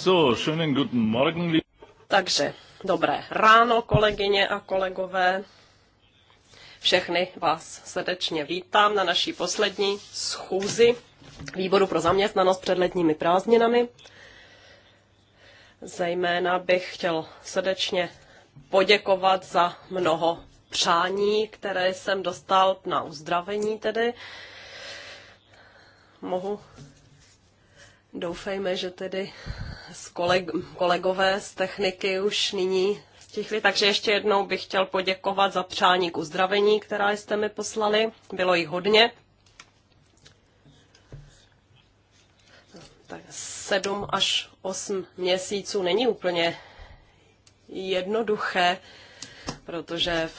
So, schönen guten Morgen. Takže, dobré ráno, kolegyně a kolegové. Všechny vás srdečně vítám na naší poslední schůzi Výboru pro zaměstnanost před letními prázdninami. Zejména bych chtěl srdečně poděkovat za mnoho přání, které jsem dostal na uzdravení tedy. Mohu Doufejme, že tedy s koleg, kolegové z techniky už nyní stichli. Takže ještě jednou bych chtěl poděkovat za přání k uzdravení, která jste mi poslali. Bylo jich hodně. Tak sedm až osm měsíců není úplně jednoduché, protože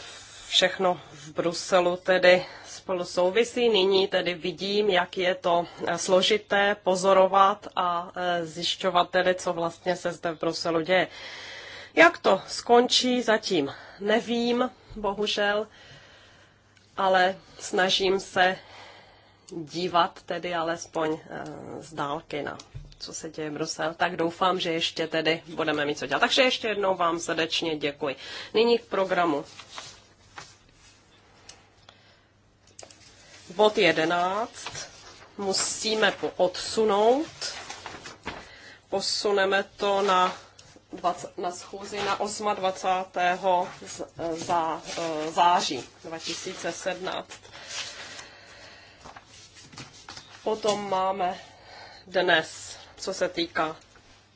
všechno v Bruselu tedy spolu souvisí. Nyní tedy vidím, jak je to eh, složité pozorovat a eh, zjišťovat tedy, co vlastně se zde v Bruselu děje. Jak to skončí, zatím nevím, bohužel, ale snažím se dívat tedy alespoň eh, z dálky na co se děje v Bruselu, tak doufám, že ještě tedy budeme mít co dělat. Takže ještě jednou vám srdečně děkuji. Nyní k programu bod 11 musíme odsunout. Posuneme to na, 20, na schůzi na 28. Z, za e, září 2017. Potom máme dnes, co se týká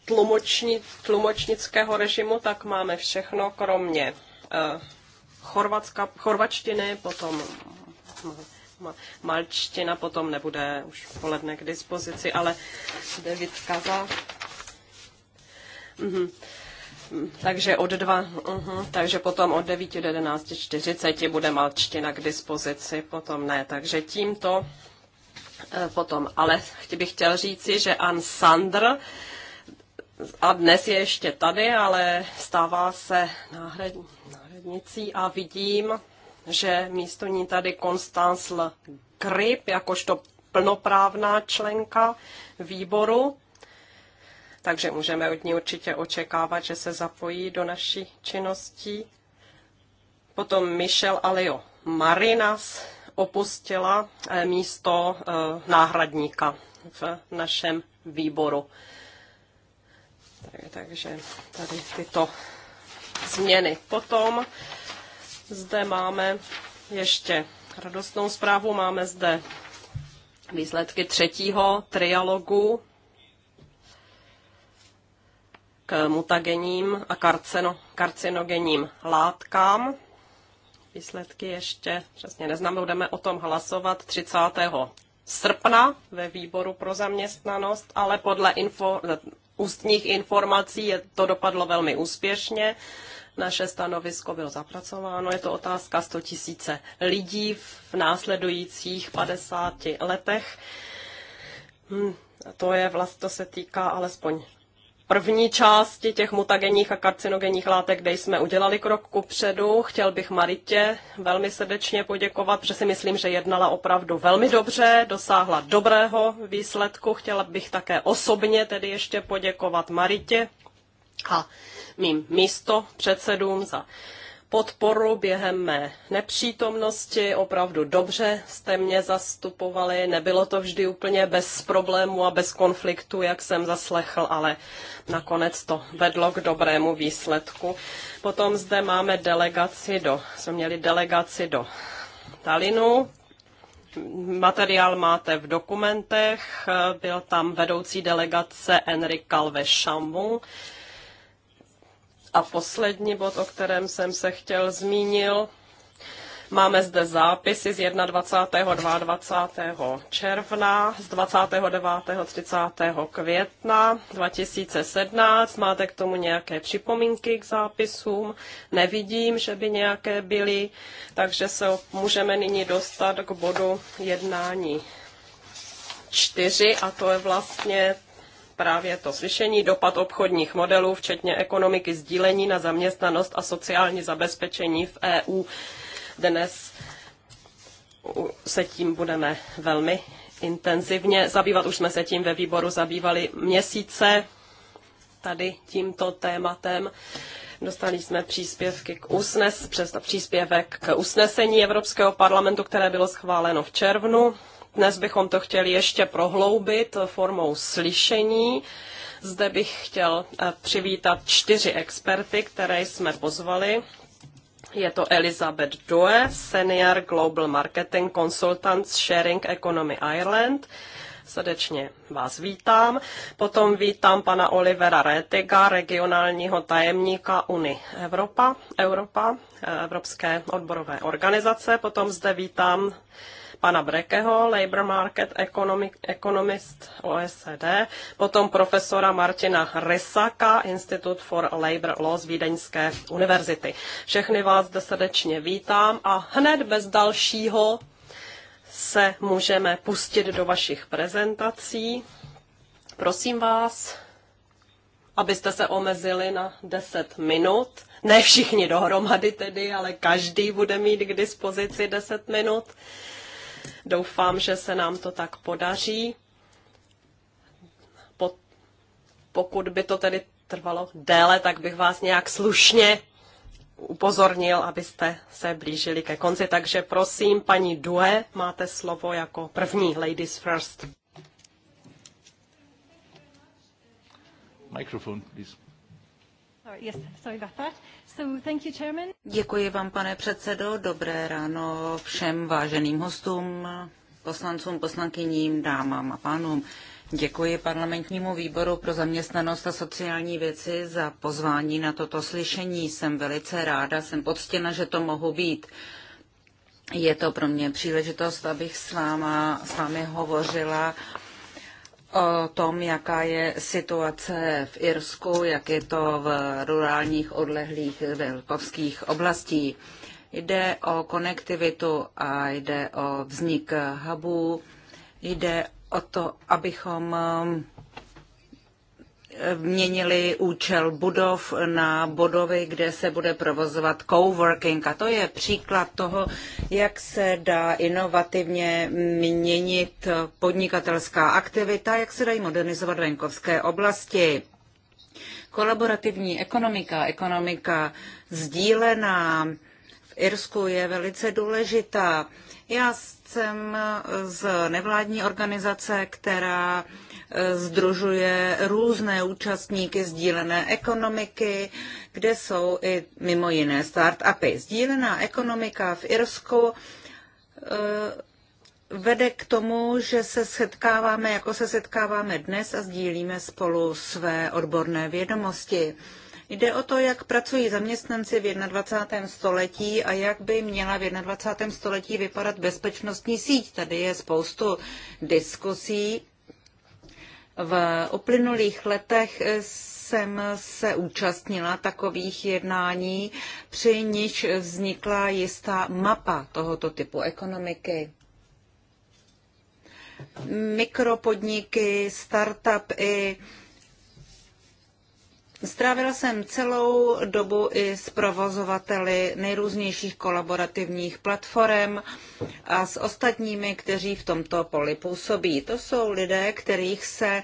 tlumoční, tlumočnického režimu, tak máme všechno kromě eh, chorvatska, chorvačtiny, potom malčtina potom nebude už poledne k dispozici, ale David Kaza. Mhm. Takže od dva, uh-huh, takže potom od 9 do 11.40 bude malčtina k dispozici, potom ne. Takže tímto e, potom, ale bych chtěl říci, že An Sandr a dnes je ještě tady, ale stává se náhradnicí a vidím, že místo ní tady L. Grip, jakožto plnoprávná členka výboru, takže můžeme od ní určitě očekávat, že se zapojí do naší činností. Potom Michel Alio Marinas opustila eh, místo eh, náhradníka v našem výboru. Takže tady tyto změny. Potom zde máme ještě radostnou zprávu. Máme zde výsledky třetího trialogu k mutagením a karcino, karcinogenním látkám. Výsledky ještě přesně neznám, budeme o tom hlasovat 30. srpna ve výboru pro zaměstnanost, ale podle info, ústních informací je to dopadlo velmi úspěšně. Naše stanovisko bylo zapracováno. Je to otázka 100 tisíce lidí v následujících 50 letech. Hm, to je vlastně, to se týká alespoň první části těch mutagenních a karcinogenních látek, kde jsme udělali krok ku předu. Chtěl bych Maritě velmi srdečně poděkovat, protože si myslím, že jednala opravdu velmi dobře, dosáhla dobrého výsledku. Chtěla bych také osobně tedy ještě poděkovat Maritě a mým místo předsedům za podporu během mé nepřítomnosti. Opravdu dobře jste mě zastupovali. Nebylo to vždy úplně bez problémů a bez konfliktu, jak jsem zaslechl, ale nakonec to vedlo k dobrému výsledku. Potom zde máme delegaci do, jsme měli delegaci do Talinu. Materiál máte v dokumentech. Byl tam vedoucí delegace Enrique Calve Chambon, a poslední bod, o kterém jsem se chtěl zmínil, Máme zde zápisy z 21. 22. června, z 29. 30. května 2017. Máte k tomu nějaké připomínky k zápisům? Nevidím, že by nějaké byly, takže se můžeme nyní dostat k bodu jednání čtyři a to je vlastně právě to slyšení, dopad obchodních modelů, včetně ekonomiky sdílení na zaměstnanost a sociální zabezpečení v EU. Dnes se tím budeme velmi intenzivně zabývat. Už jsme se tím ve výboru zabývali měsíce tady tímto tématem. Dostali jsme příspěvky k usnes, přes příspěvek k usnesení Evropského parlamentu, které bylo schváleno v červnu dnes bychom to chtěli ještě prohloubit formou slyšení. Zde bych chtěl eh, přivítat čtyři experty, které jsme pozvali. Je to Elizabeth Doe, Senior Global Marketing Consultant Sharing Economy Ireland. Srdečně vás vítám. Potom vítám pana Olivera Rétega, regionálního tajemníka Uni Evropa, Evropa eh, Evropské odborové organizace. Potom zde vítám pana Brekeho, Labour Market Economist OSD, potom profesora Martina Rysaka, Institute for Labour Law z Vídeňské univerzity. Všechny vás zde srdečně vítám a hned bez dalšího se můžeme pustit do vašich prezentací. Prosím vás, abyste se omezili na 10 minut. Ne všichni dohromady tedy, ale každý bude mít k dispozici 10 minut. Doufám, že se nám to tak podaří. Pokud by to tedy trvalo déle, tak bych vás nějak slušně upozornil, abyste se blížili ke konci. Takže prosím, paní Due, máte slovo jako první, ladies first. Microphone, please. Děkuji vám, pane předsedo. Dobré ráno všem váženým hostům, poslancům, poslankyním, dámám a pánům. Děkuji parlamentnímu výboru pro zaměstnanost a sociální věci za pozvání na toto slyšení. Jsem velice ráda, jsem poctěna, že to mohu být. Je to pro mě příležitost, abych s, váma, s vámi hovořila o tom, jaká je situace v Irsku, jak je to v rurálních odlehlých velkovských oblastí. Jde o konektivitu a jde o vznik hubů. Jde o to, abychom měnili účel budov na budovy, kde se bude provozovat coworking. A to je příklad toho, jak se dá inovativně měnit podnikatelská aktivita, jak se dají modernizovat venkovské oblasti. Kolaborativní ekonomika, ekonomika sdílená v Irsku je velice důležitá. Já jsem z nevládní organizace, která eh, združuje různé účastníky sdílené ekonomiky, kde jsou i mimo jiné start-upy. Sdílená ekonomika v Irsku eh, vede k tomu, že se setkáváme, jako se setkáváme dnes a sdílíme spolu své odborné vědomosti. Jde o to, jak pracují zaměstnanci v 21. století a jak by měla v 21. století vypadat bezpečnostní síť. Tady je spoustu diskusí. V uplynulých letech jsem se účastnila takových jednání, při nich vznikla jistá mapa tohoto typu ekonomiky mikropodniky, startupy, Strávila jsem celou dobu i s provozovateli nejrůznějších kolaborativních platform a s ostatními, kteří v tomto poli působí. To jsou lidé, kterých se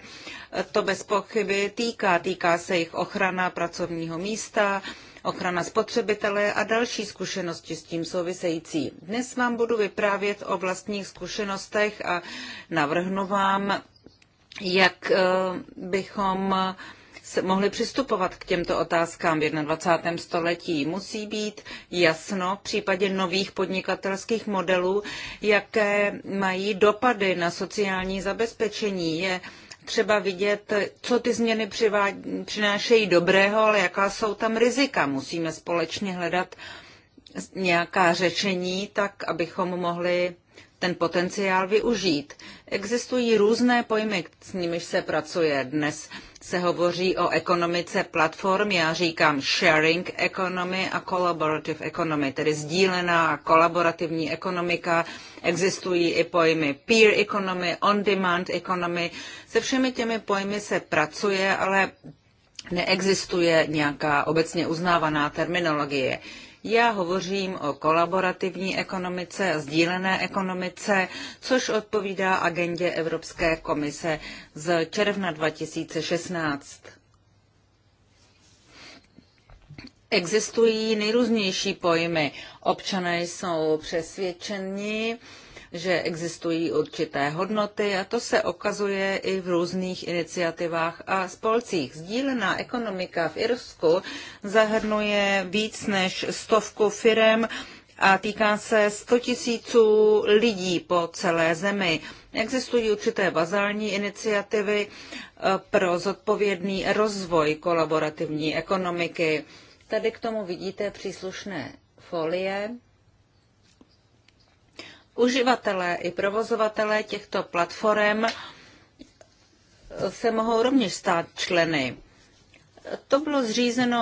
to bez pochyby týká. Týká se jich ochrana pracovního místa, ochrana spotřebitele a další zkušenosti s tím související. Dnes vám budu vyprávět o vlastních zkušenostech a navrhnu vám, jak eh, bychom mohli přistupovat k těmto otázkám v 21. století. Musí být jasno v případě nových podnikatelských modelů, jaké mají dopady na sociální zabezpečení. Je třeba vidět, co ty změny přivá... přinášejí dobrého, ale jaká jsou tam rizika. Musíme společně hledat nějaká řešení, tak abychom mohli ten potenciál využít. Existují různé pojmy, s nimiž se pracuje. Dnes se hovoří o ekonomice platform, já říkám sharing economy a collaborative economy, tedy sdílená a kolaborativní ekonomika. Existují i pojmy peer economy, on-demand economy. Se všemi těmi pojmy se pracuje, ale neexistuje nějaká obecně uznávaná terminologie. Já hovořím o kolaborativní ekonomice a sdílené ekonomice, což odpovídá agendě Evropské komise z června 2016. Existují nejrůznější pojmy. Občané jsou přesvědčeni, že existují určité hodnoty a to se okazuje i v různých iniciativách a spolcích. Sdílená ekonomika v Irsku zahrnuje víc než stovku firem a týká se 100 tisíců lidí po celé zemi. Existují určité bazální iniciativy eh, pro zodpovědný rozvoj kolaborativní ekonomiky. Tady k tomu vidíte příslušné folie. Uživatelé i provozovatelé těchto platform se mohou rovněž stát členy. To bylo zřízeno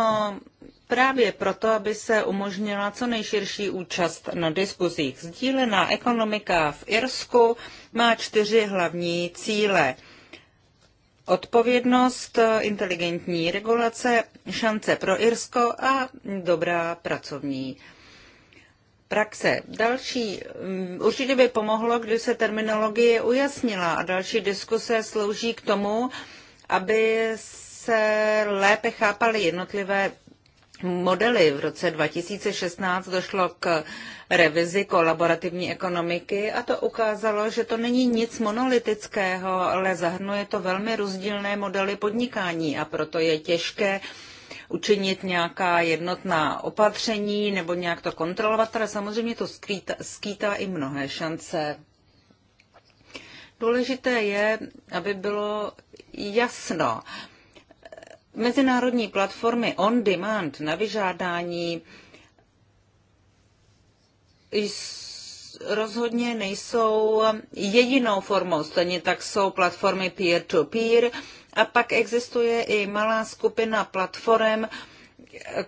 právě proto, aby se umožnila co nejširší účast na diskuzích. Sdílená ekonomika v Irsku má čtyři hlavní cíle. Odpovědnost, inteligentní regulace, šance pro Irsko a dobrá pracovní praxe. Další, mm, určitě by pomohlo, když se terminologie ujasnila a další diskuse slouží k tomu, aby se lépe chápaly jednotlivé modely. V roce 2016 došlo k revizi kolaborativní ekonomiky a to ukázalo, že to není nic monolitického, ale zahrnuje to velmi rozdílné modely podnikání a proto je těžké uh, učinit nějaká jednotná opatření nebo nějak to kontrolovat, ale samozřejmě to skýtá, skýtá i mnohé šance. Důležité je, aby bylo jasno. Mezinárodní platformy on demand na vyžádání jsou rozhodně nejsou jedinou formou. Stejně tak jsou platformy peer-to-peer -peer a pak existuje i malá skupina platform,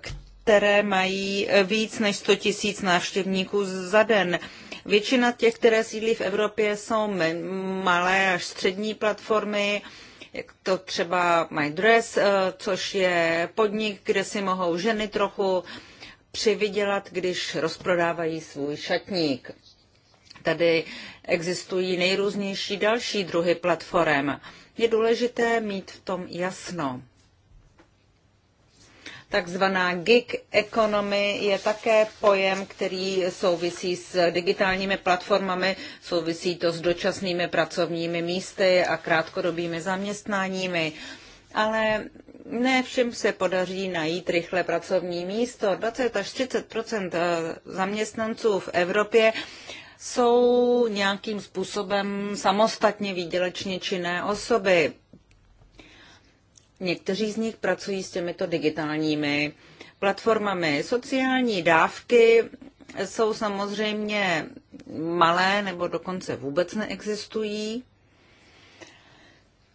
které mají víc než 100 tisíc návštěvníků za den. Většina těch, které sídlí v Evropě, jsou malé až střední platformy, jak to třeba MyDress, eh, což je podnik, kde si mohou ženy trochu přivydělat, když rozprodávají svůj šatník tady existují nejrůznější další druhy platform. Je důležité mít v tom jasno. Takzvaná gig economy je také pojem, který souvisí s digitálními platformami, souvisí to s dočasnými pracovními místy a krátkodobými zaměstnáními. Ale ne všem se podaří najít rychle pracovní místo. 20 až 30 eh, zaměstnanců v Evropě jsou nějakým způsobem samostatně výdělečně činné osoby. Někteří z nich pracují s těmito digitálními platformami. Sociální dávky jsou samozřejmě malé nebo dokonce vůbec neexistují.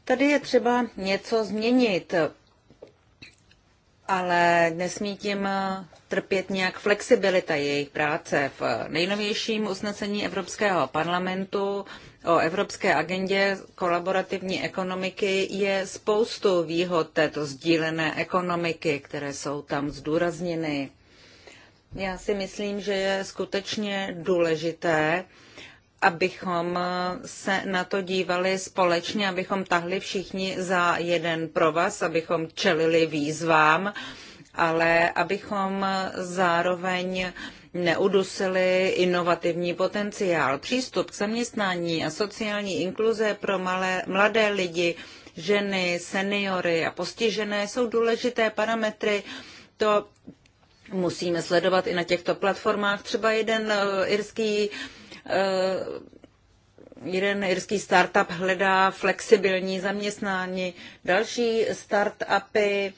Tady je třeba něco změnit ale nesmí tím eh, trpět nějak flexibilita jejich práce. V nejnovějším usnesení Evropského parlamentu o Evropské agendě kolaborativní ekonomiky je spoustu výhod této sdílené ekonomiky, které jsou tam zdůrazněny. Já si myslím, že je skutečně důležité, abychom se na to dívali společně, abychom tahli všichni za jeden provaz, abychom čelili výzvám, ale abychom zároveň neudusili inovativní potenciál. Přístup k zaměstnání a sociální inkluze pro malé, mladé lidi, ženy, seniory a postižené jsou důležité parametry. To musíme sledovat i na těchto platformách. Třeba jeden eh, irský uh, Eh, jeden irský startup hledá flexibilní zaměstnání, další startupy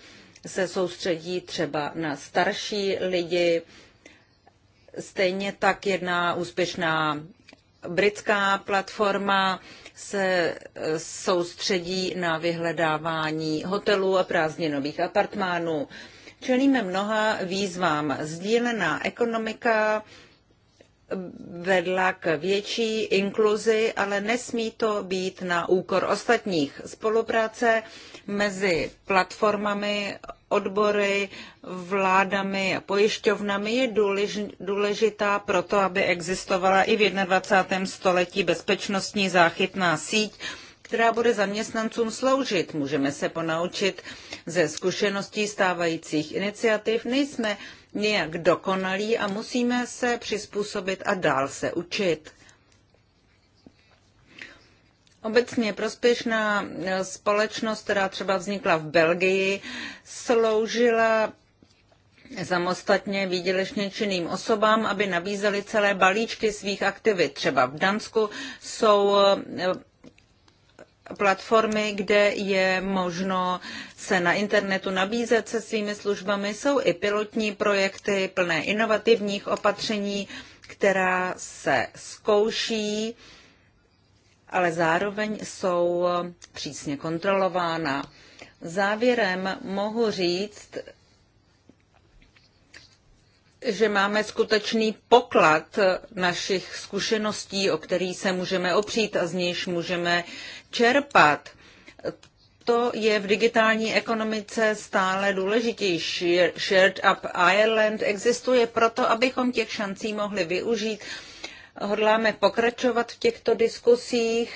se soustředí třeba na starší lidi. Stejně tak jedna úspěšná britská platforma se eh, soustředí na vyhledávání hotelů a prázdninových apartmánů. Čelíme mnoha výzvám. Sdílená ekonomika vedla k větší inkluzi, ale nesmí to být na úkor ostatních. Spolupráce mezi platformami, odbory, vládami a pojišťovnami je důležitá proto, aby existovala i v 21. století bezpečnostní záchytná síť, která bude zaměstnancům sloužit. Můžeme se ponaučit ze zkušeností stávajících iniciativ. Nejsme nějak dokonalí a musíme se přizpůsobit a dál se učit. Obecně prospěšná společnost, která třeba vznikla v Belgii, sloužila samostatně výdělečně činným osobám, aby nabízely celé balíčky svých aktivit. Třeba v Dansku jsou platformy, kde je možno se na internetu nabízet se svými službami. Jsou i pilotní projekty plné inovativních opatření, která se zkouší, ale zároveň jsou přísně kontrolována. Závěrem mohu říct, že máme skutečný poklad našich zkušeností, o který se můžeme opřít a z nějž můžeme uh, čerpat. To je v digitální ekonomice stále důležitější. Shared Up Ireland existuje proto, abychom těch šancí mohli využít. Hodláme pokračovat v těchto diskusích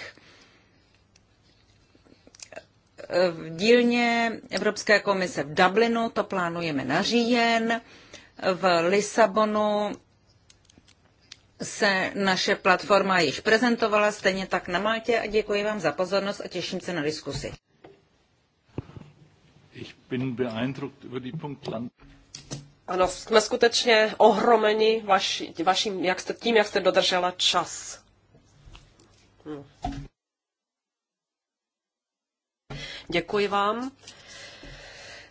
v dílně Evropské komise v Dublinu, to plánujeme na říjen, v Lisabonu se naše platforma již prezentovala, stejně tak na Maltě a děkuji vám za pozornost a těším se na diskusi. Ano, jsme skutečně ohromeni vaši, vaším, jak jste, tím, jak jste dodržela čas. Hm. Děkuji vám.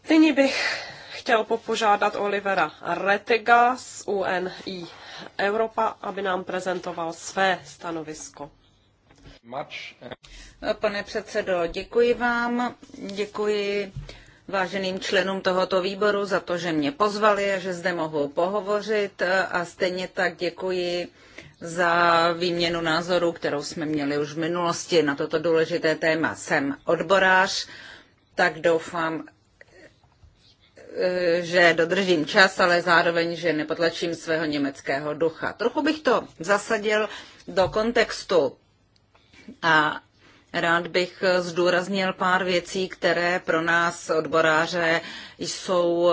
Nyní bych chtěl popožádat Olivera Retega z UNI. Europa, aby nám prezentoval své stanovisko. Pane předsedo, děkuji vám, děkuji váženým členům tohoto výboru za to, že mě pozvali a že zde mohu pohovořit a stejně tak děkuji za výměnu názorů, kterou jsme měli už v minulosti na toto důležité téma. Jsem odborář, tak doufám, že dodržím čas, ale zároveň, že nepotlačím svého německého ducha. Trochu bych to zasadil do kontextu a rád bych zdůraznil pár věcí, které pro nás odboráře jsou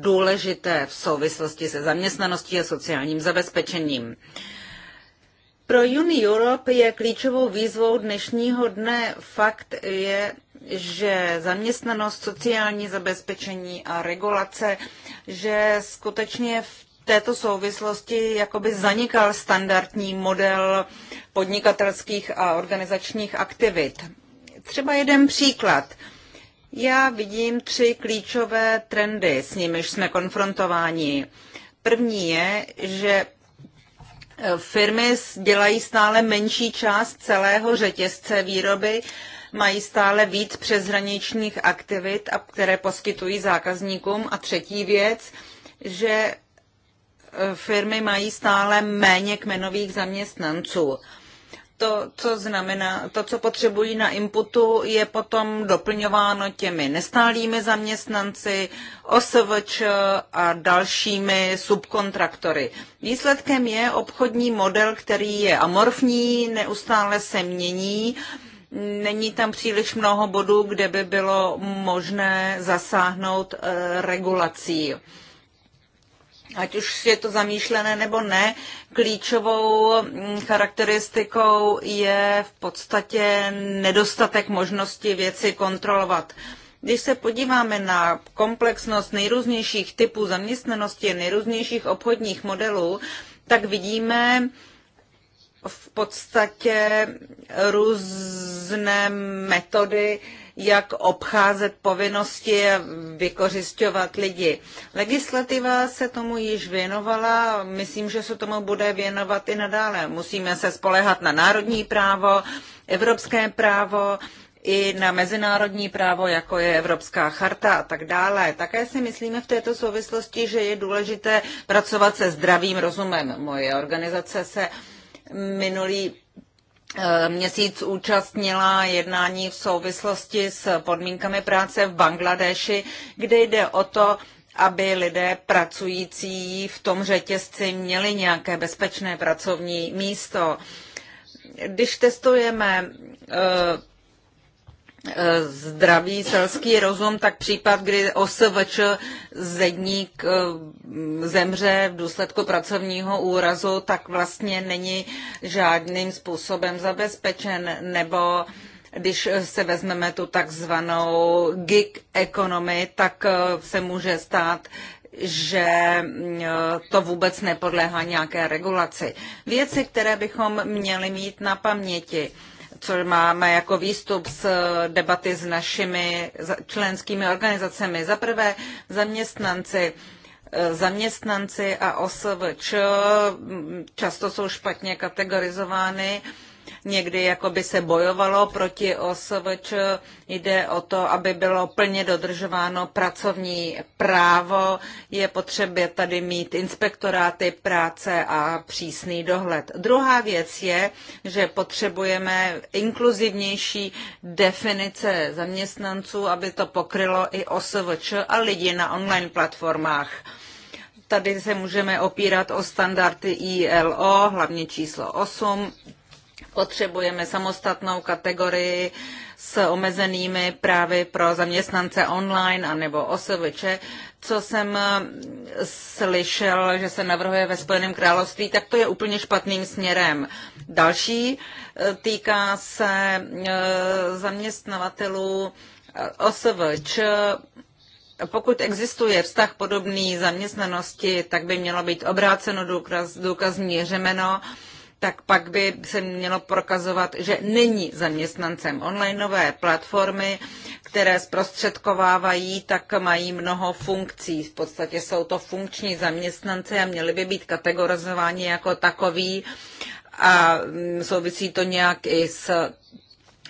důležité v souvislosti se zaměstnaností a sociálním zabezpečením. Uh, pro Uni Europe je klíčovou výzvou dnešního dne fakt je, že zaměstnanost, sociální zabezpečení a regulace, že skutečně v této souvislosti jakoby zanikal standardní model podnikatelských a organizačních aktivit. Třeba jeden příklad. Já vidím tři klíčové trendy, s nimiž jsme konfrontováni. První je, že Firmy dělají stále menší část celého řetězce výroby, mají stále víc přeshraničních aktivit, které poskytují zákazníkům. A třetí věc, že e, firmy mají stále méně kmenových zaměstnanců to, co znamená, to, co potřebují na inputu, je potom doplňováno těmi nestálými zaměstnanci, OSVČ a dalšími subkontraktory. Výsledkem je obchodní model, který je amorfní, neustále se mění. Není tam příliš mnoho bodů, kde by bylo možné zasáhnout eh, regulací ať už je to zamýšlené nebo ne, klíčovou mm, charakteristikou je v podstatě nedostatek možnosti věci kontrolovat. Když se podíváme na komplexnost nejrůznějších typů zaměstnanosti, nejrůznějších obchodních modelů, tak vidíme v podstatě různé metody, jak obcházet povinnosti a vykořišťovat lidi. Legislativa se tomu již věnovala, myslím, že se tomu bude věnovat i nadále. Musíme se spolehat na národní právo, evropské právo, i na mezinárodní právo, jako je Evropská charta a tak dále. Také si myslíme v této souvislosti, že je důležité pracovat se zdravým rozumem. Moje organizace se minulý Eh, měsíc účastnila jednání v souvislosti s podmínkami práce v Bangladeši, kde jde o to, aby lidé pracující v tom řetězci měli nějaké bezpečné pracovní místo. Když testujeme eh, Eh, zdravý selský rozum, tak případ, kdy OSVČ zedník eh, zemře v důsledku pracovního úrazu, tak vlastně není žádným způsobem zabezpečen, nebo když se vezmeme tu takzvanou gig economy, tak eh, se může stát, že mm, to vůbec nepodléhá nějaké regulaci. Věci, které bychom měli mít na paměti co máme jako výstup z debaty s našimi členskými organizacemi. Za prvé zaměstnanci. E, zaměstnanci a OSVČ často jsou špatně kategorizovány někdy jako by se bojovalo proti OSVČ. Jde o to, aby bylo plně dodržováno pracovní právo. Je potřeba tady mít inspektoráty práce a přísný dohled. Druhá věc je, že potřebujeme inkluzivnější definice zaměstnanců, aby to pokrylo i OSVČ a lidi na online platformách. Tady se můžeme opírat o standardy ILO, hlavně číslo 8, Potřebujeme samostatnou kategorii s omezenými právy pro zaměstnance online anebo osoviče, Co jsem eh, slyšel, že se navrhuje ve Spojeném království, tak to je úplně špatným směrem. Další eh, týká se eh, zaměstnavatelů OSVČ. Pokud existuje vztah podobný zaměstnanosti, tak by mělo být obráceno důkaz, důkazní řemeno. Uh, tak pak by se mělo prokazovat, že není zaměstnancem. Onlineové platformy, které zprostředkovávají, tak mají mnoho funkcí. V podstatě jsou to funkční zaměstnance a měly by být kategorizováni jako takový a mm, souvisí to nějak i s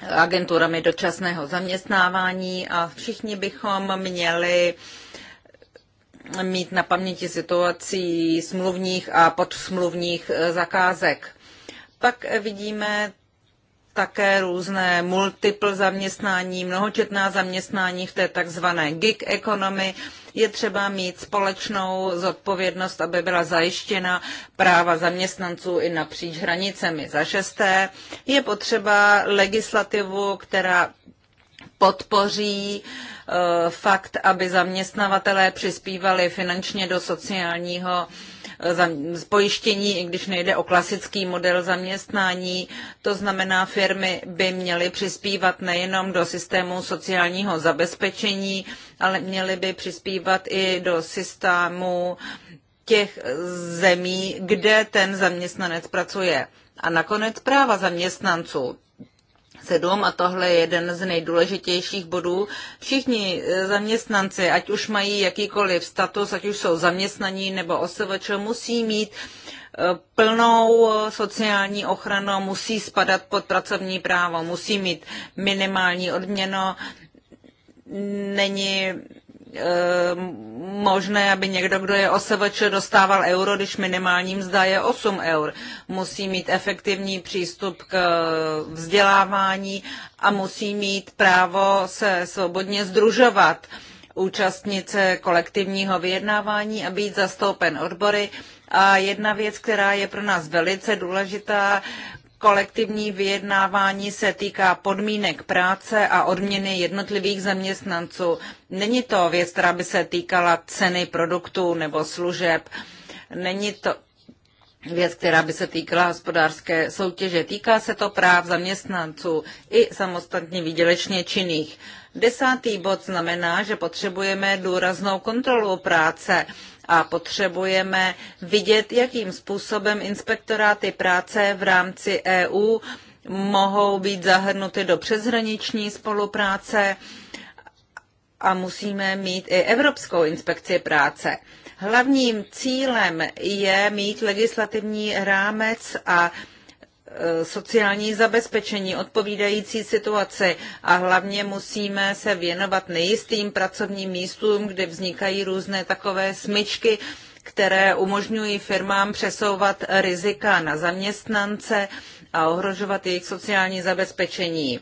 agenturami dočasného zaměstnávání a všichni bychom měli mít na paměti situací smluvních a podsmluvních e, zakázek pak vidíme také různé multiple zaměstnání, mnohočetná zaměstnání v té takzvané gig economy. Je třeba mít společnou zodpovědnost, aby byla zajištěna práva zaměstnanců i napříč hranicemi. Za šesté je potřeba legislativu, která podpoří eh, fakt, aby zaměstnavatelé přispívali finančně do sociálního uh, pojištění, i když nejde o klasický model zaměstnání. To znamená, firmy by měly přispívat nejenom do systému sociálního zabezpečení, ale měly by přispívat i do systému těch zemí, kde ten zaměstnanec pracuje. A nakonec práva zaměstnanců. 7 a tohle je jeden z nejdůležitějších bodů. Všichni eh, zaměstnanci, ať už mají jakýkoliv status, ať už jsou zaměstnaní nebo osvč, musí mít eh, plnou eh, sociální ochranu, musí spadat pod pracovní právo, musí mít minimální odměno. Není Eh, možné, aby někdo, kdo je OSVČ, dostával euro, když minimální mzda je 8 eur. Musí mít efektivní přístup k vzdělávání a musí mít právo se svobodně združovat účastnice kolektivního vyjednávání a být zastoupen odbory. A jedna věc, která je pro nás velice důležitá, Kolektivní vyjednávání se týká podmínek práce a odměny jednotlivých zaměstnanců. Není to věc, která by se týkala ceny produktů nebo služeb. Není to věc, která by se týkala hospodářské soutěže. Týká se to práv zaměstnanců i samostatně výdělečně činných. Desátý bod znamená, že potřebujeme důraznou kontrolu práce a potřebujeme vidět, jakým způsobem inspektoráty práce v rámci EU mohou být zahrnuty do přeshraniční spolupráce a musíme mít i Evropskou inspekci práce. Hlavním cílem je mít legislativní rámec a Eh, sociální zabezpečení, odpovídající situaci a hlavně musíme se věnovat nejistým pracovním místům, kde vznikají různé takové smyčky, které umožňují firmám přesouvat rizika na zaměstnance a ohrožovat jejich sociální zabezpečení.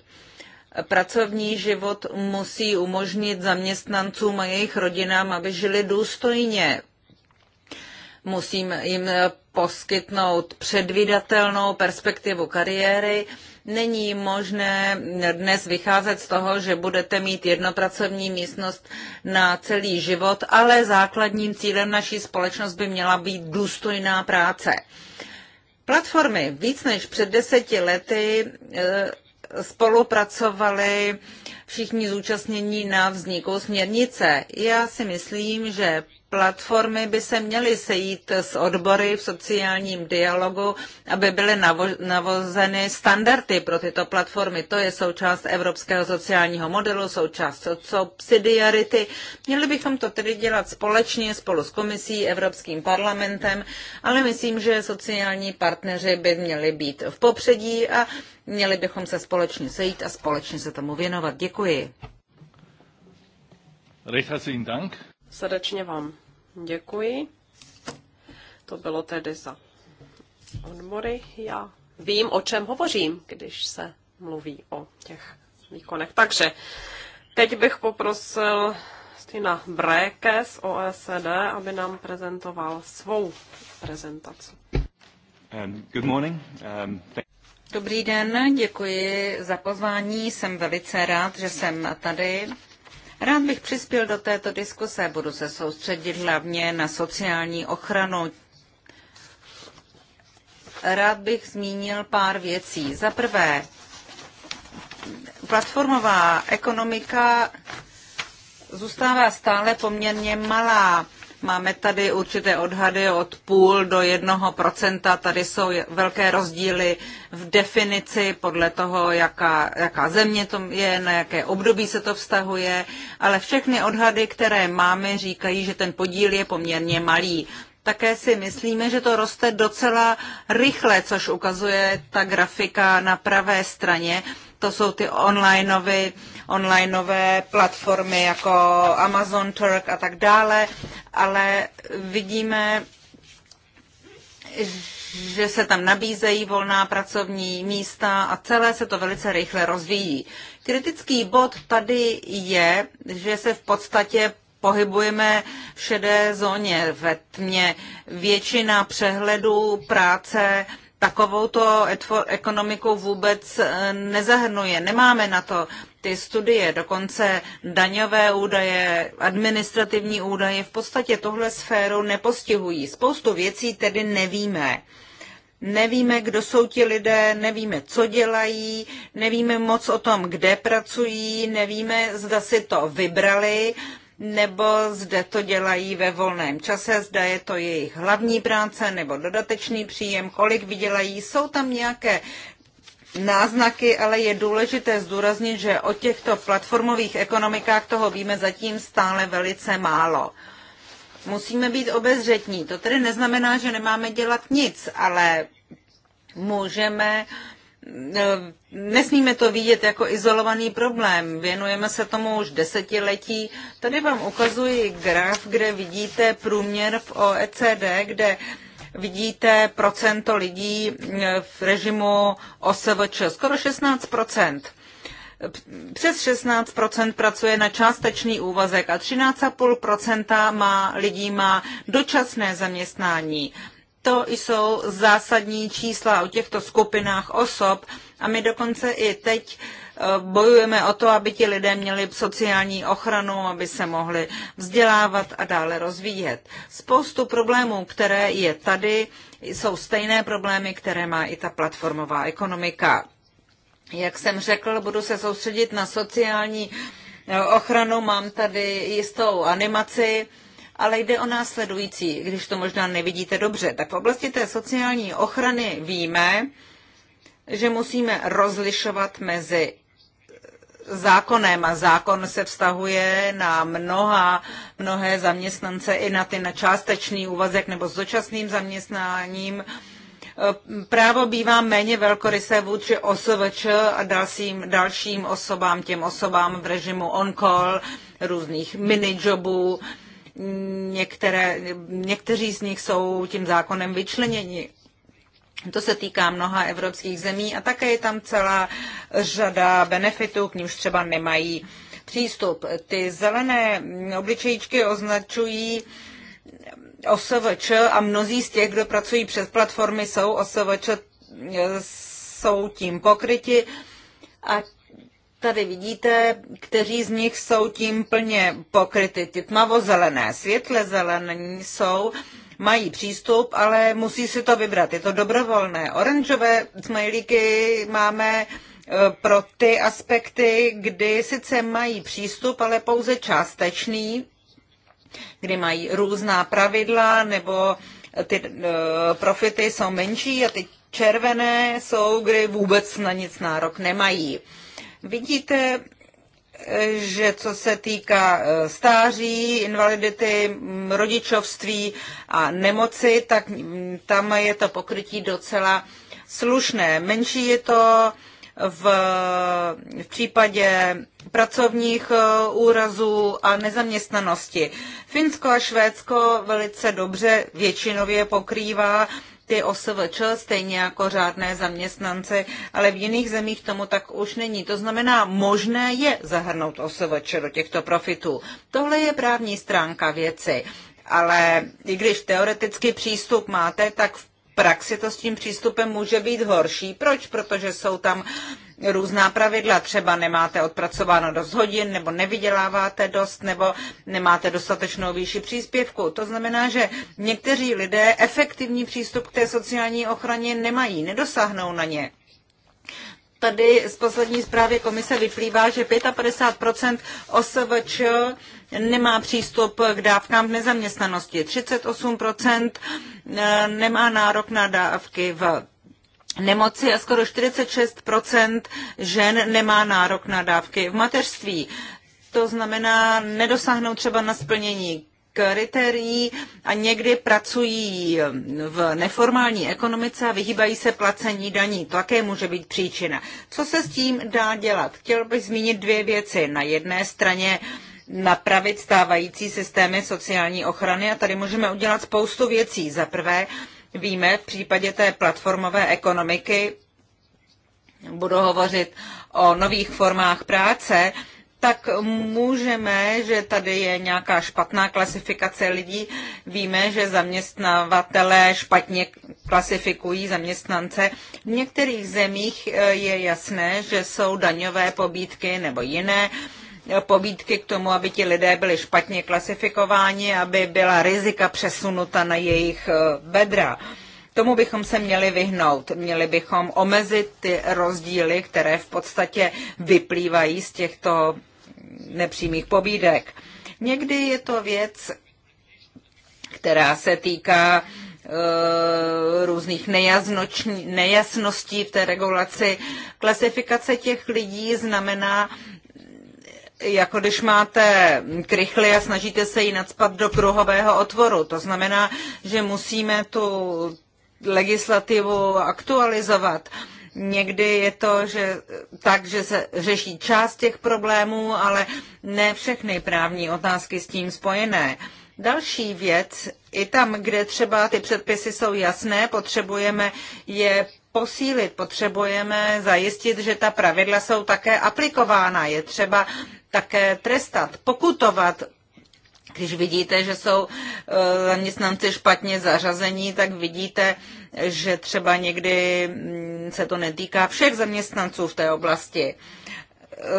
Pracovní život musí umožnit zaměstnancům a jejich rodinám, aby žili důstojně musím jim poskytnout předvídatelnou perspektivu kariéry. Není možné dnes vycházet z toho, že budete mít jednopracovní místnost na celý život, ale základním cílem naší společnost by měla být důstojná práce. Platformy víc než před deseti lety eh, spolupracovali všichni zúčastnění na vzniku směrnice. Já si myslím, že platformy by se měly sejít s odbory v sociálním dialogu, aby byly navozeny standardy pro tyto platformy. To je součást evropského sociálního modelu, součást subsidiarity. Měli bychom to tedy dělat společně spolu s komisí, Evropským parlamentem, ale myslím, že sociální partneři by měli být v popředí a měli bychom se společně sejít a společně se tomu věnovat. Děkuji. Recht herzlichen Dank. Srdečně vám děkuji. To bylo tedy za odmory. Já vím, o čem hovořím, když se mluví o těch výkonech. Takže teď bych poprosil Stina Bréke z OECD, aby nám prezentoval svou prezentaci. Um, good morning. Um, Dobrý den, děkuji za pozvání. Jsem velice rád, že jsem tady. Rád bych přispěl do této diskuse, budu se soustředit hlavně na sociální ochranu. Rád bych zmínil pár věcí. Za prvé, platformová ekonomika zůstává stále poměrně malá. Máme tady určité odhady od půl do jednoho procenta. Tady jsou velké rozdíly v definici podle toho, jaká, jaká země to je, na jaké období se to vztahuje, ale všechny odhady, které máme, říkají, že ten podíl je poměrně malý. Také si myslíme, že to roste docela rychle, což ukazuje ta grafika na pravé straně to jsou ty onlineové onlineové platformy jako Amazon Turk a tak dále, ale vidíme, že se tam nabízejí volná pracovní místa a celé se to velice rychle rozvíjí. Kritický bod tady je, že se v podstatě pohybujeme v šedé zóně, ve tmě. Většina přehledů práce takovou to ekonomiku vůbec eh, nezahrnuje. Nemáme na to ty studie, dokonce daňové údaje, administrativní údaje, v podstatě tohle sféru nepostihují. Spoustu věcí tedy nevíme. Nevíme, kdo jsou ti lidé, nevíme, co dělají, nevíme moc o tom, kde pracují, nevíme, zda si to vybrali, nebo zde to dělají ve volném čase, zda je to jejich hlavní práce nebo dodatečný příjem, kolik vydělají. Jsou tam nějaké náznaky, ale je důležité zdůraznit, že o těchto platformových ekonomikách toho víme zatím stále velice málo. Musíme být obezřetní. To tedy neznamená, že nemáme dělat nic, ale můžeme uh, nesmíme to vidět jako izolovaný problém. Věnujeme se tomu už desetiletí. Tady vám ukazuji graf, kde vidíte průměr v OECD, kde vidíte procento lidí eh, v režimu OSVČ, skoro 16 přes 16 pracuje na částečný úvazek a 13,5 má lidí má dočasné zaměstnání. To jsou zásadní čísla o těchto skupinách osob a my dokonce i teď eh, bojujeme o to, aby ti lidé měli sociální ochranu, aby se mohli vzdělávat a dále rozvíjet. Spoustu problémů, které je tady, jsou stejné problémy, které má i ta platformová ekonomika. Jak jsem řekl, budu se soustředit na sociální eh, ochranu. Mám tady jistou animaci ale jde o následující, když to možná nevidíte dobře. Tak v oblasti té sociální ochrany víme, že musíme rozlišovat mezi zákonem a zákon se vztahuje na mnoha, mnohé zaměstnance i na ty na částečný úvazek nebo s dočasným zaměstnáním. Právo bývá méně velkorysé vůči OSVČ a dalším, dalším osobám, těm osobám v režimu on-call, různých minijobů, Některé, někteří z nich jsou tím zákonem vyčleněni. To se týká mnoha evropských zemí a také je tam celá řada benefitů, k nímž třeba nemají přístup. Ty zelené obličejíčky označují OSVČ a mnozí z těch, kdo pracují přes platformy, jsou OSVČ, jsou tím pokryti. A Tady vidíte, kteří z nich jsou tím plně pokryty. Ty tmavozelené, světle zelení jsou, mají přístup, ale musí si to vybrat. Je to dobrovolné. Oranžové smajlíky máme e, pro ty aspekty, kdy sice mají přístup, ale pouze částečný, kdy mají různá pravidla nebo ty e, profity jsou menší a ty červené jsou, kdy vůbec na nic nárok nemají. Vidíte, že co se týká e, stáří, invalidity, rodičovství a nemoci, tak tam je to pokrytí docela slušné. Menší je to v, v případě pracovních e, úrazů a nezaměstnanosti. Finsko a Švédsko velice dobře většinově pokrývá ty OSVČ, stejně jako řádné zaměstnance, ale v jiných zemích tomu tak už není. To znamená, možné je zahrnout OSVČ do těchto profitů. Tohle je právní stránka věci. Ale i když teoreticky přístup máte, tak v praxi to s tím přístupem může být horší. Proč? Protože jsou tam různá pravidla. Třeba nemáte odpracováno dost hodin, nebo nevyděláváte dost, nebo nemáte dostatečnou výši příspěvku. To znamená, že někteří lidé efektivní přístup k té sociální ochraně nemají, nedosáhnou na ně. Tady z poslední zprávy komise vyplývá, že 55 OSVČ nemá přístup k dávkám v nezaměstnanosti, 38 eh, nemá nárok na dávky v nemoci a skoro 46 žen nemá nárok na dávky v mateřství. To znamená nedosáhnou třeba na splnění kritérií a někdy pracují v neformální ekonomice a vyhýbají se placení daní. To také může být příčina. Co se s tím dá dělat? Chtěl bych zmínit dvě věci. Na jedné straně napravit stávající systémy sociální ochrany a tady můžeme udělat spoustu věcí. Za prvé, víme v případě té platformové ekonomiky, budu hovořit o nových formách práce, tak můžeme, že tady je nějaká špatná klasifikace lidí. Víme, že zaměstnavatelé špatně klasifikují zaměstnance. V některých zemích eh, je jasné, že jsou daňové pobídky nebo jiné uh, pobídky k tomu, aby ti lidé byli špatně klasifikováni, aby byla rizika přesunuta na jejich eh, bedra. Tomu bychom se měli vyhnout. Měli bychom omezit ty rozdíly, které v podstatě vyplývají z těchto nepřímých pobídek. Někdy je to věc, která se týká eh, různých nejasností v té regulaci. Klasifikace těch lidí znamená jako když máte krychly a snažíte se ji nadspat do kruhového otvoru. To znamená, že musíme tu legislativu aktualizovat. Někdy je to že, tak, že se řeší část těch problémů, ale ne všechny právní otázky s tím spojené. Další věc, i tam, kde třeba ty předpisy jsou jasné, potřebujeme je posílit. Potřebujeme zajistit, že ta pravidla jsou také aplikována. Je třeba také trestat, pokutovat. Když vidíte, že jsou eh, zaměstnanci špatně zařazení, tak vidíte, že třeba někdy mm, se to netýká všech zaměstnanců v té oblasti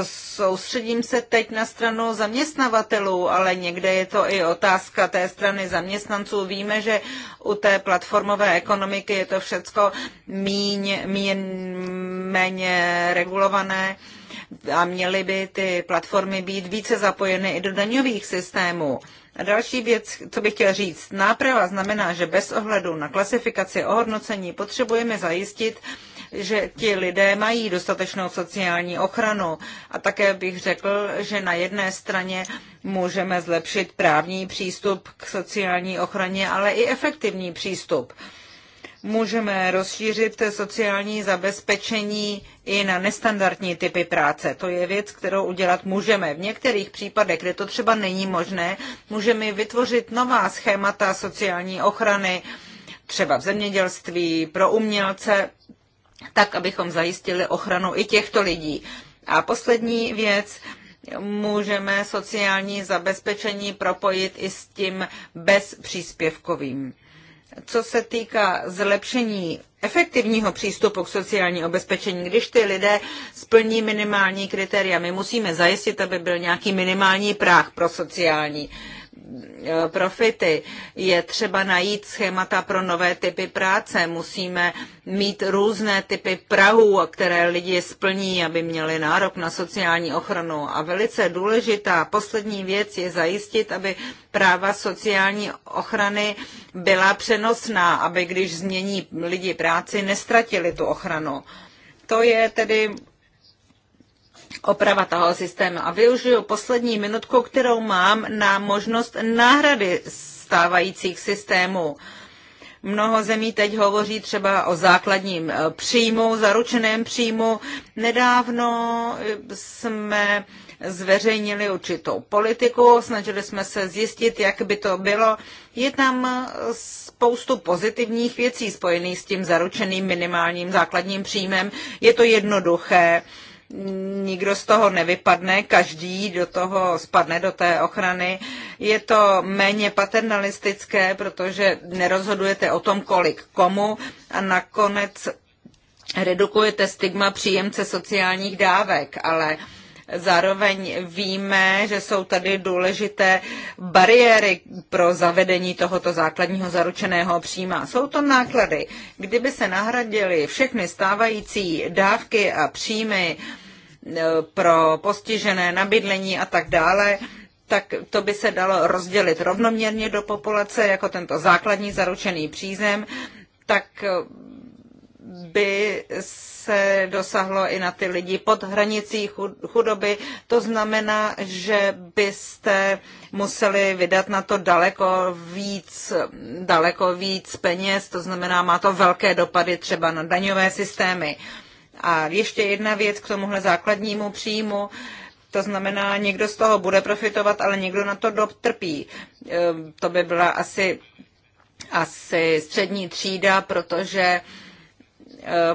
soustředím se teď na stranu zaměstnavatelů, ale někde je to i otázka té strany zaměstnanců. Víme, že u té platformové ekonomiky je to všecko míň, míň, méně regulované a měly by ty platformy být více zapojeny i do daňových systémů. A další věc, co bych chtěl říct, náprava znamená, že bez ohledu na klasifikaci a ohodnocení potřebujeme zajistit, že ti lidé mají dostatečnou sociální ochranu. A také bych řekl, že na jedné straně můžeme zlepšit právní přístup k sociální ochraně, ale i efektivní přístup můžeme rozšířit sociální zabezpečení i na nestandardní typy práce. To je věc, kterou udělat můžeme. V některých případech, kde to třeba není možné, můžeme vytvořit nová schémata sociální ochrany, třeba v zemědělství, pro umělce, tak, abychom zajistili ochranu i těchto lidí. A poslední věc, můžeme sociální zabezpečení propojit i s tím bezpříspěvkovým co se týká zlepšení efektivního přístupu k sociální obezpečení, když ty lidé splní minimální kritéria. My musíme zajistit, aby byl nějaký minimální práh pro sociální E, profity. Je třeba najít schémata pro nové typy práce. Musíme mít různé typy prahů které lidi splní, aby měli nárok na sociální ochranu. A velice důležitá poslední věc je zajistit, aby práva sociální ochrany byla přenosná, aby když změní lidi práci, nestratili tu ochranu. To je tedy oprava toho systému. A využiju poslední minutku, kterou mám na možnost náhrady stávajících systémů. Mnoho zemí teď hovoří třeba o základním eh, příjmu, zaručeném příjmu. Nedávno eh, jsme zveřejnili určitou politiku, snažili jsme se zjistit, jak by to bylo. Je tam eh, spoustu pozitivních věcí spojených s tím zaručeným minimálním základním příjmem. Je to jednoduché nikdo z toho nevypadne, každý do toho spadne, do té ochrany. Je to méně paternalistické, protože nerozhodujete o tom, kolik komu a nakonec redukujete stigma příjemce sociálních dávek, ale Zároveň víme, že jsou tady důležité bariéry pro zavedení tohoto základního zaručeného příjma. Jsou to náklady. Kdyby se nahradily všechny stávající dávky a příjmy, Eh, pro postižené, nabydlení a tak dále, tak to by se dalo rozdělit rovnoměrně do populace jako tento základní zaručený přízem, tak eh, by se dosahlo i na ty lidi pod hranicí chudoby. To znamená, že byste museli vydat na to daleko víc, daleko víc peněz, to znamená, má to velké dopady třeba na daňové systémy. Uh, a ještě jedna věc k tomuhle základnímu příjmu. To znamená, někdo z toho bude profitovat, ale někdo na to dotrpí. E, to by byla asi, asi střední třída, protože e,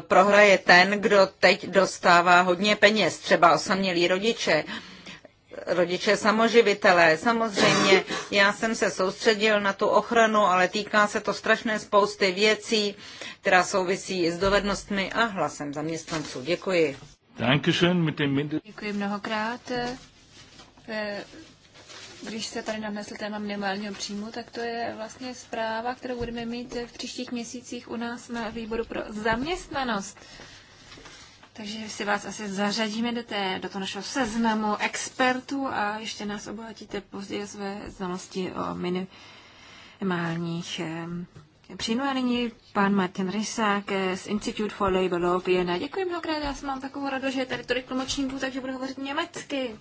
prohraje ten, kdo teď dostává hodně peněz, třeba osamělí rodiče rodiče samoživitelé. Samozřejmě já jsem se soustředil na tu ochranu, ale týká se to strašné spousty věcí, která souvisí s dovednostmi a hlasem zaměstnanců. Děkuji. Děkuji mnohokrát. Eh, když se tady namnesl téma minimálního příjmu, tak to je vlastně zpráva, kterou budeme mít v příštích měsících u nás na výboru pro zaměstnanost. Takže si vás asi zařadíme do, té, do toho našeho seznamu expertů a ještě nás obohatíte později své znalosti o minimálních eh, Přijdu a nyní pan Martin Rysák z Institute for Labor Law Vienna. Děkuji mnohokrát, já jsem mám takovou radost, že je tady tolik tlumočníků, takže budu hovořit německy.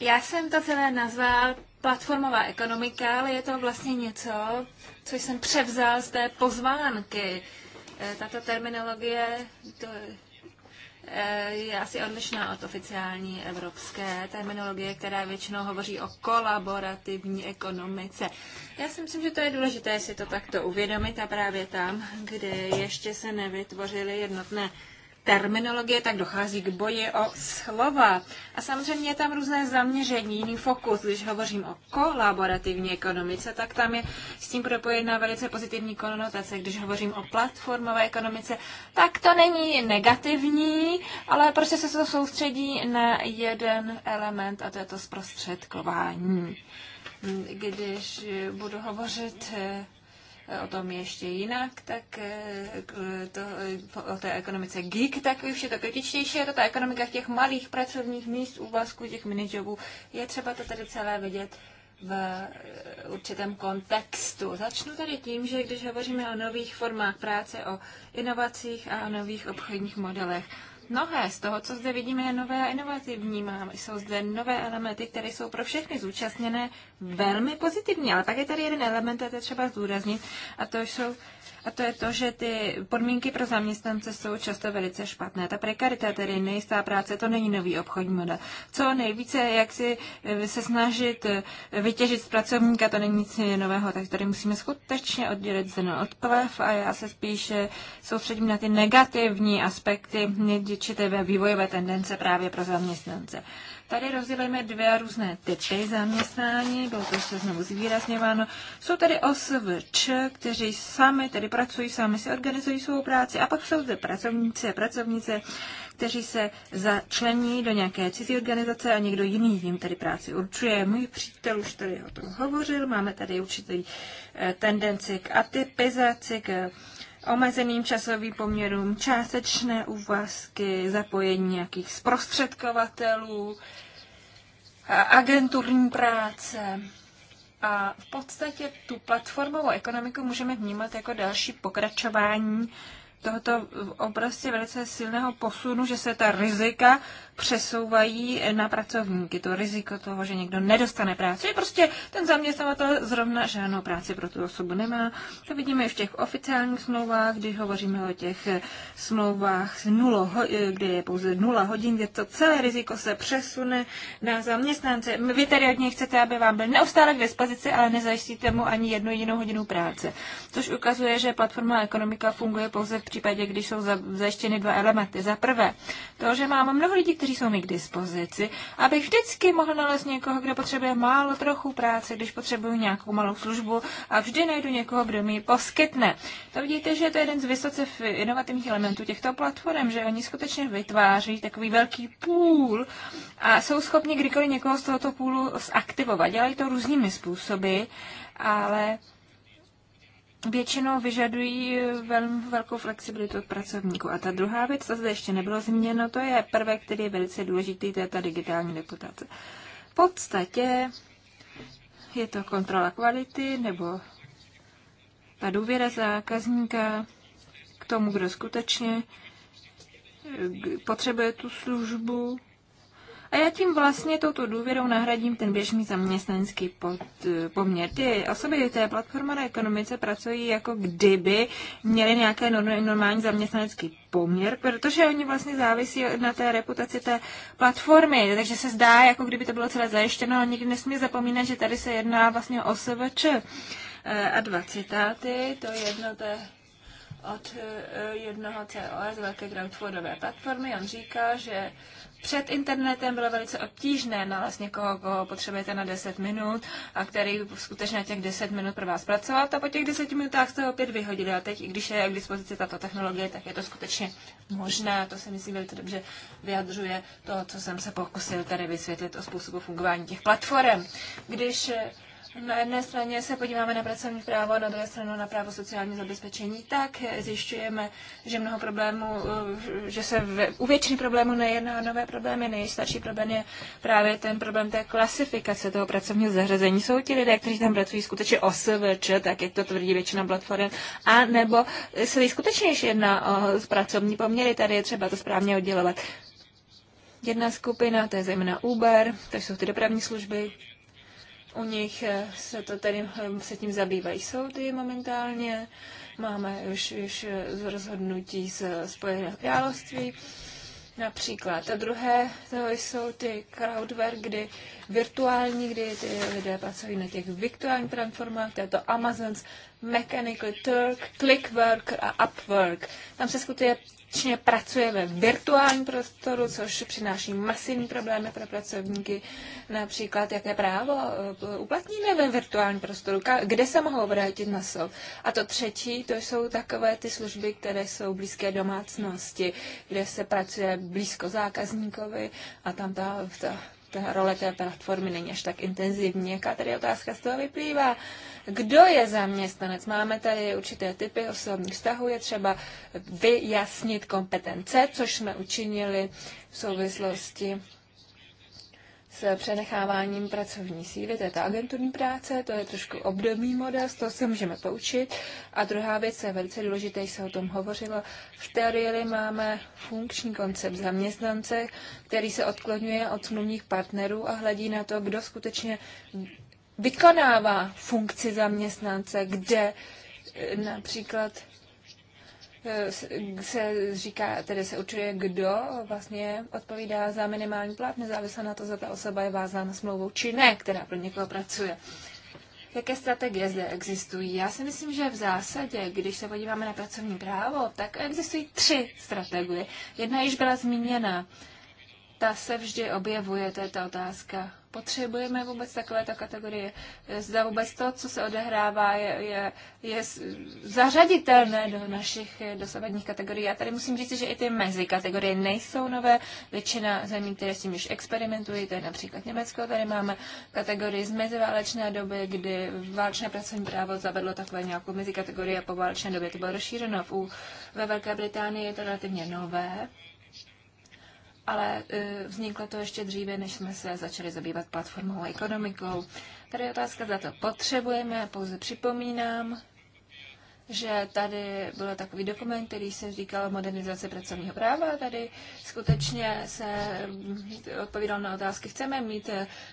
Já jsem to celé nazval platformová ekonomika, ale je to vlastně něco, co jsem převzal z té pozvánky. Eh, tato terminologie to eh, je asi odlišná od oficiální evropské terminologie, která většinou hovoří o kolaborativní ekonomice. Já si myslím, že to je důležité si to takto uvědomit a právě tam, kde ještě se nevytvořily jednotné terminologie, tak dochází k boji o slova. A samozřejmě je tam různé zaměření, jiný fokus. Když hovořím o kolaborativní ekonomice, tak tam je s tím propojená velice pozitivní konotace. Když hovořím o platformové ekonomice, tak to není negativní, ale prostě se to soustředí na jeden element a to je to zprostředkování. Když budu hovořit eh, o tom ještě jinak, tak eh, to, eh, o té ekonomice gig, tak už je to kritičtější, je to ta ekonomika těch malých pracovních míst, úvazků, těch minijobů. Je třeba to tady celé vidět v eh, určitém kontextu. Začnu tady tím, že když hovoříme o nových formách práce, o inovacích a o nových obchodních modelech, Mnohé z toho, co zde vidíme, je nové a inovativní. mám. jsou zde nové elementy, které jsou pro všechny zúčastněné velmi pozitivní. Ale pak je tady jeden element, který je třeba zdůraznit, a to jsou a to je to, že ty podmínky pro zaměstnance jsou často velice špatné. Ta prekarita, tedy nejistá práce, to není nový obchodní model. Co nejvíce, jak si eh, se snažit eh, vytěžit z pracovníka, to není nic nového, tak tady musíme skutečně oddělit zrno od plev a já se spíše soustředím na ty negativní aspekty, či ve vývojové tendence právě pro zaměstnance. Tady rozdělujeme dvě různé typy zaměstnání, bylo to se znovu zvýrazněváno. Jsou tady OSVČ, kteří sami tady pracují, sami si organizují svou práci a pak jsou zde pracovníci a pracovnice, kteří se začlení do nějaké cizí organizace a někdo jiný jim tady práci určuje. Můj přítel už tady o tom hovořil, máme tady určitý eh, tendenci k atypizaci, k omezeným časovým poměrům, částečné úvazky, zapojení nějakých zprostředkovatelů, agenturní práce. A v podstatě tu platformovou ekonomiku můžeme vnímat jako další pokračování tohoto oblasti velice silného posunu, že se ta rizika přesouvají na pracovníky. To riziko toho, že někdo nedostane práci, je prostě ten zaměstnavatel zrovna žádnou práci pro tu osobu nemá. To vidíme i v těch oficiálních smlouvách, když hovoříme o těch smlouvách, nulo, kde je pouze nula hodin, kde to celé riziko se přesune na zaměstnance. Vy tedy od něj chcete, aby vám byl neustále k dispozici, ale nezajistíte mu ani jednu jedinou hodinu práce. Což ukazuje, že platforma ekonomika funguje pouze v případě, když jsou zajištěny dva elementy. Za prvé, to, že mám mnoho lidí, kteří jsou mi k dispozici, abych vždycky mohl nalézt někoho, kdo potřebuje málo trochu práce, když potřebuju nějakou malou službu a vždy najdu někoho, kdo mi ji poskytne. To vidíte, že to je jeden z vysoce inovativních elementů těchto platform, že oni skutečně vytváří takový velký půl a jsou schopni kdykoliv někoho z tohoto půlu zaktivovat. Dělají to různými způsoby, ale většinou vyžadují velmi velkou flexibilitu od pracovníků. A ta druhá věc, co zde ještě nebylo zmíněno, to je prvek, který je velice důležitý, to je ta digitální reputace. V podstatě je to kontrola kvality nebo ta důvěra zákazníka k tomu, kdo skutečně eh, potřebuje tu službu a já tím vlastně touto důvěrou nahradím ten běžný zaměstnanský pod, eh, poměr. Ty osoby té platforma na ekonomice pracují jako kdyby měly nějaké normální zaměstnanecký poměr, protože oni vlastně závisí na té reputaci té platformy, takže se zdá, jako kdyby to bylo celé zajištěno, ale nikdy nesmí zapomínat, že tady se jedná vlastně o SVČ. Eh, a dva citáty, to jedno to je od eh, jednoho COS, velké crowdfundové platformy, on říká, že před internetem bylo velice obtížné nalézt někoho, koho potřebujete na 10 minut a který skutečně těch 10 minut pro vás pracoval a po těch 10 minutách jste ho opět vyhodili. A teď, i když je k dispozici tato technologie, tak je to skutečně možné. To se myslím velice dobře vyjadřuje to, co jsem se pokusil tady vysvětlit o způsobu fungování těch platform. Když eh, na jedné straně se podíváme na pracovní právo a na druhé stranu na právo sociální zabezpečení. Tak zjišťujeme, že mnoho problémů, že se v, u většiny problémů nejedná o nové problémy. Nejstarší problém je právě ten problém té klasifikace toho pracovního zařazení. Jsou ti lidé, kteří tam pracují skutečně OSVČ, tak jak to tvrdí většina platform, a nebo se skutečně jedná o pracovní poměry. Tady je třeba to správně oddělovat. Jedna skupina, to je zejména Uber, to jsou ty dopravní služby, u nich eh, se to tedy eh, se tím zabývají soudy momentálně. Máme už, už eh, z rozhodnutí z Spojeného království. Například. A druhé to jsou ty crowdware, kdy virtuální, kdy ty lidé pracují na těch virtuálních platformách, to je to Amazon's Mechanical Turk, Clickwork a Upwork. Tam se skutečně skutečně pracujeme v virtuálním prostoru, což přináší masivní problémy pro pracovníky. Například, jaké právo eh, uplatníme ve virtuálním prostoru, kde se mohou vrátit na soud. A to třetí, to jsou takové ty služby, které jsou blízké domácnosti, kde se pracuje blízko zákazníkovi a tam ta, ta ta role té platformy není až tak intenzivní. Jaká tady otázka z toho vyplývá? Kdo je zaměstnanec? Máme tady určité typy osobních vztahů, je třeba vyjasnit kompetence, což jsme učinili v souvislosti s přenecháváním pracovní síly, to je ta agenturní práce, to je trošku obdobný model, z toho se můžeme poučit. A druhá věc je velice důležité, se o tom hovořilo. V teorii máme funkční koncept zaměstnance, který se odklonuje od smluvních partnerů a hledí na to, kdo skutečně vykonává funkci zaměstnance, kde eh, například Eh, se říká, tedy se určuje, kdo vlastně odpovídá za minimální plat, nezávisle na to, zda ta osoba je vázána smlouvou či ne, která pro někoho pracuje. Jaké strategie zde existují? Já si myslím, že v zásadě, když se podíváme na pracovní právo, tak existují tři strategie. Jedna již byla zmíněna. Ta se vždy objevuje, to je ta otázka potřebujeme vůbec takovéto kategorie. Zda vůbec to, co se odehrává, je, je, je zařaditelné do našich eh, dosavadních kategorií. Já tady musím říct, že i ty mezi kategorie nejsou nové. Většina zemí, které s tím už experimentují, to je například Německo, tady máme kategorii z meziválečné doby, kdy válečné pracovní právo zavedlo takové nějakou mezi kategorii a po válečné době to bylo rozšířeno. V, ve Velké Británii je to relativně nové ale e, vzniklo to ještě dříve, než jsme se začali zabývat platformou a ekonomikou. Tady je otázka, za to potřebujeme, pouze připomínám, že tady byl takový dokument, který se říkal modernizace pracovního práva. Tady skutečně se odpovídal na otázky, chceme mít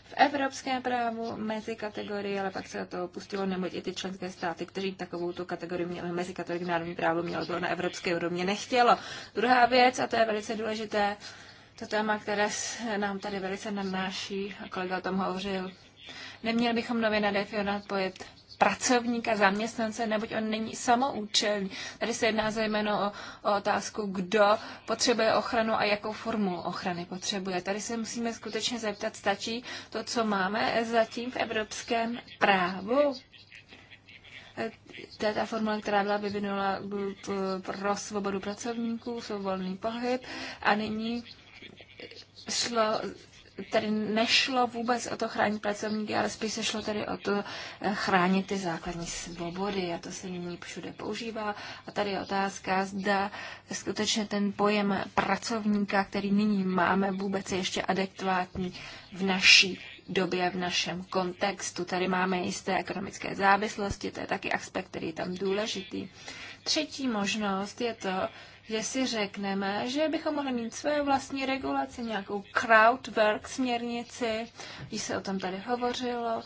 v evropském právu mezi kategorii, ale pak se to opustilo, neboť i ty členské státy, kteří takovou tu kategorii měli mezi kategorii národní právo, mělo to na evropské úrovni nechtělo. Druhá věc, a to je velice důležité, to téma, které nám tady velice nadnáší, a kolega o tom hovořil. Neměli bychom nově nadefinovat pojet pracovníka, zaměstnance, neboť on není samoučelný. Tady se jedná zejména o, o otázku, kdo potřebuje ochranu a jakou formu ochrany potřebuje. Tady se musíme skutečně zeptat, stačí to, co máme zatím v evropském právu? To je ta formula, která byla vyvinula pro svobodu pracovníků, svobodný pohyb a nyní šlo tedy nešlo vůbec o to chránit pracovníky, ale spíš se šlo tedy o to eh, chránit ty základní svobody a to se nyní všude používá. A tady je otázka, zda skutečně ten pojem pracovníka, který nyní máme, vůbec je ještě adekvátní v naší době, v našem kontextu. Tady máme jisté ekonomické závislosti, to je taky aspekt, který je tam důležitý. Třetí možnost je to, že si řekneme, že bychom mohli mít své vlastní regulaci, nějakou crowdwork směrnici, když se o tom tady hovořilo,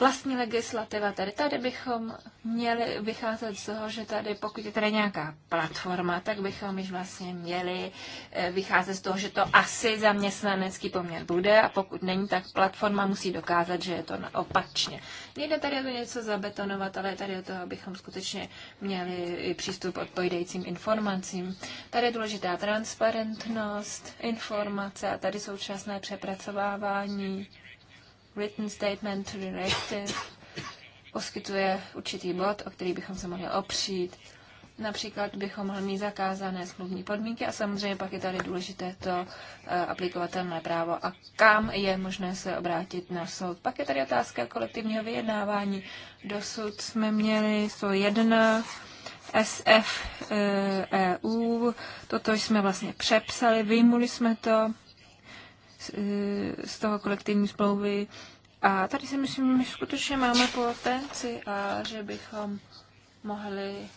vlastní legislativa. Tady, tady bychom měli vycházet z toho, že tady, pokud je tady nějaká platforma, tak bychom již vlastně měli eh, vycházet z toho, že to asi zaměstnanecký poměr bude a pokud není, tak platforma musí dokázat, že je to opačně. Nejde tady o to něco zabetonovat, ale tady o to, abychom skutečně měli přístup odpovídajícím informacím. Tady je důležitá transparentnost, informace a tady současné přepracovávání written statement to directive poskytuje určitý bod, o který bychom se mohli opřít. Například bychom mohli mít zakázané smluvní podmínky a samozřejmě pak je tady důležité to eh, aplikovatelné právo a kam je možné se obrátit na soud. Pak je tady otázka kolektivního vyjednávání. Dosud jsme měli 101 SF EU, toto jsme vlastně přepsali, vyjmuli jsme to z toho kolektivní smlouvy. A tady si myslím, že skutečně máme potenci a že bychom mohli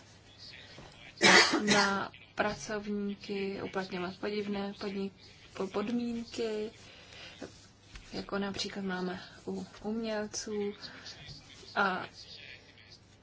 na pracovníky uplatňovat podivné podmínky, jako například máme u umělců. A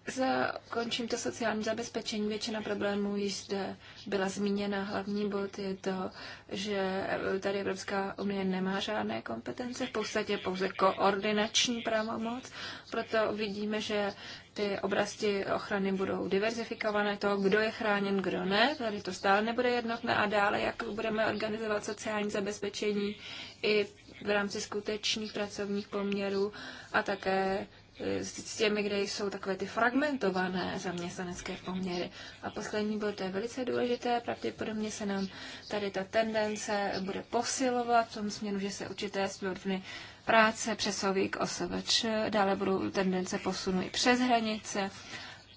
Zakončím to sociální zabezpečení. Většina problémů již zde byla zmíněna. Hlavní bod je to, že tady Evropská unie nemá žádné kompetence, v podstatě pouze koordinační pravomoc. Proto vidíme, že ty oblasti ochrany budou diverzifikované, to, kdo je chráněn, kdo ne, tady to stále nebude jednotné a dále, jak budeme organizovat sociální zabezpečení i v rámci skutečných pracovních poměrů a také s těmi, kde jsou takové ty fragmentované zaměstnanecké poměry. A poslední bod, to je velice důležité, pravděpodobně se nám tady ta tendence bude posilovat v tom směru, že se určité směrny práce přesouví k osobeč, dále budou tendence i přes hranice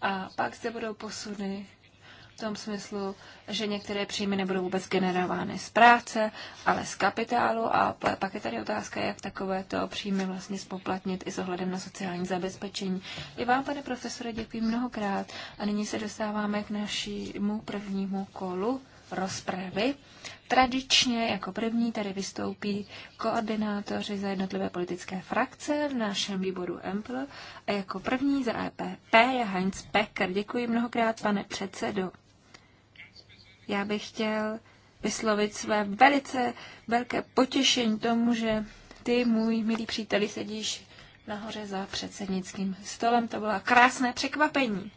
a pak zde budou posuny v tom smyslu, že některé příjmy nebudou vůbec generovány z práce, ale z kapitálu a pak je tady otázka, jak takovéto příjmy vlastně spoplatnit i s ohledem na sociální zabezpečení. I vám, pane profesore, děkuji mnohokrát a nyní se dostáváme k našímu prvnímu kolu rozpravy. Tradičně jako první tady vystoupí koordinátoři za jednotlivé politické frakce v našem výboru EMPL a jako první za EPP je Heinz Pecker. Děkuji mnohokrát, pane předsedo. Já bych chtěl vyslovit své velice velké potěšení tomu, že ty, můj milý příteli, sedíš nahoře za předsednickým stolem. To bylo krásné překvapení.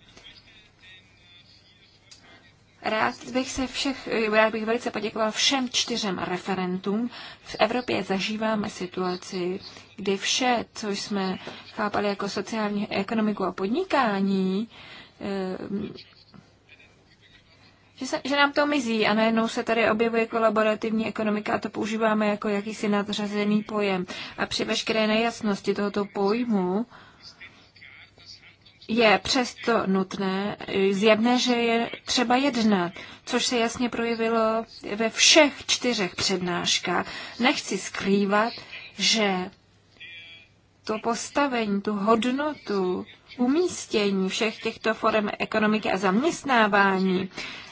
Rád bych se všech, rád bych velice poděkoval všem čtyřem referentům. V Evropě zažíváme situaci, kdy vše, co jsme chápali jako sociální ekonomiku a podnikání, eh, že, se, že nám to mizí a najednou se tady objevuje kolaborativní ekonomika a to používáme jako jakýsi nadřazený pojem. A při veškeré nejasnosti tohoto pojmu je přesto nutné, zjevné, že je třeba jednat, což se jasně projevilo ve všech čtyřech přednáškách. Nechci skrývat, že to postavení, tu hodnotu, umístění všech těchto forem ekonomiky a zaměstnávání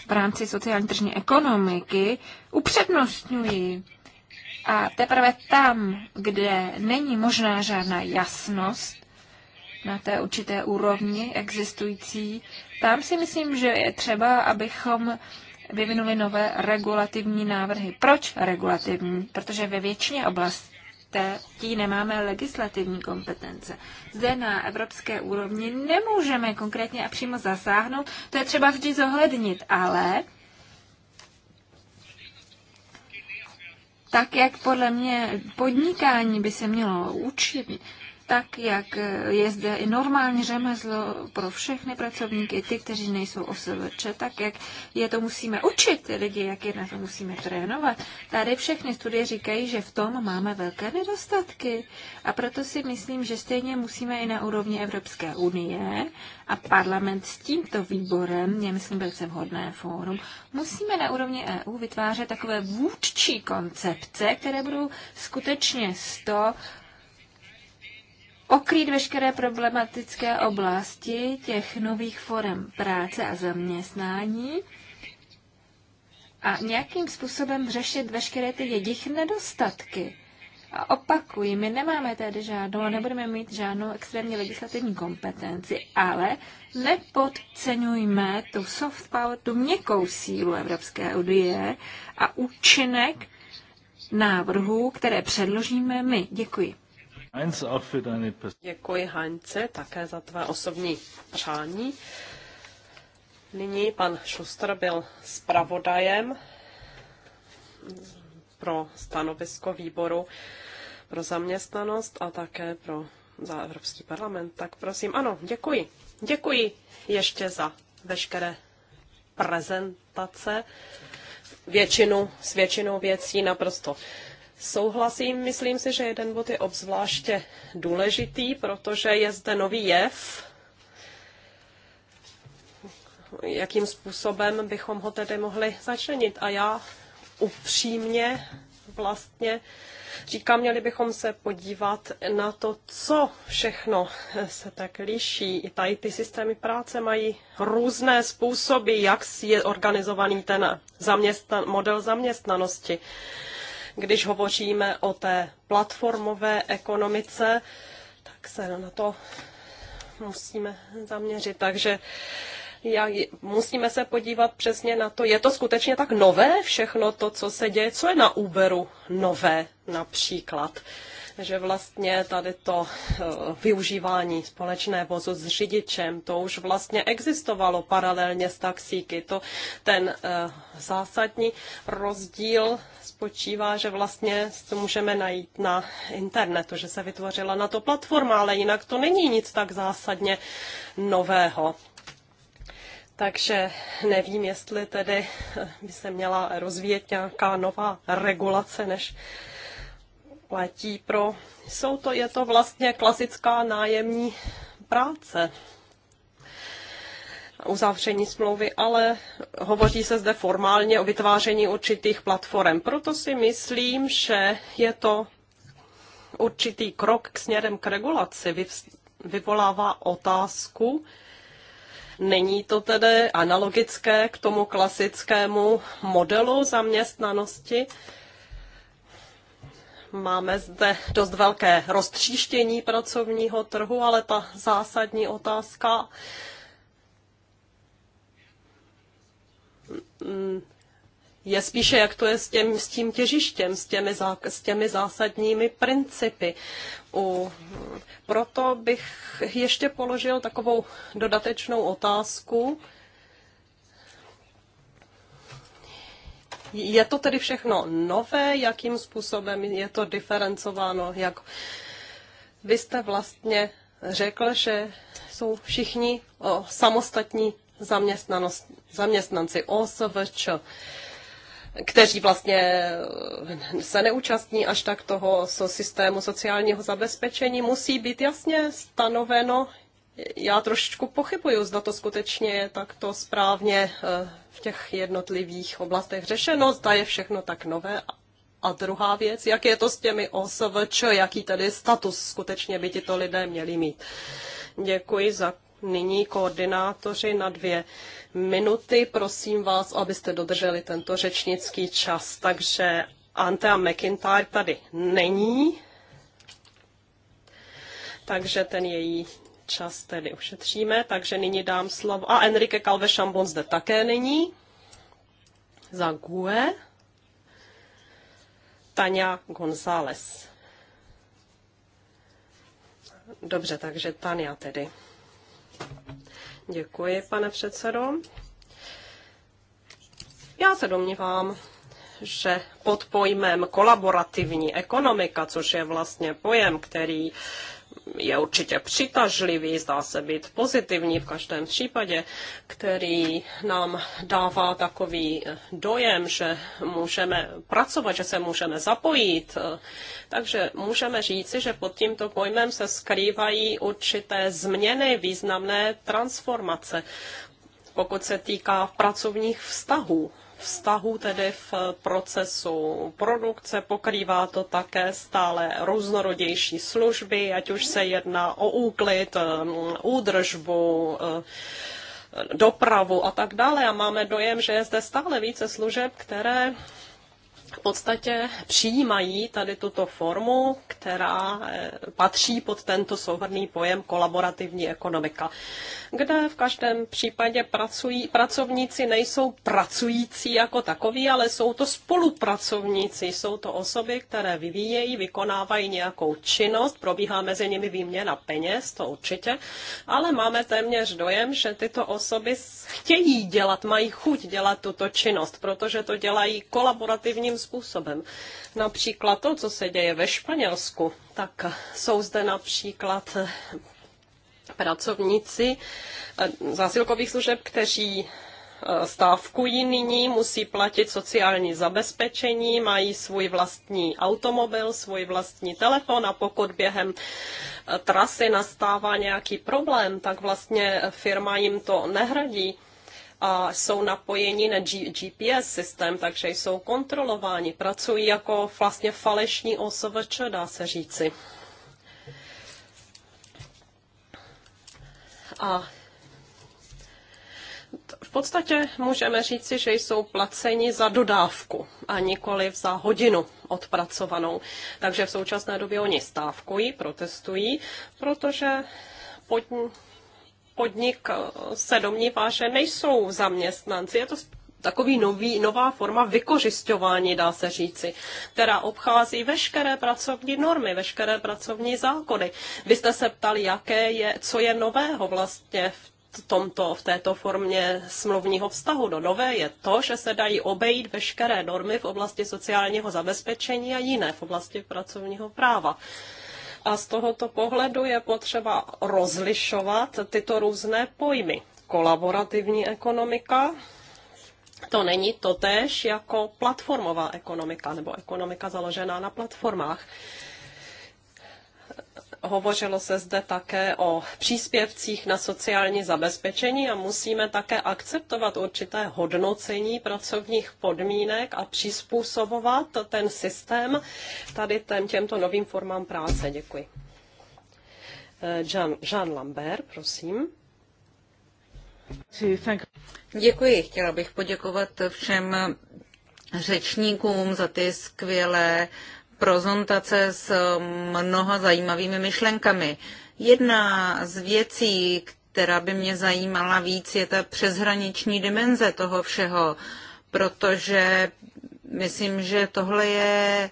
v rámci sociální tržní ekonomiky upřednostňují. A teprve tam, kde není možná žádná jasnost na té určité úrovni existující, tam si myslím, že je třeba, abychom vyvinuli nové regulativní návrhy. Proč regulativní? Protože ve většině oblastí tí nemáme legislativní kompetence. Zde na evropské úrovni nemůžeme konkrétně a přímo zasáhnout, to je třeba vždy zohlednit, ale tak, jak podle mě podnikání by se mělo učit, tak jak je zde i normální řemeslo pro všechny pracovníky, ty, kteří nejsou OSVČ, tak jak je to musíme učit lidi, jak je na to musíme trénovat. Tady všechny studie říkají, že v tom máme velké nedostatky a proto si myslím, že stejně musíme i na úrovni Evropské unie a parlament s tímto výborem, je myslím velice vhodné fórum, musíme na úrovni EU vytvářet takové vůdčí koncepce, které budou skutečně z to okrýt veškeré problematické oblasti těch nových forem práce a zaměstnání a nějakým způsobem řešit veškeré ty jejich nedostatky. A opakuji, my nemáme tady žádnou, nebudeme mít žádnou extrémní legislativní kompetenci, ale nepodceňujme tu soft power, tu měkkou sílu Evropské unie a účinek návrhů, které předložíme my. Děkuji. Děkuji Hanče, také za tvé osobní přání. Nyní pan Šuster byl zpravodajem pro stanovisko výboru pro zaměstnanost a také pro za Evropský parlament. Tak prosím, ano, děkuji. Děkuji ještě za veškeré prezentace. Většinu, s většinou věcí naprosto Souhlasím, myslím si, že jeden bod je obzvláště důležitý, protože je zde nový jev, jakým způsobem bychom ho tedy mohli začlenit. A já upřímně vlastně říkám, měli bychom se podívat na to, co všechno se tak liší. I tady ty systémy práce mají různé způsoby, jak je organizovaný ten zaměstnan- model zaměstnanosti. Když hovoříme o té platformové ekonomice, tak se na to musíme zaměřit. Takže já, musíme se podívat přesně na to, je to skutečně tak nové všechno to, co se děje, co je na Uberu nové například. Uh, že vlastně tady to eh, využívání společné vozu s řidičem, to už vlastně existovalo paralelně s taxíky. To ten eh, zásadní rozdíl spočívá, že vlastně to můžeme najít na internetu, že se vytvořila na to platforma, ale jinak to není nic tak zásadně nového. Takže nevím, jestli tedy eh, by se měla rozvíjet nějaká nová regulace, než platí pro... Jsou to, je to vlastně klasická nájemní práce uzavření smlouvy, ale hovoří se zde formálně o vytváření určitých platform. Proto si myslím, že je to určitý krok k směrem k regulaci. Vyvolává otázku, Není to tedy analogické k tomu klasickému modelu zaměstnanosti, Máme zde dost velké roztříštění pracovního trhu, ale ta zásadní otázka mm, je spíše, jak to je s, těm, s tím těžištěm, s těmi, zá, s těmi zásadními principy. U, proto bych ještě položil takovou dodatečnou otázku je to tedy všechno nové, jakým způsobem je to diferencováno, jak vy jste vlastně řekl, že jsou všichni o, samostatní zaměstnanci OSVČ, kteří vlastně se neúčastní až tak toho systému sociálního zabezpečení, musí být jasně stanoveno, já trošičku pochybuju, zda to skutečně je takto správně eh, v těch jednotlivých oblastech řešeno, zda je všechno tak nové. A druhá věc, jak je to s těmi OSVČ, jaký tedy status skutečně by tito lidé měli mít. Děkuji za nyní koordinátoři na dvě minuty. Prosím vás, abyste dodrželi tento řečnický čas. Takže Antea McIntyre tady není, takže ten její čas tedy ušetříme, takže nyní dám slovo. A Enrique Calve Chambon zde také není. Za GUE. Tania González. Dobře, takže Tania tedy. Děkuji, pane předsedo. Já se domnívám, že pod pojmem kolaborativní ekonomika, což je vlastně pojem, který je určitě přitažlivý, zdá se být pozitivní v každém případě, který nám dává takový eh, dojem, že můžeme pracovat, že se můžeme zapojit. Eh, takže můžeme říci, že pod tímto pojmem se skrývají určité změny, významné transformace, pokud se týká pracovních vztahů vztahů tedy v procesu produkce. Pokrývá to také stále různorodější služby, ať už se jedná o úklid, um, údržbu, uh, dopravu a tak dále. A máme dojem, že je zde stále více služeb, které v podstatě přijímají tady tuto formu, která eh, patří pod tento souhrný pojem kolaborativní ekonomika, kde v každém případě pracují, pracovníci nejsou pracující jako takoví, ale jsou to spolupracovníci, jsou to osoby, které vyvíjejí, vykonávají nějakou činnost, probíhá mezi nimi výměna peněz, to určitě, ale máme téměř dojem, že tyto osoby chtějí dělat, mají chuť dělat tuto činnost, protože to dělají kolaborativním způsobem. Například to, co se děje ve Španělsku, tak jsou zde například pracovníci eh, zásilkových služeb, kteří eh, stávkují nyní, musí platit sociální zabezpečení, mají svůj vlastní automobil, svůj vlastní telefon a pokud během eh, trasy nastává nějaký problém, tak vlastně firma jim to nehradí a jsou napojeni na G- GPS systém, takže jsou kontrolováni, pracují jako vlastně falešní OSVČ, dá se říci. A v podstatě můžeme říci, že jsou placeni za dodávku a nikoli za hodinu odpracovanou. Takže v současné době oni stávkují, protestují, protože pod, podnik se domnívá, že nejsou zaměstnanci. Je to takový nový, nová forma vykořišťování, dá se říci, která obchází veškeré pracovní normy, veškeré pracovní zákony. Vy jste se ptali, jaké je, co je nového vlastně v tomto, v této formě smluvního vztahu. No nové je to, že se dají obejít veškeré normy v oblasti sociálního zabezpečení a jiné v oblasti pracovního práva. A z tohoto pohledu je potřeba rozlišovat tyto různé pojmy. Kolaborativní ekonomika, to není totéž jako platformová ekonomika nebo ekonomika založená na platformách. Hovořilo se zde také o příspěvcích na sociální zabezpečení a musíme také akceptovat určité hodnocení pracovních podmínek a přizpůsobovat ten systém tady ten, těmto novým formám práce. Děkuji. Eh, Jean, Jean Lambert, prosím. Děkuji. Chtěla bych poděkovat všem řečníkům za ty skvělé uh, prezentace s mnoha zajímavými myšlenkami. Jedna z věcí, která by mě zajímala víc, je ta přeshraniční dimenze toho všeho, protože myslím, že tohle je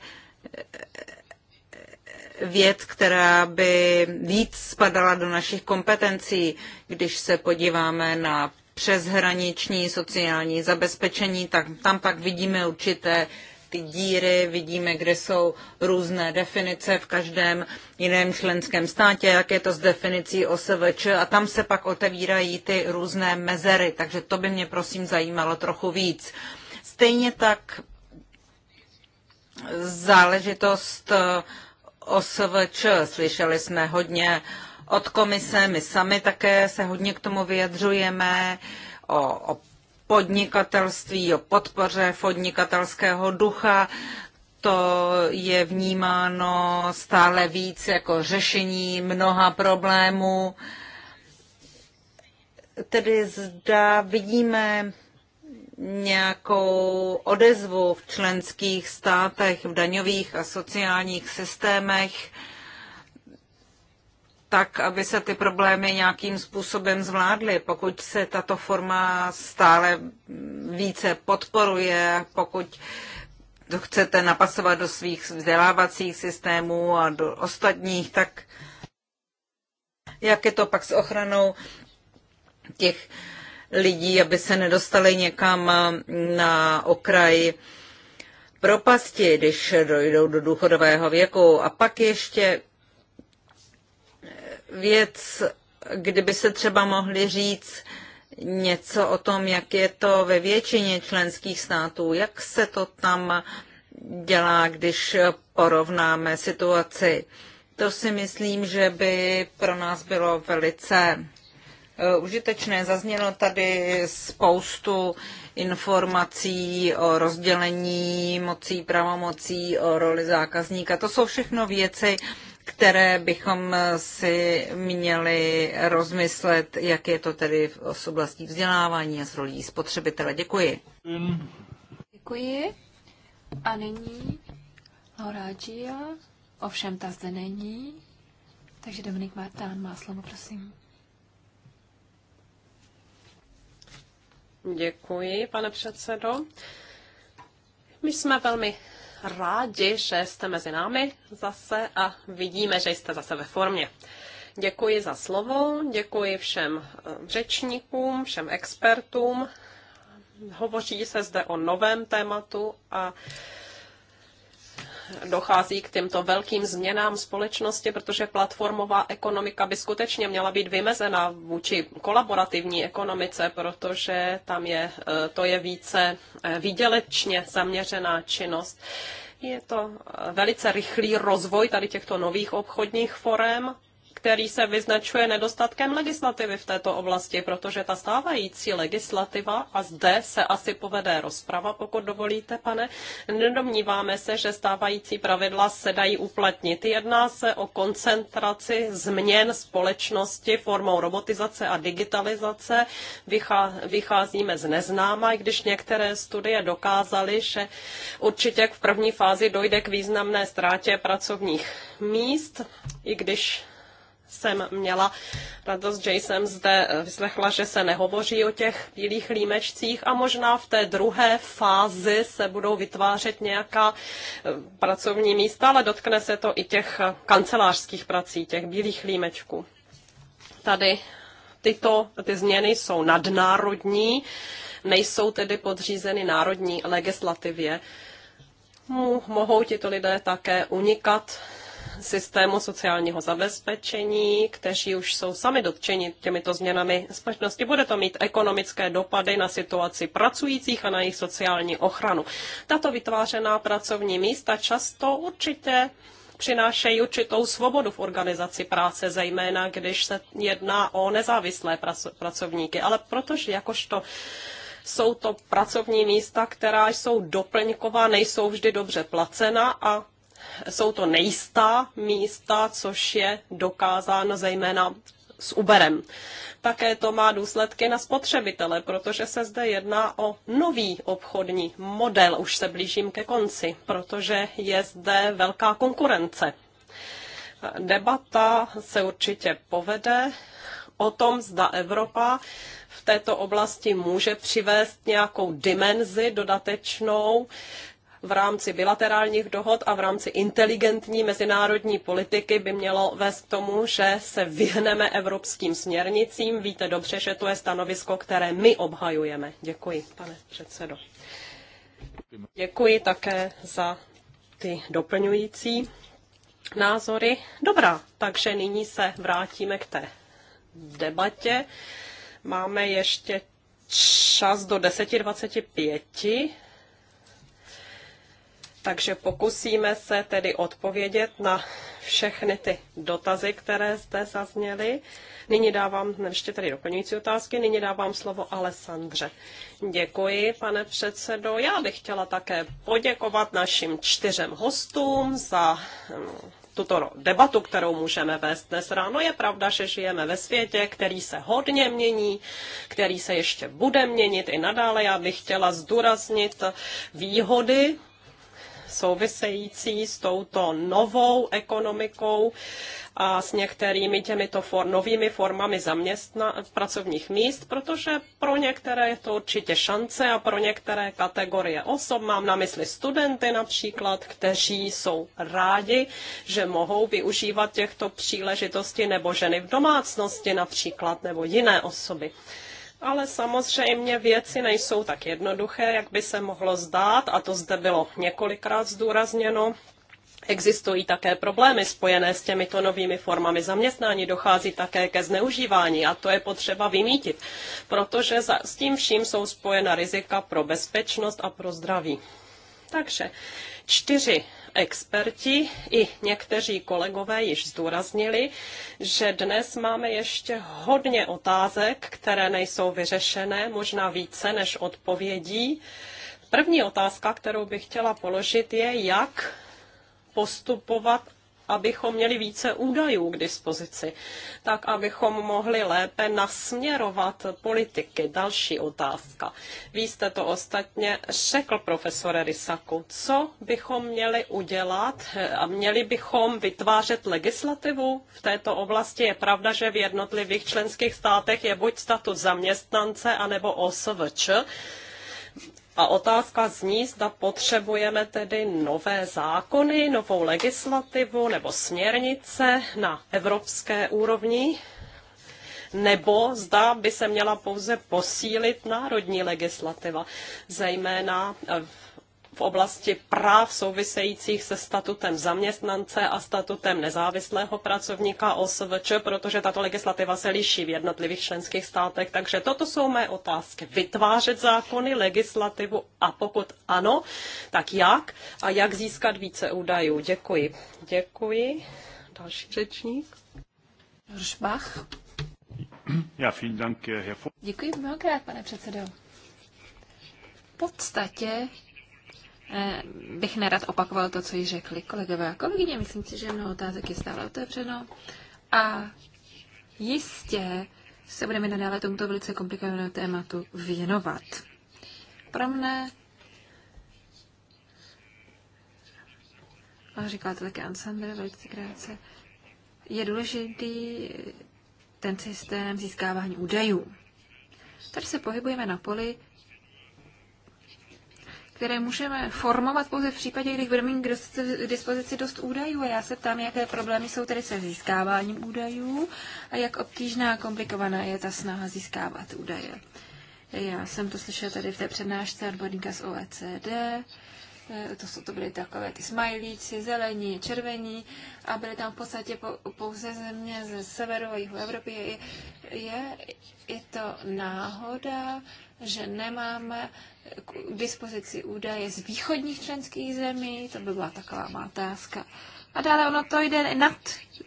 věc, která by víc spadala do našich kompetencí, když se podíváme na přeshraniční sociální zabezpečení, tak tam pak vidíme určité uh, ty díry, vidíme, kde jsou různé definice v každém jiném členském státě, jak je to s definicí OSVČ a tam se pak otevírají ty různé mezery, takže to by mě prosím zajímalo trochu víc. Stejně tak záležitost eh, OSVČ, slyšeli jsme hodně od komise, my sami také se hodně k tomu vyjadřujeme, o, o podnikatelství, o podpoře podnikatelského ducha. To je vnímáno stále víc jako řešení mnoha problémů. Tedy zda vidíme nějakou odezvu v členských státech, v daňových a sociálních systémech tak, aby se ty problémy nějakým způsobem zvládly. Pokud se tato forma stále více podporuje, pokud to chcete napasovat do svých vzdělávacích systémů a do ostatních, tak jak je to pak s ochranou těch lidí, aby se nedostali někam na okraj propasti, když dojdou do důchodového věku. A pak ještě věc, kdyby se třeba mohli říct něco o tom, jak je to ve většině členských států, jak se to tam dělá, když porovnáme situaci. To si myslím, že by pro nás bylo velice eh, užitečné. Zaznělo tady spoustu informací o rozdělení mocí, pravomocí, o roli zákazníka. To jsou všechno věci, které bychom si měli rozmyslet, jak je to tedy v oblasti vzdělávání a s rolí spotřebitele. Děkuji. Děkuji. A nyní Laura ovšem ta zde není, takže Dominik Martán má slovo, prosím. Děkuji, pane předsedo. My jsme velmi rádi, že jste mezi námi zase a vidíme, že jste zase ve formě. Děkuji za slovo, děkuji všem eh, řečníkům, všem expertům. Hovoří se zde o novém tématu a dochází k těmto velkým změnám společnosti, protože platformová ekonomika by skutečně měla být vymezena vůči kolaborativní ekonomice, protože tam je, e, to je více e, výdělečně zaměřená činnost. Je to e, velice rychlý rozvoj tady těchto nových obchodních forem, který se vyznačuje nedostatkem legislativy v této oblasti, protože ta stávající legislativa, a zde se asi povede rozprava, pokud dovolíte, pane, nedomníváme se, že stávající pravidla se dají uplatnit. Jedná se o koncentraci změn společnosti formou robotizace a digitalizace. Vycházíme z neznáma, i když některé studie dokázaly, že určitě v první fázi dojde k významné ztrátě pracovních míst, i když jsem měla radost, že jsem zde eh, vyslechla, že se nehovoří o těch bílých límečcích a možná v té druhé fázi se budou vytvářet nějaká eh, pracovní místa, ale dotkne se to i těch eh, kancelářských prací, těch bílých límečků. Tady tyto ty změny jsou nadnárodní, nejsou tedy podřízeny národní legislativě. Mohou tito lidé také unikat systému sociálního zabezpečení, kteří už jsou sami dotčeni těmito změnami společnosti. Bude to mít ekonomické dopady na situaci pracujících a na jejich sociální ochranu. Tato vytvářená pracovní místa často určitě přinášejí určitou svobodu v organizaci práce, zejména když se jedná o nezávislé pracovníky. Ale protože jakožto jsou to pracovní místa, která jsou doplňková, nejsou vždy dobře placena a jsou to nejistá místa, což je dokázáno zejména s Uberem. Také to má důsledky na spotřebitele, protože se zde jedná o nový obchodní model. Už se blížím ke konci, protože je zde velká konkurence. Debata se určitě povede o tom, zda Evropa v této oblasti může přivést nějakou dimenzi dodatečnou v rámci bilaterálních dohod a v rámci inteligentní mezinárodní politiky by mělo vést k tomu, že se vyhneme evropským směrnicím. Víte dobře, že to je stanovisko, které my obhajujeme. Děkuji, pane předsedo. Děkuji také za ty doplňující názory. Dobrá, takže nyní se vrátíme k té debatě. Máme ještě čas do 10.25, takže pokusíme se tedy odpovědět na všechny ty dotazy, které zde zazněly. Nyní dávám, ještě tady doplňující otázky, nyní dávám slovo Alessandře. Děkuji, pane předsedo. Já bych chtěla také poděkovat našim čtyřem hostům za hm, tuto debatu, kterou můžeme vést dnes ráno. Je pravda, že žijeme ve světě, který se hodně mění, který se ještě bude měnit i nadále. Já bych chtěla zdůraznit výhody související s touto novou ekonomikou a s některými těmito for, novými formami zaměstna, pracovních míst, protože pro některé je to určitě šance a pro některé kategorie osob, mám na mysli studenty například, kteří jsou rádi, že mohou využívat těchto příležitostí nebo ženy v domácnosti například nebo jiné osoby. Ale samozřejmě věci nejsou tak jednoduché, jak by se mohlo zdát, a to zde bylo několikrát zdůrazněno. Existují také problémy spojené s těmito novými formami zaměstnání, dochází také ke zneužívání a to je potřeba vymítit, protože za, s tím vším jsou spojena rizika pro bezpečnost a pro zdraví. Takže čtyři Experti i někteří kolegové již zdůraznili, že dnes máme ještě hodně otázek, které nejsou vyřešené, možná více než odpovědí. První otázka, kterou bych chtěla položit, je, jak postupovat abychom měli více údajů k dispozici, tak abychom mohli lépe nasměrovat politiky. Další otázka. Vy jste to ostatně řekl, profesore Rysaku. Co bychom měli udělat eh, a měli bychom vytvářet legislativu v této oblasti? Je pravda, že v jednotlivých členských státech je buď statut zaměstnance anebo OSVČ, a otázka zní, zda potřebujeme tedy nové zákony, novou legislativu nebo směrnice na evropské úrovni, nebo zda by se měla pouze posílit národní legislativa, zejména v oblasti práv souvisejících se statutem zaměstnance a statutem nezávislého pracovníka OSVČ, protože tato legislativa se liší v jednotlivých členských státech. Takže toto jsou mé otázky. Vytvářet zákony, legislativu a pokud ano, tak jak a jak získat více údajů. Děkuji. Děkuji. Další řečník. Ršbach. Děkuji mnohokrát, pane předsedo. V podstatě Eh, bych nerad opakoval to, co ji řekli kolegové a kolegyně. Myslím si, že mnoho otázek je stále otevřeno. A jistě se budeme nadále tomuto velice komplikovanému tématu věnovat. Pro mne, a říkala to také Ansander velice krátce, je důležitý ten systém získávání údajů. Tady se pohybujeme na poli které můžeme formovat pouze v případě, když budeme mít k dispozici dost údajů. A já se ptám, jaké problémy jsou tedy se získáváním údajů a jak obtížná a komplikovaná je ta snaha získávat údaje. Já jsem to slyšela tady v té přednášce odborníka z OECD, Eh, to, jsou, to byly takové ty smajlíci, zelení, červení a byly tam v podstatě pouze země ze severu a jihu Evropy. Je, je, je to náhoda, že nemáme k dispozici údaje z východních členských zemí, to by byla taková má otázka. A dále ono to jde nad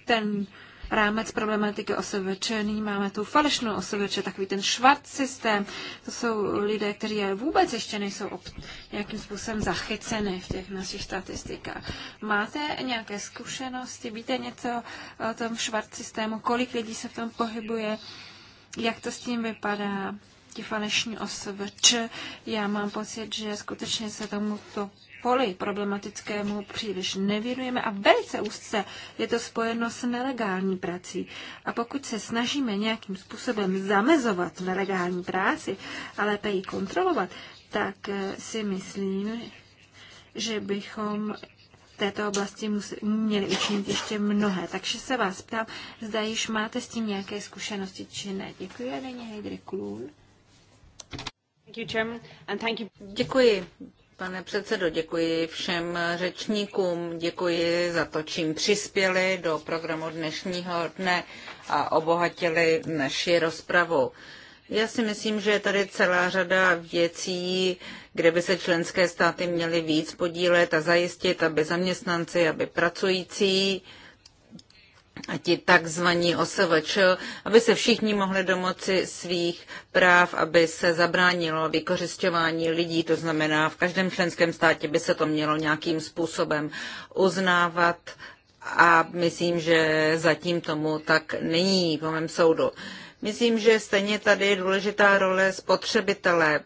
ten rámec problematiky OSVČ. Nyní máme tu falešnou OSVČ, takový ten švart systém. To jsou lidé, kteří vůbec ještě nejsou ob- nějakým způsobem zachyceny v těch našich statistikách. Máte nějaké zkušenosti? Víte něco o tom švart systému? Kolik lidí se v tom pohybuje? Jak to s tím vypadá? ti falešní OSVČ. Já mám pocit, že skutečně se tomuto poli problematickému příliš nevěnujeme a velice úzce je to spojeno s nelegální prací. A pokud se snažíme nějakým způsobem zamezovat nelegální práci a lépe ji kontrolovat, tak eh, si myslím, že bychom této oblasti měli učinit ještě mnohé. Takže se vás ptám, zda již máte s tím nějaké zkušenosti, či ne. Děkuji, Adeně Heidrikulůl. Děkuji. Pane předsedo, děkuji všem řečníkům, děkuji za to, čím přispěli do programu dnešního dne a obohatili naši rozpravu. Já si myslím, že je tady celá řada věcí, kde by se členské státy měly víc podílet a zajistit, aby zaměstnanci, aby pracující, a ti takzvaní OSVČ, aby se všichni mohli domoci svých práv, aby se zabránilo vykořišťování lidí, to znamená, v každém členském státě by se to mělo nějakým způsobem uznávat a myslím, že zatím tomu tak není po mém soudu. Myslím, že stejně tady je důležitá role spotřebitele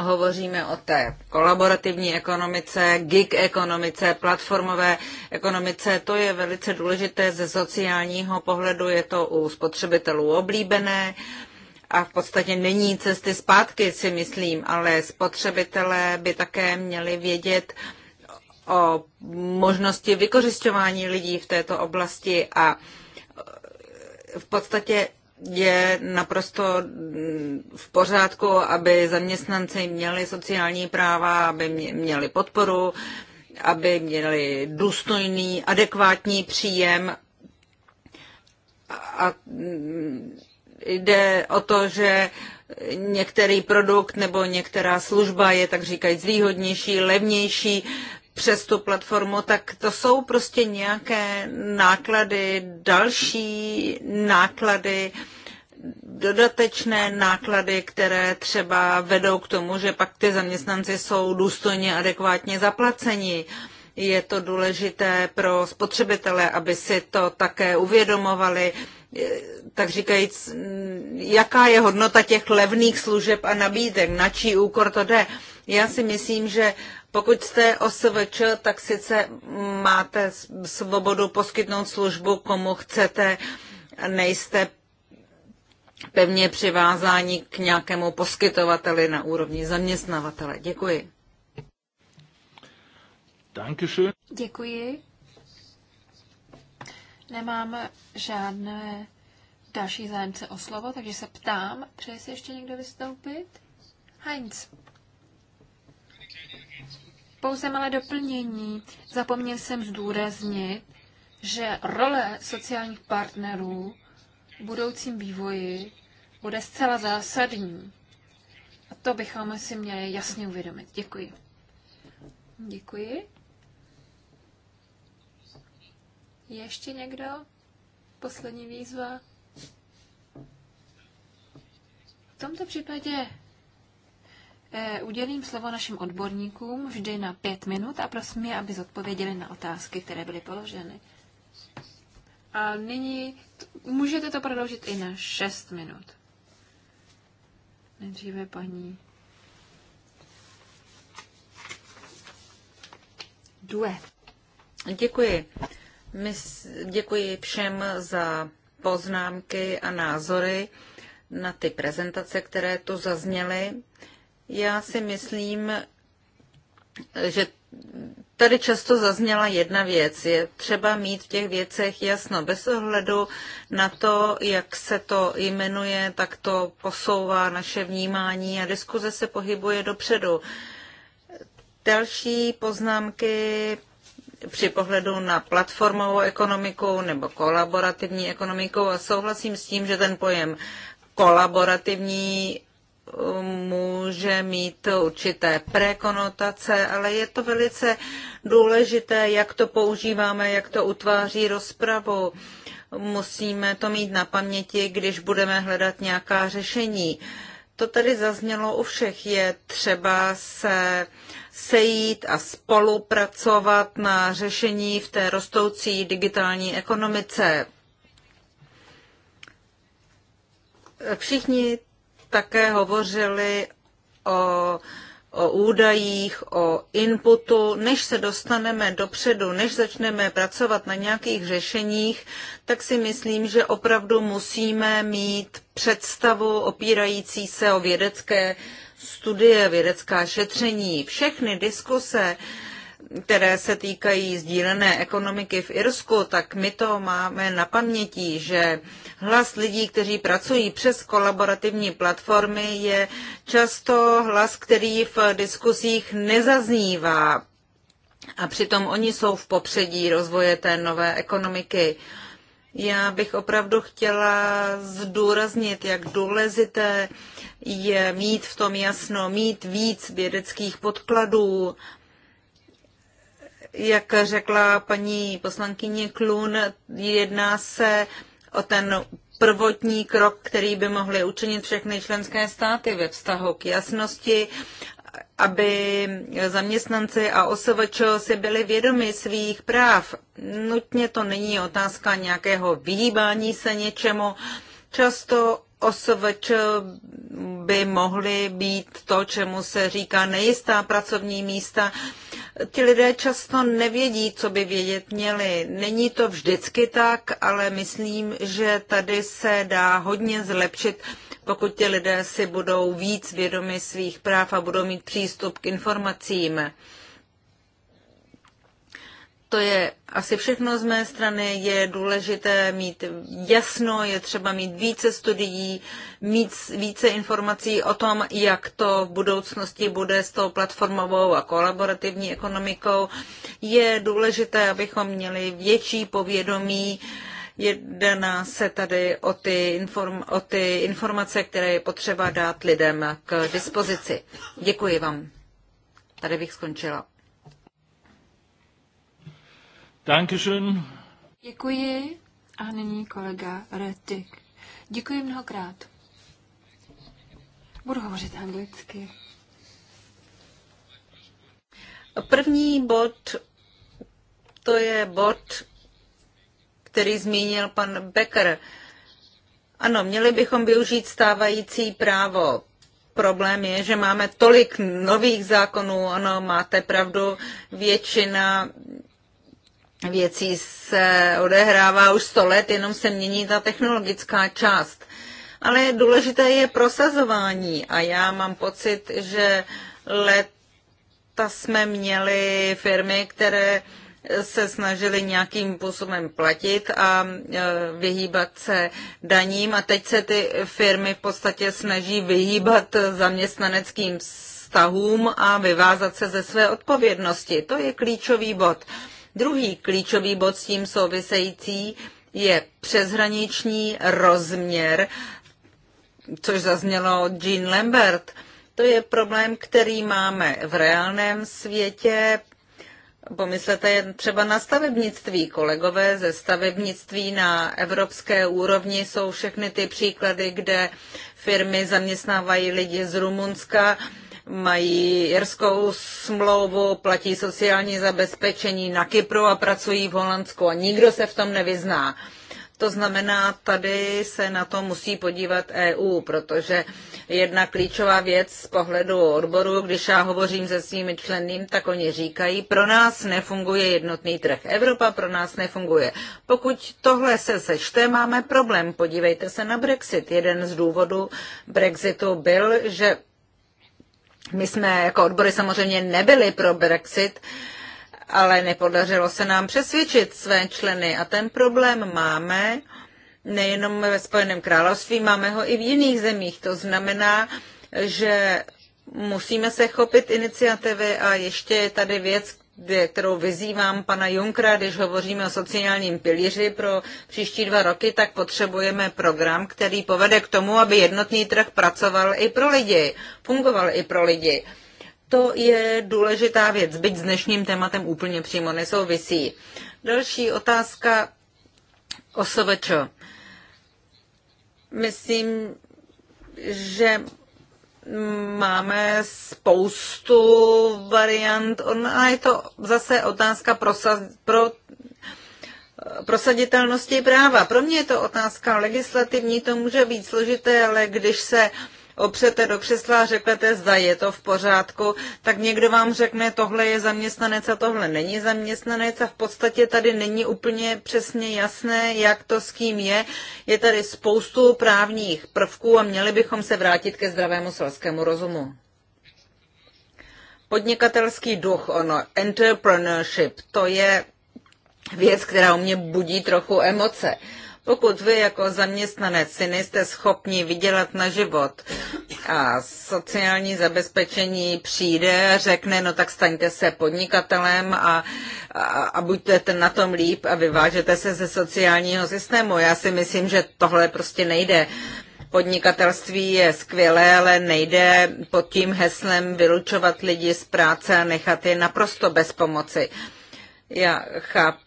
hovoříme o té kolaborativní ekonomice, gig ekonomice, platformové ekonomice. To je velice důležité ze sociálního pohledu, je to u spotřebitelů oblíbené a v podstatě není cesty zpátky, si myslím, ale spotřebitelé by také měli vědět o možnosti vykořišťování lidí v této oblasti a v podstatě je naprosto v pořádku, aby zaměstnanci měli sociální práva, aby měli podporu, aby měli důstojný, adekvátní příjem. A jde o to, že některý produkt nebo některá služba je tak říkají zvýhodnější, levnější přes tu platformu, tak to jsou prostě nějaké náklady, další náklady, dodatečné náklady, které třeba vedou k tomu, že pak ty zaměstnanci jsou důstojně adekvátně zaplaceni. Je to důležité pro spotřebitele, aby si to také uvědomovali. Tak říkajíc, jaká je hodnota těch levných služeb a nabídek, na čí úkor to jde. Já si myslím, že pokud jste OSVČ, tak sice máte svobodu poskytnout službu komu chcete, nejste pevně přivázání k nějakému poskytovateli na úrovni zaměstnavatele. Děkuji. Děkuji. Nemám žádné další zájemce o slovo, takže se ptám, přeje si ještě někdo vystoupit? Heinz. Pouze malé doplnění. Zapomněl jsem zdůraznit, že role sociálních partnerů v budoucím vývoji bude zcela zásadní. A to bychom si měli jasně uvědomit. Děkuji. Děkuji. Ještě někdo? Poslední výzva. V tomto případě Eh, udělím slovo našim odborníkům vždy na pět minut a prosím je, aby zodpověděli na otázky, které byly položeny. A nyní můžete to prodloužit i na šest minut. Nejdříve paní Due. Děkuji. Mys, děkuji všem za poznámky a názory na ty prezentace, které tu zazněly. Já si myslím, že tady často zazněla jedna věc. Je třeba mít v těch věcech jasno. Bez ohledu na to, jak se to jmenuje, tak to posouvá naše vnímání a diskuze se pohybuje dopředu. Další poznámky při pohledu na platformovou ekonomiku nebo kolaborativní ekonomiku a souhlasím s tím, že ten pojem kolaborativní může mít určité prekonotace, ale je to velice důležité, jak to používáme, jak to utváří rozpravu. Musíme to mít na paměti, když budeme hledat nějaká řešení. To tady zaznělo u všech. Je třeba se sejít a spolupracovat na řešení v té rostoucí digitální ekonomice. Všichni také hovořili o, o údajích, o inputu. Než se dostaneme dopředu, než začneme pracovat na nějakých řešeních, tak si myslím, že opravdu musíme mít představu opírající se o vědecké studie, vědecká šetření. Všechny diskuse, uh, které se týkají sdílené ekonomiky v Irsku, tak my to máme na paměti, že hlas lidí, kteří pracují přes kolaborativní platformy, je často hlas, který v diskusích nezaznívá. A přitom oni jsou v popředí rozvoje té nové ekonomiky. Já bych opravdu chtěla zdůraznit, jak důležité je mít v tom jasno, mít víc vědeckých podkladů, jak řekla paní poslankyně Klun, jedná se o ten prvotní krok, který by mohly učinit všechny členské státy ve vztahu k jasnosti, aby zaměstnanci a OSVČ si byli vědomi svých práv. Nutně to není otázka nějakého vyhýbání se něčemu. Často OSVČ by mohly být to, čemu se říká nejistá pracovní místa. Ti lidé často nevědí, co by vědět měli. Není to vždycky tak, ale myslím, že tady se dá hodně zlepšit, pokud ti lidé si budou víc vědomi svých práv a budou mít přístup k informacím. To je asi všechno z mé strany. Je důležité mít jasno, je třeba mít více studií, mít více informací o tom, jak to v budoucnosti bude s tou platformovou a kolaborativní ekonomikou. Je důležité, abychom měli větší povědomí. Jedná se tady o ty, inform, o ty informace, které je potřeba dát lidem k dispozici. Děkuji vám. Tady bych skončila. Dankeschön. Děkuji. A nyní kolega Retik. Děkuji mnohokrát. Budu hovořit anglicky. První bod, to je bod, který zmínil pan Becker. Ano, měli bychom využít stávající právo. Problém je, že máme tolik nových zákonů, ano, máte pravdu, většina věcí se odehrává už 100 let, jenom se mění ta technologická část. Ale důležité je prosazování a já mám pocit, že leta jsme měli firmy, které se snažili nějakým způsobem platit a e, vyhýbat se daním a teď se ty firmy v podstatě snaží vyhýbat zaměstnaneckým vztahům a vyvázat se ze své odpovědnosti. To je klíčový bod. Druhý klíčový bod s tím související je přeshraniční rozměr, což zaznělo Jean Lambert. To je problém, který máme v reálném světě. Pomyslete jen třeba na stavebnictví. Kolegové ze stavebnictví na evropské úrovni jsou všechny ty příklady, kde firmy zaměstnávají lidi z Rumunska mají jirskou smlouvu, platí sociální zabezpečení na Kypru a pracují v Holandsku a nikdo se v tom nevyzná. To znamená, tady se na to musí podívat EU, protože jedna klíčová věc z pohledu odboru, když já hovořím se svými členným, tak oni říkají, pro nás nefunguje jednotný trh. Evropa pro nás nefunguje. Pokud tohle se sečte, máme problém. Podívejte se na Brexit. Jeden z důvodů Brexitu byl, že my jsme jako odbory samozřejmě nebyli pro Brexit, ale nepodařilo se nám přesvědčit své členy a ten problém máme nejenom ve Spojeném království, máme ho i v jiných zemích. To znamená, že musíme se chopit iniciativy a ještě je tady věc, kterou vyzývám pana Junkra, když hovoříme o sociálním pilíři pro příští dva roky, tak potřebujeme program, který povede k tomu, aby jednotný trh pracoval i pro lidi, fungoval i pro lidi. To je důležitá věc, byť s dnešním tématem úplně přímo nesouvisí. Další otázka o Myslím, že máme spoustu variant. Ona je to zase otázka prosaz, pro prosaditelnosti práva. Pro mě je to otázka legislativní, to může být složité, ale když se uh, opřete do křesla a řeknete, zda je to v pořádku, tak někdo vám řekne, tohle je zaměstnanec a tohle není zaměstnanec a v podstatě tady není úplně přesně jasné, jak to s kým je. Je tady spoustu právních prvků a měli bychom se vrátit ke zdravému selskému rozumu podnikatelský duch, ono, entrepreneurship, to je věc, která u mě budí trochu emoce. Pokud vy jako zaměstnanec si nejste schopni vydělat na život a sociální zabezpečení přijde, řekne, no tak staňte se podnikatelem a, a, a buďte ten na tom líp a vyvážete se ze sociálního systému. Já si myslím, že tohle prostě nejde podnikatelství je skvělé, ale nejde pod tím heslem vylučovat lidi z práce a nechat je naprosto bez pomoci. Já chápu,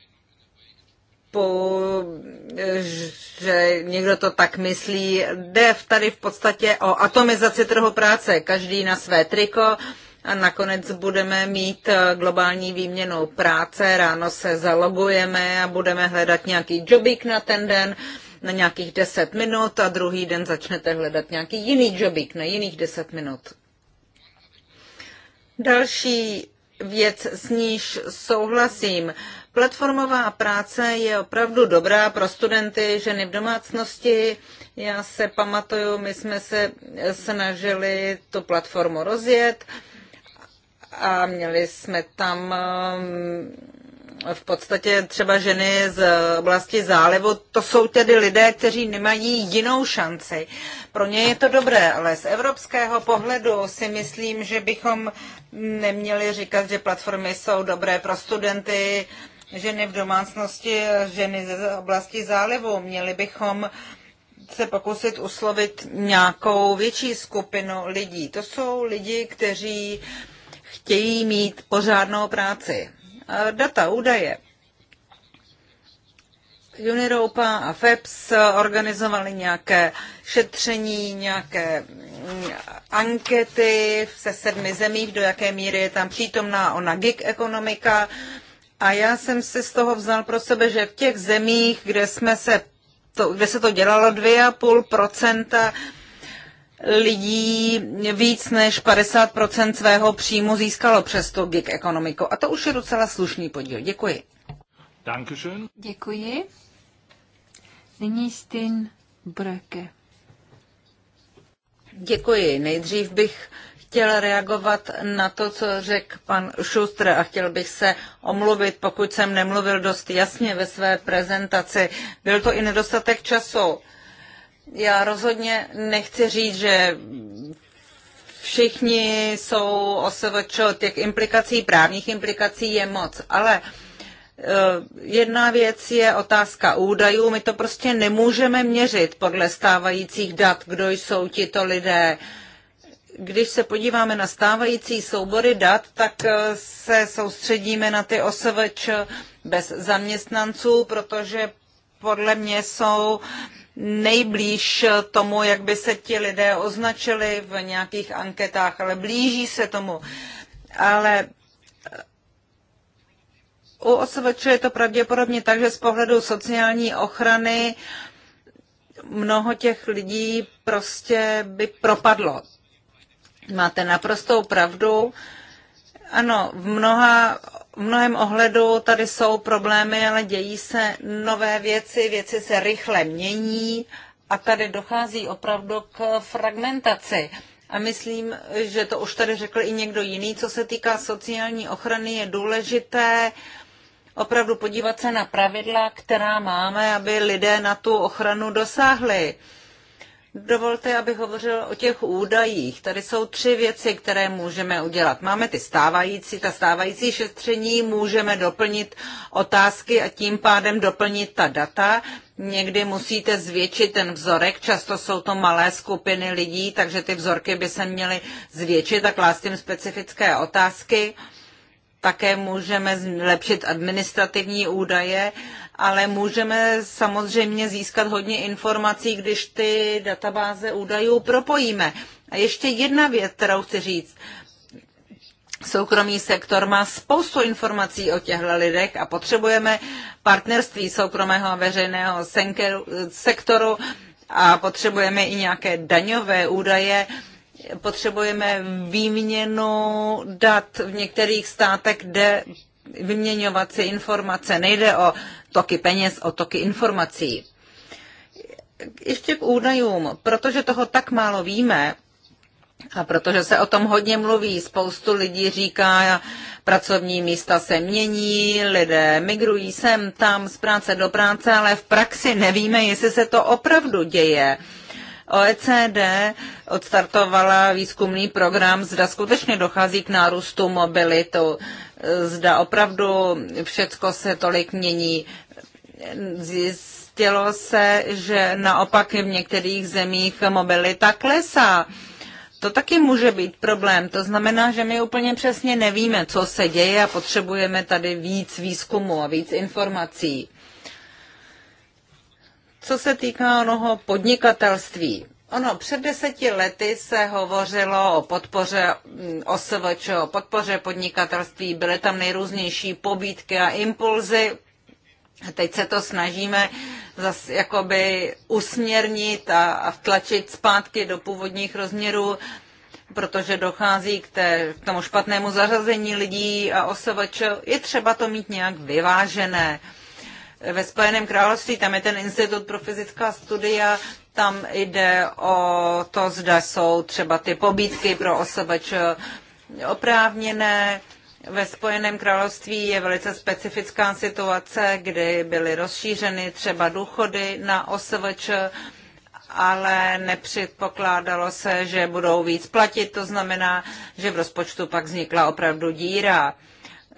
typu, eh, že někdo to tak myslí. Jde tady v podstatě o atomizaci trhu práce, každý na své triko a nakonec budeme mít eh, globální výměnu práce, ráno se zalogujeme a budeme hledat nějaký jobík na ten den, na nějakých 10 minut a druhý den začnete hledat nějaký jiný jobík na jiných 10 minut. Další věc, s níž souhlasím, Platformová práce je opravdu dobrá pro studenty, ženy v domácnosti. Já se pamatuju, my jsme se snažili tu platformu rozjet a měli jsme tam um, v podstatě třeba ženy z oblasti zálivu, to jsou tedy lidé, kteří nemají jinou šanci. Pro ně je to dobré, ale z evropského pohledu si myslím, že bychom neměli říkat, že platformy jsou dobré pro studenty, ženy v domácnosti, ženy ze oblasti zálivu. Měli bychom se pokusit uslovit nějakou větší skupinu lidí. To jsou lidi, kteří chtějí mít pořádnou práci. Data, údaje. Uniropa a FEPS organizovali nějaké šetření, nějaké mm, ankety se sedmi zemích, do jaké míry je tam přítomná ona gig ekonomika. A já jsem si z toho vzal pro sebe, že v těch zemích, kde, jsme se to, kde se to dělalo 2,5 lidí víc než 50 svého příjmu získalo přes tu gig ekonomiku. A to už je docela slušný podíl. Děkuji. Dankeschön. Děkuji. Nyní Stin Breke. Děkuji. Nejdřív bych chtěl reagovat na to, co řekl pan Šustr a chtěl bych se omluvit, pokud jsem nemluvil dost jasně ve své prezentaci. Byl to i nedostatek času. Já rozhodně nechci říct, že všichni jsou osvč, těch implikací, právních implikací je moc, ale e, Jedna věc je otázka údajů. My to prostě nemůžeme měřit podle stávajících dat, kdo jsou tito lidé. Uh, když se podíváme na stávající soubory dat, tak eh, se soustředíme na ty OSVČ bez zaměstnanců, protože podle mě jsou nejblíž tomu, jak by se ti lidé označili v nějakých anketách, ale blíží se tomu. Ale eh, u OSVČ je to pravděpodobně tak, že z pohledu sociální ochrany mnoho těch lidí prostě by propadlo Máte naprostou pravdu. Ano, v mnoha v mnohem ohledu tady jsou problémy, ale dějí se nové věci, věci se rychle mění a tady dochází opravdu k fragmentaci. A myslím, že to už tady řekl i někdo jiný, co se týká sociální ochrany, je důležité opravdu podívat se na pravidla, která máme, aby lidé na tu ochranu dosáhli. Dovolte, abych hovořil o těch údajích. Tady jsou tři věci, které můžeme udělat. Máme ty stávající, ta stávající šetření, můžeme doplnit otázky a tím pádem doplnit ta data. Někdy musíte zvětšit ten vzorek, často jsou to malé skupiny lidí, takže ty vzorky by se měly zvětšit a klást jim specifické otázky také můžeme zlepšit administrativní údaje, ale můžeme samozřejmě získat hodně informací, když ty databáze údajů propojíme. A ještě jedna věc, kterou chci říct. Soukromý sektor má spoustu informací o těchto lidech a potřebujeme partnerství soukromého a veřejného sektoru a potřebujeme i nějaké daňové údaje potřebujeme výměnu dat v některých státech, kde vyměňovat si informace. Nejde o toky peněz, o toky informací. Ještě k údajům, protože toho tak málo víme, a protože se o tom hodně mluví, spoustu lidí říká, pracovní místa se mění, lidé migrují sem, tam, z práce do práce, ale v praxi nevíme, jestli se to opravdu děje. OECD odstartovala výzkumný program, zda skutečně dochází k nárůstu mobilitu, zda opravdu všecko se tolik mění. Zjistilo se, že naopak v některých zemích mobilita klesá. To taky může být problém. To znamená, že my úplně přesně nevíme, co se děje a potřebujeme tady víc výzkumu a víc informací. Co se týká onoho podnikatelství, Ono před deseti lety se hovořilo o podpoře mm, OSVČ, o podpoře podnikatelství, byly tam nejrůznější pobídky a impulzy. Teď se to snažíme zase jakoby usměrnit a, a vtlačit zpátky do původních rozměrů, protože dochází k, té, k tomu špatnému zařazení lidí a OSVČ. Je třeba to mít nějak vyvážené ve Spojeném království, tam je ten Institut pro fyzická studia, tam jde o to, zda jsou třeba ty pobídky pro osobač oprávněné. Ve Spojeném království je velice specifická situace, kdy byly rozšířeny třeba důchody na OSVČ, ale nepředpokládalo se, že budou víc platit, to znamená, že v rozpočtu pak vznikla opravdu díra.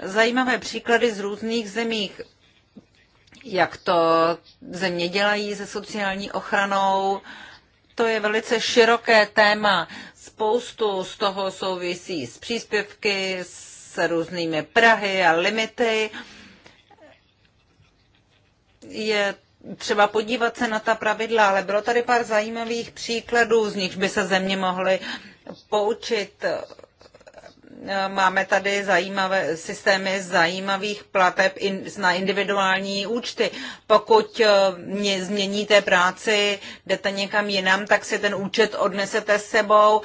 Zajímavé příklady z různých zemích jak to země dělají se sociální ochranou. To je velice široké téma. Spoustu z toho souvisí s příspěvky, s různými prahy a limity. Je třeba podívat se na ta pravidla, ale bylo tady pár zajímavých příkladů, z nich by se země mohly poučit. Máme tady zajímavé systémy zajímavých plateb na individuální účty. Pokud eh, změníte práci, jdete někam jinam, tak si ten účet odnesete s sebou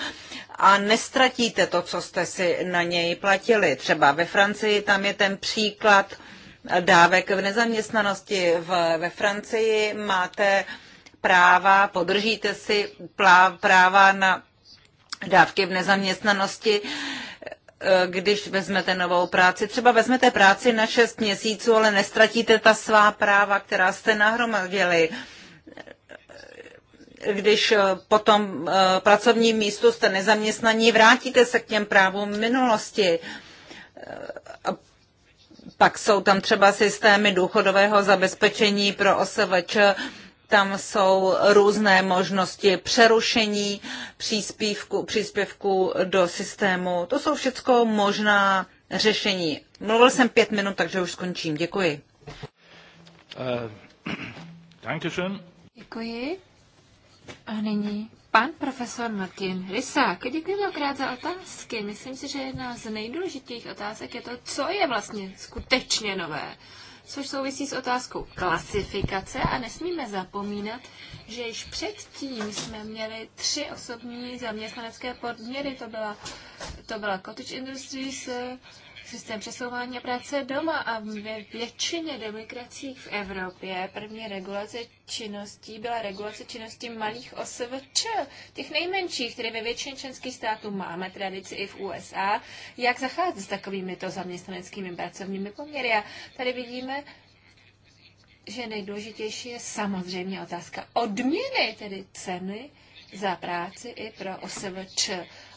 a nestratíte to, co jste si na něj platili. Třeba ve Francii tam je ten příklad dávek v nezaměstnanosti. V, ve Francii máte práva, podržíte si práva na dávky v nezaměstnanosti Eh, když vezmete novou práci. Třeba vezmete práci na 6 měsíců, ale nestratíte ta svá práva, která jste nahromadili. Když eh, po tom eh, pracovním místu jste nezaměstnaní, vrátíte se k těm právům minulosti. Pak jsou tam třeba systémy důchodového zabezpečení pro OSVČ, tam jsou různé možnosti přerušení příspěvku, příspěvku do systému. To jsou všechno možná řešení. Mluvil jsem pět minut, takže už skončím. Děkuji. Uh, Děkuji. A nyní pan profesor Martin Rysák. Děkuji mnohokrát za otázky. Myslím si, že jedna z nejdůležitějších otázek je to, co je vlastně skutečně nové což souvisí s otázkou klasifikace a nesmíme zapomínat, že již předtím jsme měli tři osobní zaměstnanecké podměry. To byla, to byla Cottage Industries, systém přesouvání práce doma a ve většině demokracií v Evropě první regulace činností byla regulace činností malých OSVČ, těch nejmenších, které ve většině členských států máme tradici i v USA, jak zacházet s takovými to zaměstnaneckými pracovními poměry. A tady vidíme, že nejdůležitější je samozřejmě otázka odměny, tedy ceny za práci i pro OSVČ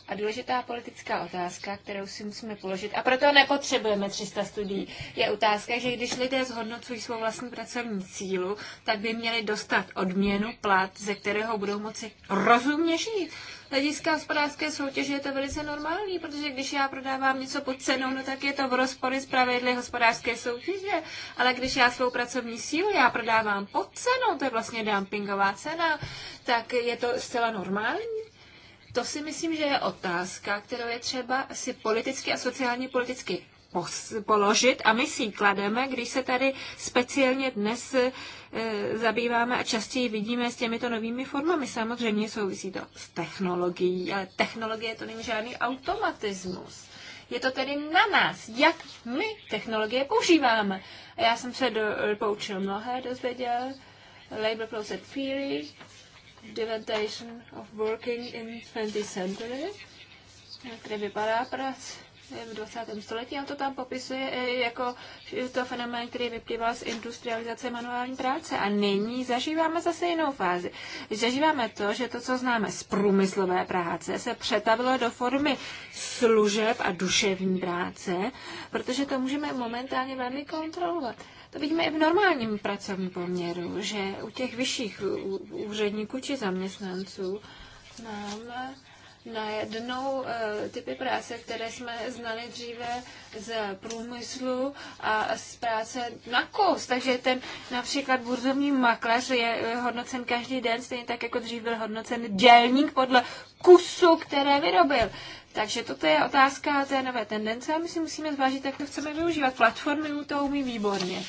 a důležitá politická otázka, kterou si musíme položit, a proto nepotřebujeme 300 studií, je otázka, že když lidé zhodnocují svou vlastní pracovní cílu, tak by měli dostat odměnu, plat, ze kterého budou moci rozumně žít. Hlediska hospodářské soutěže je to velice normální, protože když já prodávám něco pod cenou, no tak je to v rozpory s pravidly hospodářské soutěže. Ale když já svou pracovní sílu já prodávám pod cenou, to je vlastně dumpingová cena, tak je to zcela normální. To si myslím, že je otázka, kterou je třeba si politicky a sociálně politicky položit a my si ji klademe, když se tady speciálně dnes e, zabýváme a častěji vidíme s těmito novými formami. Samozřejmě souvisí to s technologií, ale technologie to není žádný automatismus. Je to tedy na nás, jak my technologie používáme. já jsem se do, e, poučil mnohé, dozvěděl, label closet theory, the of working in 20th century, který vypadá prac v 20. století, A to tam popisuje jako to fenomén, který vyplýval z industrializace manuální práce. A nyní zažíváme zase jinou fázi. Zažíváme to, že to, co známe z průmyslové práce, se přetavilo do formy služeb a duševní práce, protože to můžeme momentálně velmi kontrolovat. To vidíme i v normálním pracovním poměru, že u těch vyšších úředníků či zaměstnanců nám eh, najednou e, typy práce, které jsme znali dříve z průmyslu a z práce na kous. Takže ten například burzovní makléř je eh, hodnocen každý den, stejně tak jako dřív byl hodnocen dělník podle kusu, které vyrobil. Takže toto je otázka té nové tendence a my si musíme zvážit, jak to chceme využívat. Platformy to umí výborně.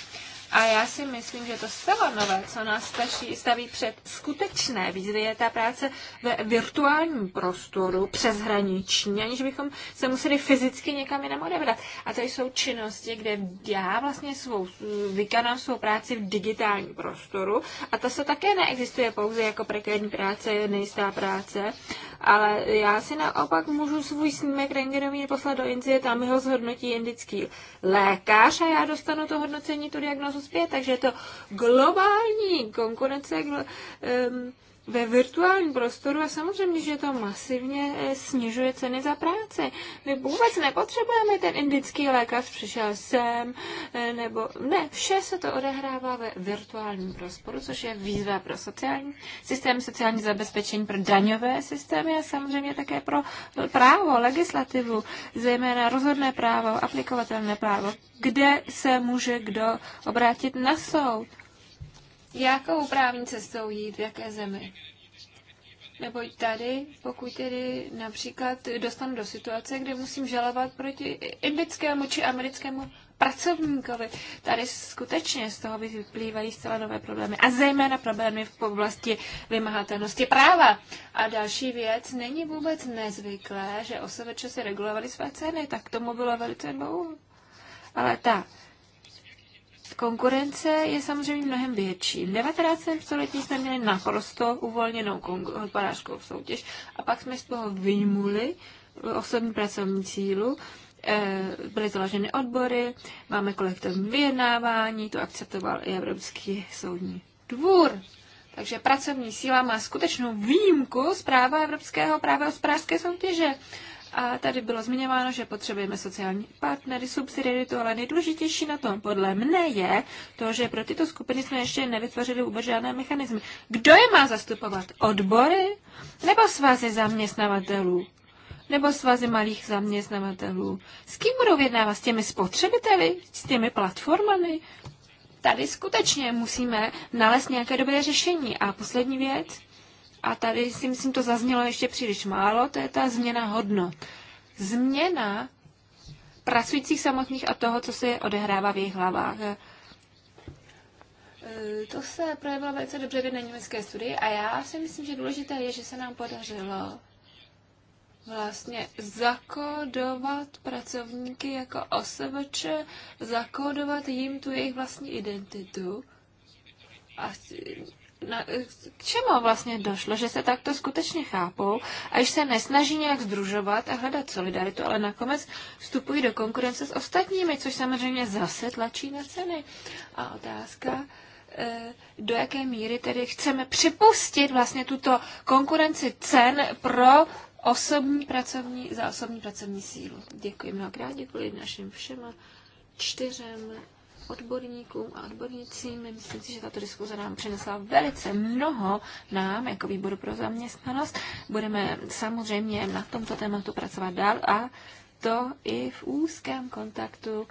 A já si myslím, že to zcela nové, co nás stačí, staví před skutečné výzvy, je ta práce ve virtuálním prostoru, přeshraniční, aniž bychom se museli fyzicky někam jinam odebrat. A to jsou činnosti, kde já vlastně svou, vykonám svou práci v digitálním prostoru. A ta se také neexistuje pouze jako prekérní práce, nejistá práce, ale já si naopak můžu svůj snímek rengenový poslat do Indie, tam ho zhodnotí indický lékař a já dostanu to hodnocení, tu diagnozu plus takže je to globální konkurence, um, ve virtuálním prostoru a samozřejmě, že to masivně eh, snižuje ceny za práci. My vůbec nepotřebujeme ten indický lékař přišel sem, eh, nebo ne, vše se to odehrává ve virtuálním prostoru, což je výzva pro sociální systém, sociální zabezpečení pro daňové systémy a samozřejmě také pro právo, legislativu, zejména rozhodné právo, aplikovatelné právo, kde se může kdo obrátit na soud jakou právní cestou jít, v jaké zemi. Nebo tady, pokud tedy například dostanu do situace, kde musím žalovat proti indickému či americkému pracovníkovi, tady skutečně z toho vyplývají zcela nové problémy. A zejména problémy v oblasti vymahatelnosti práva. A další věc, není vůbec nezvyklé, že osobe se regulovaly své ceny, tak tomu bylo velice dlouho. Ale ta Konkurence je samozřejmě mnohem větší. V 19. století jsme měli naprosto uvolněnou hospodářskou soutěž a pak jsme z toho vynuli osobní pracovní cílu. Eh, byly založeny odbory, máme kolektivní vyjednávání, to akceptoval i Evropský soudní dvůr. Takže pracovní síla má skutečnou výjimku z práva Evropského práva hospodářské soutěže. A tady bylo zmiňováno, že potřebujeme sociální partnery, subsidiaritu, ale nejdůležitější na tom podle mne je to, že pro tyto skupiny jsme ještě nevytvořili vůbec žádné mechanizmy. Kdo je má zastupovat? Odbory? Nebo svazy zaměstnavatelů? Nebo svazy malých zaměstnavatelů? S kým budou vyjednávat? S těmi spotřebiteli? S těmi platformami? Tady skutečně musíme nalézt nějaké dobré řešení. A poslední věc, a tady si myslím, to zaznělo ještě příliš málo, to je ta změna hodnot. Změna pracujících samotných a toho, co se odehrává v jejich hlavách. E, to se projevilo velice dobře v jedné německé studii a já si myslím, že důležité je, že se nám podařilo vlastně zakódovat pracovníky jako OSVČ, zakódovat jim tu jejich vlastní identitu a No, k čemu vlastně došlo, že se takto skutečně chápou a že se nesnaží nějak združovat a hledat solidaritu, ale nakonec vstupují do konkurence s ostatními, což samozřejmě zase tlačí na ceny. A otázka, eh, do jaké míry tedy chceme připustit vlastně tuto konkurenci cen pro osobní pracovní, za osobní pracovní sílu. Děkuji mnohokrát, děkuji našim všem čtyřem odborníkům a odbornicím. Myslím si, že tato diskuze nám přinesla velice mnoho nám jako výboru pro zaměstnanost. Budeme samozřejmě na tomto tématu pracovat dál a to i v úzkém kontaktu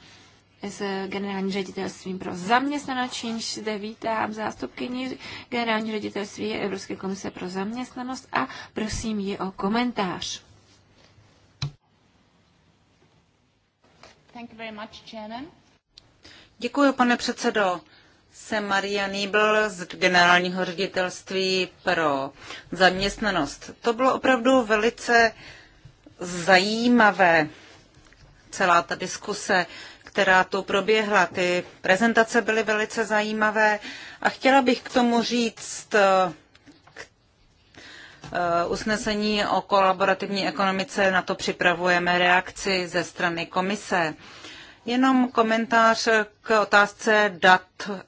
s generálním ředitelstvím pro zaměstnanost, čímž zde vítám zástupkyni generální ředitelství Evropské komise pro zaměstnanost a prosím ji o komentář. Thank you very much, Chairman. Děkuji, pane předsedo. Jsem Maria Nýbl z generálního ředitelství pro zaměstnanost. To bylo opravdu velice zajímavé, celá ta diskuse, která tu proběhla. Ty prezentace byly velice zajímavé a chtěla bych k tomu říct eh, eh, usnesení o kolaborativní ekonomice, na to připravujeme reakci ze strany komise. Jenom komentář k otázce dat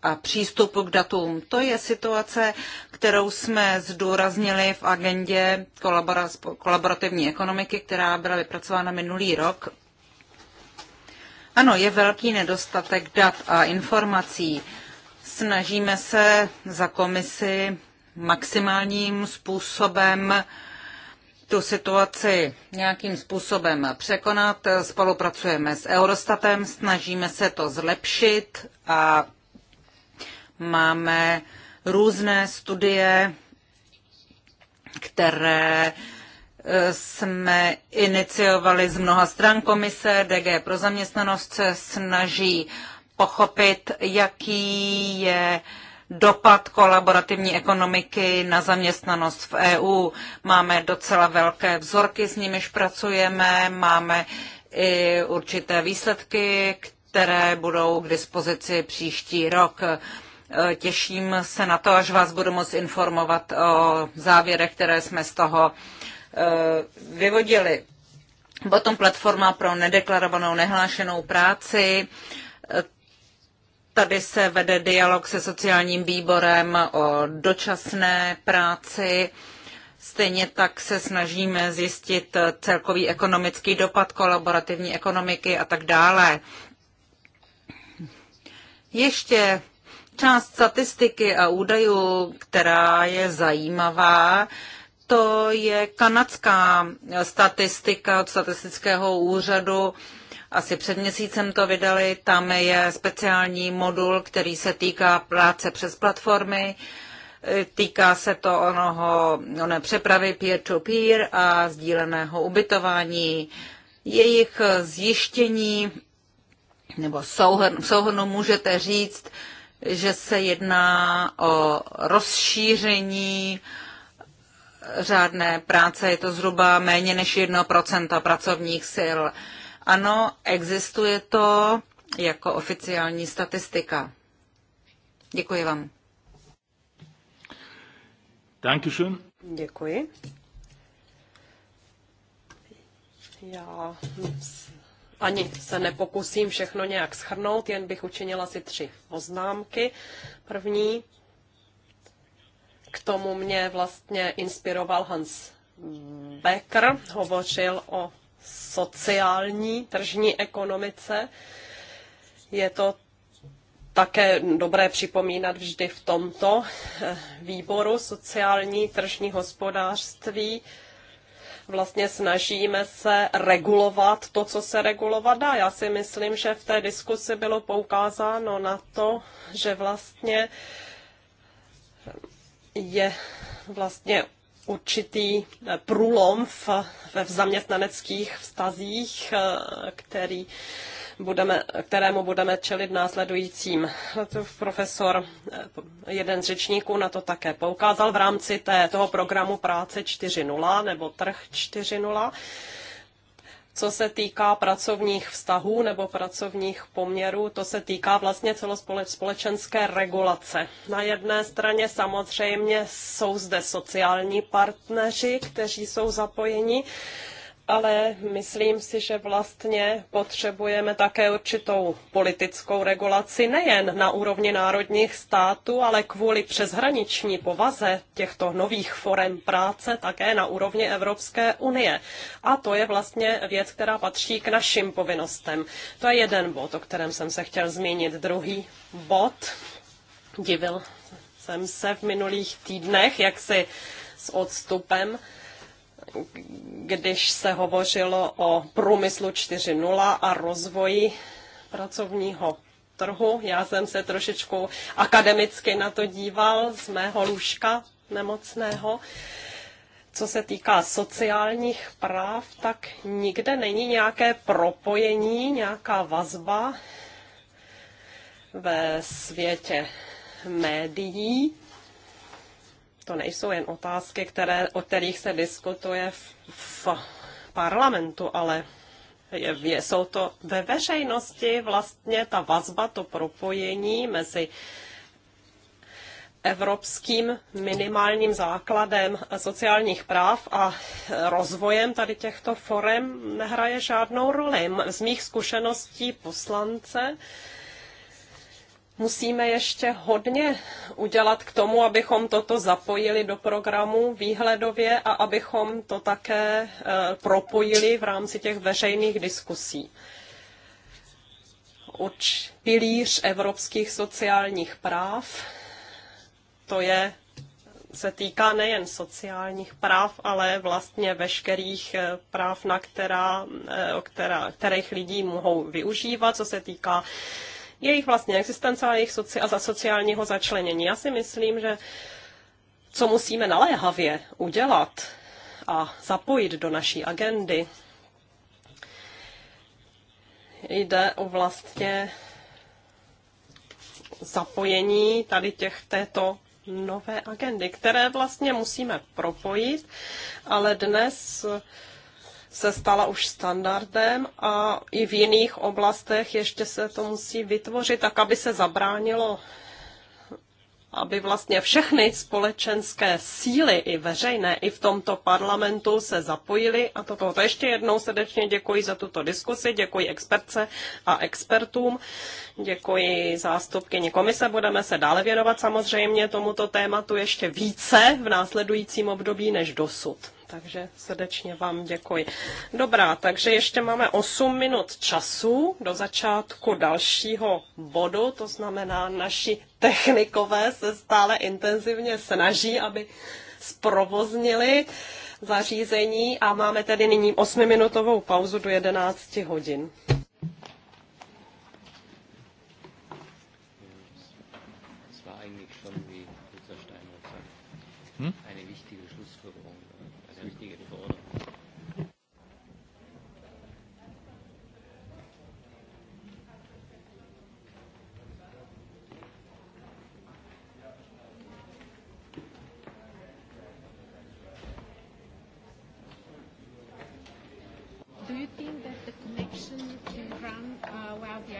a přístupu k datům. To je situace, kterou jsme zdůraznili v agendě kolaborativní ekonomiky, která byla vypracována minulý rok. Ano, je velký nedostatek dat a informací. Snažíme se za komisi maximálním způsobem uh, tu situaci nějakým způsobem překonat. Spolupracujeme s Eurostatem, snažíme se to zlepšit a máme různé studie, které eh, jsme iniciovali z mnoha stran komise. DG pro zaměstnanost se snaží pochopit, jaký je uh, dopad kolaborativní ekonomiky na zaměstnanost v EU. Máme docela velké vzorky, s nimiž pracujeme, máme i určité výsledky, které budou k dispozici příští rok. Těším se na to, až vás budu moct informovat o závěrech, které jsme z toho eh, vyvodili. Potom platforma pro nedeklarovanou nehlášenou práci. Tady se vede dialog se sociálním výborem o dočasné práci. Stejně tak se snažíme zjistit celkový ekonomický dopad kolaborativní ekonomiky a tak dále. Ještě část statistiky a údajů, která je zajímavá, to je kanadská statistika od statistického úřadu asi před měsícem to vydali. Tam je speciální modul, který se týká práce přes platformy. Týká se to onoho, ono přepravy peer-to-peer -peer a sdíleného ubytování. Jejich zjištění nebo souhrn, souhrnu můžete říct, že se jedná o rozšíření řádné práce. Je to zhruba méně než 1% pracovních sil. Ano, existuje to jako oficiální statistika. Děkuji vám. Dankeschön. Děkuji. Já ani se nepokusím všechno nějak schrnout, jen bych učinila si tři poznámky. První, k tomu mě vlastně inspiroval Hans Becker, hovořil o sociální tržní ekonomice. Je to také dobré připomínat vždy v tomto eh, výboru sociální tržní hospodářství. Vlastně snažíme se regulovat to, co se regulovat dá. Já si myslím, že v té diskusi bylo poukázáno na to, že vlastně je vlastně určitý eh, průlom v, ve zaměstnaneckých vztazích, eh, který budeme, kterému budeme čelit následujícím. Profesor, eh, jeden z řečníků na to také poukázal v rámci té, toho programu práce 4.0 nebo trh co se týká pracovních vztahů nebo pracovních poměrů, to se týká vlastně celospolečenské regulace. Na jedné straně samozřejmě jsou zde sociální partneři, kteří jsou zapojeni ale myslím si, že vlastně potřebujeme také určitou politickou regulaci nejen na úrovni národních států, ale kvůli přeshraniční povaze těchto nových forem práce také na úrovni Evropské unie. A to je vlastně věc, která patří k našim povinnostem. To je jeden bod, o kterém jsem se chtěl zmínit. Druhý bod. Divil jsem se v minulých týdnech, jak si s odstupem když se hovořilo o průmyslu 4.0 a rozvoji pracovního trhu. Já jsem se trošičku akademicky na to díval z mého lůžka nemocného. Co se týká sociálních práv, tak nikde není nějaké propojení, nějaká vazba ve světě médií to nejsou jen otázky, které, o kterých se diskutuje v, v parlamentu, ale je, je, jsou to ve veřejnosti vlastně ta vazba, to propojení mezi evropským minimálním základem sociálních práv a rozvojem tady těchto forem nehraje žádnou roli. Z mých zkušeností poslance Musíme ještě hodně udělat k tomu, abychom toto zapojili do programu výhledově a abychom to také eh, propojili v rámci těch veřejných diskusí. Uč pilíř evropských sociálních práv, to je se týká nejen sociálních práv, ale vlastně veškerých eh, práv, na která, eh, která, kterých lidí mohou využívat, co se týká jejich vlastně existence a jejich soci- a za sociálního začlenění. Já si myslím, že co musíme naléhavě udělat a zapojit do naší agendy, jde o vlastně zapojení tady těch této nové agendy, které vlastně musíme propojit, ale dnes se stala už standardem a i v jiných oblastech ještě se to musí vytvořit, tak aby se zabránilo aby vlastně všechny společenské síly, i veřejné, i v tomto parlamentu se zapojily. A toto to ještě jednou srdečně děkuji za tuto diskusi, děkuji expertce a expertům, děkuji zástupkyni komise. Budeme se dále věnovat samozřejmě tomuto tématu ještě více v následujícím období než dosud takže srdečně vám děkuji. Dobrá, takže ještě máme 8 minut času do začátku dalšího bodu, to znamená naši technikové se stále intenzivně snaží, aby zprovoznili zařízení a máme tedy nyní 8-minutovou pauzu do 11 hodin.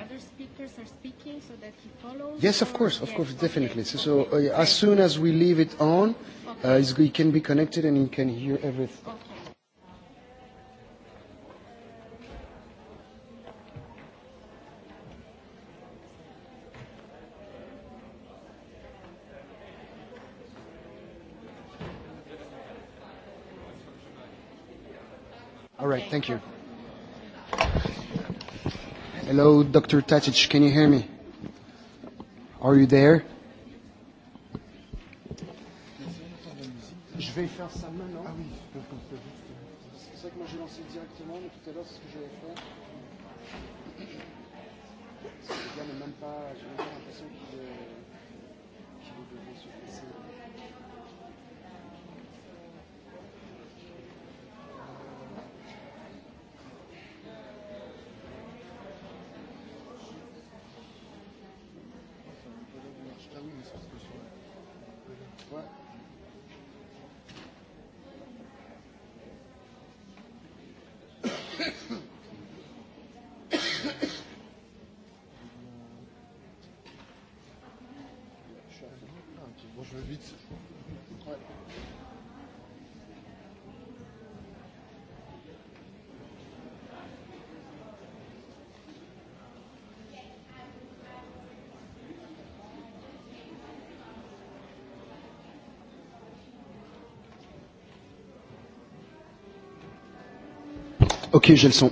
other speakers are speaking so that he follows? Yes, of course, of yes, course, definitely. Okay, so so okay, uh, as soon as we leave it on, okay. uh, he can be connected and he can hear everything. Okay. All right, thank you. Hello, Dr. Tatic, can you hear me? Are you there? Je vais faire ça maintenant. Ah oui, C'est ça que moi j'ai lancé directement, mais tout à l'heure c'est ce que j'avais fait. même pas. J'ai même pas l'impression qu'il est, euh, qu'il est devant vite. Ouais. Ok, j'ai le son.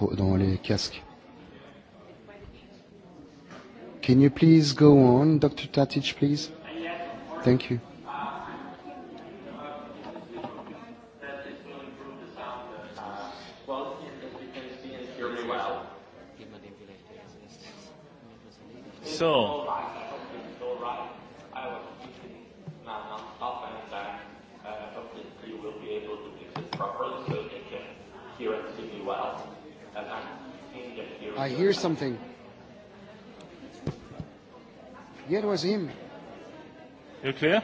micro, dans les casques. Can you please go on, Dr. Tatic, please? Thank you. So, is something. Yeah, it was him. You clear?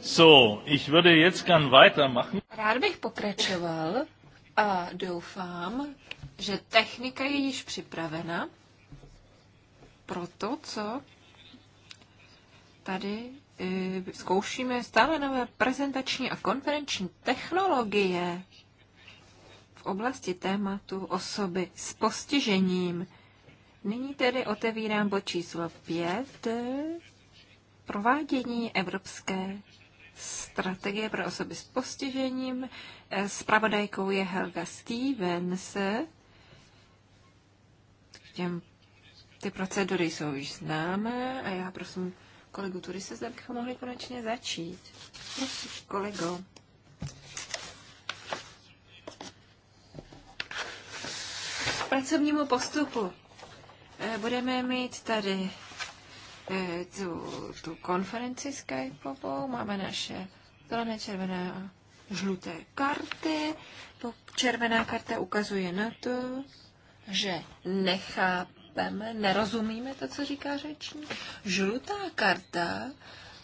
So, ich würde jetzt gern weitermachen. Rád bych pokračoval a doufám, že technika je již připravena pro to, co tady Eh, zkoušíme stále nové prezentační a konferenční technologie v oblasti tématu osoby s postižením. Nyní tedy otevírám bod číslo 5. Provádění Evropské strategie pro osoby s postižením. Spravodajkou eh, je Helga Stevens. Těm, ty procedury jsou již známé a já prosím kolegu Turise, zda bychom mohli konečně začít. Prosím, kolego. K pracovnímu postupu. Eh, budeme mít tady eh, tu, tu konferenci Skypeovou, máme naše zelené, červené a žluté karty. Červená karta ukazuje na to, že nechápe, chápeme, nerozumíme to, co říká řečník. Žlutá karta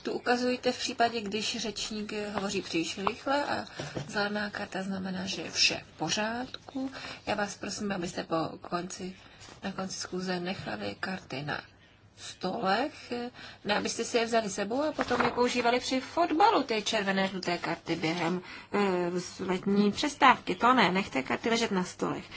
tu ukazujete v případě, když řečník hovoří příliš rychle a zelená karta znamená, že je vše v pořádku. Já vás prosím, abyste po konci, na konci schůze nechali karty na stolech, ne abyste si je vzali sebou a potom je používali při fotbalu, ty červené žluté karty během e, letní přestávky. To ne, nechte karty ležet na stolech. E,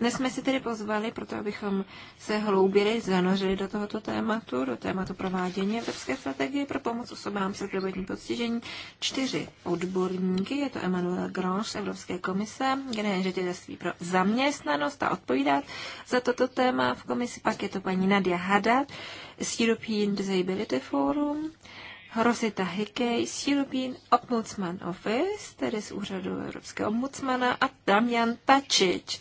dnes jsme si tedy pozvali, proto abychom se hloubili, zanořili do tohoto tématu, do tématu provádění Evropské strategie pro pomoc osobám se zdravotním postižení, čtyři odborníky. Je to Emmanuel Grange z Evropské komise, generální ředitelství pro zaměstnanost a odpovídat za toto téma v komisi. Pak je to paní Nadia Hada, z European Disability Forum, Rosita Hickey z European Ombudsman Office, tedy z úřadu Evropského ombudsmana a Damian Tačič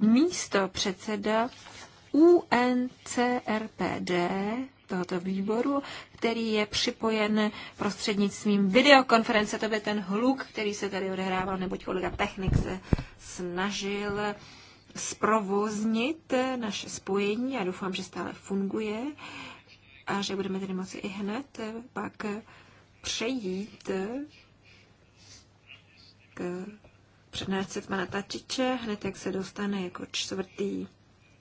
místo předseda UNCRPD tohoto výboru, který je připojen prostřednictvím videokonference. To byl ten hluk, který se tady odehrával, neboť kolega Technik se snažil zprovoznit naše spojení a doufám, že stále funguje a že budeme tedy moci i hned pak přejít k přednášce pana Tačiče, hned jak se dostane jako čtvrtý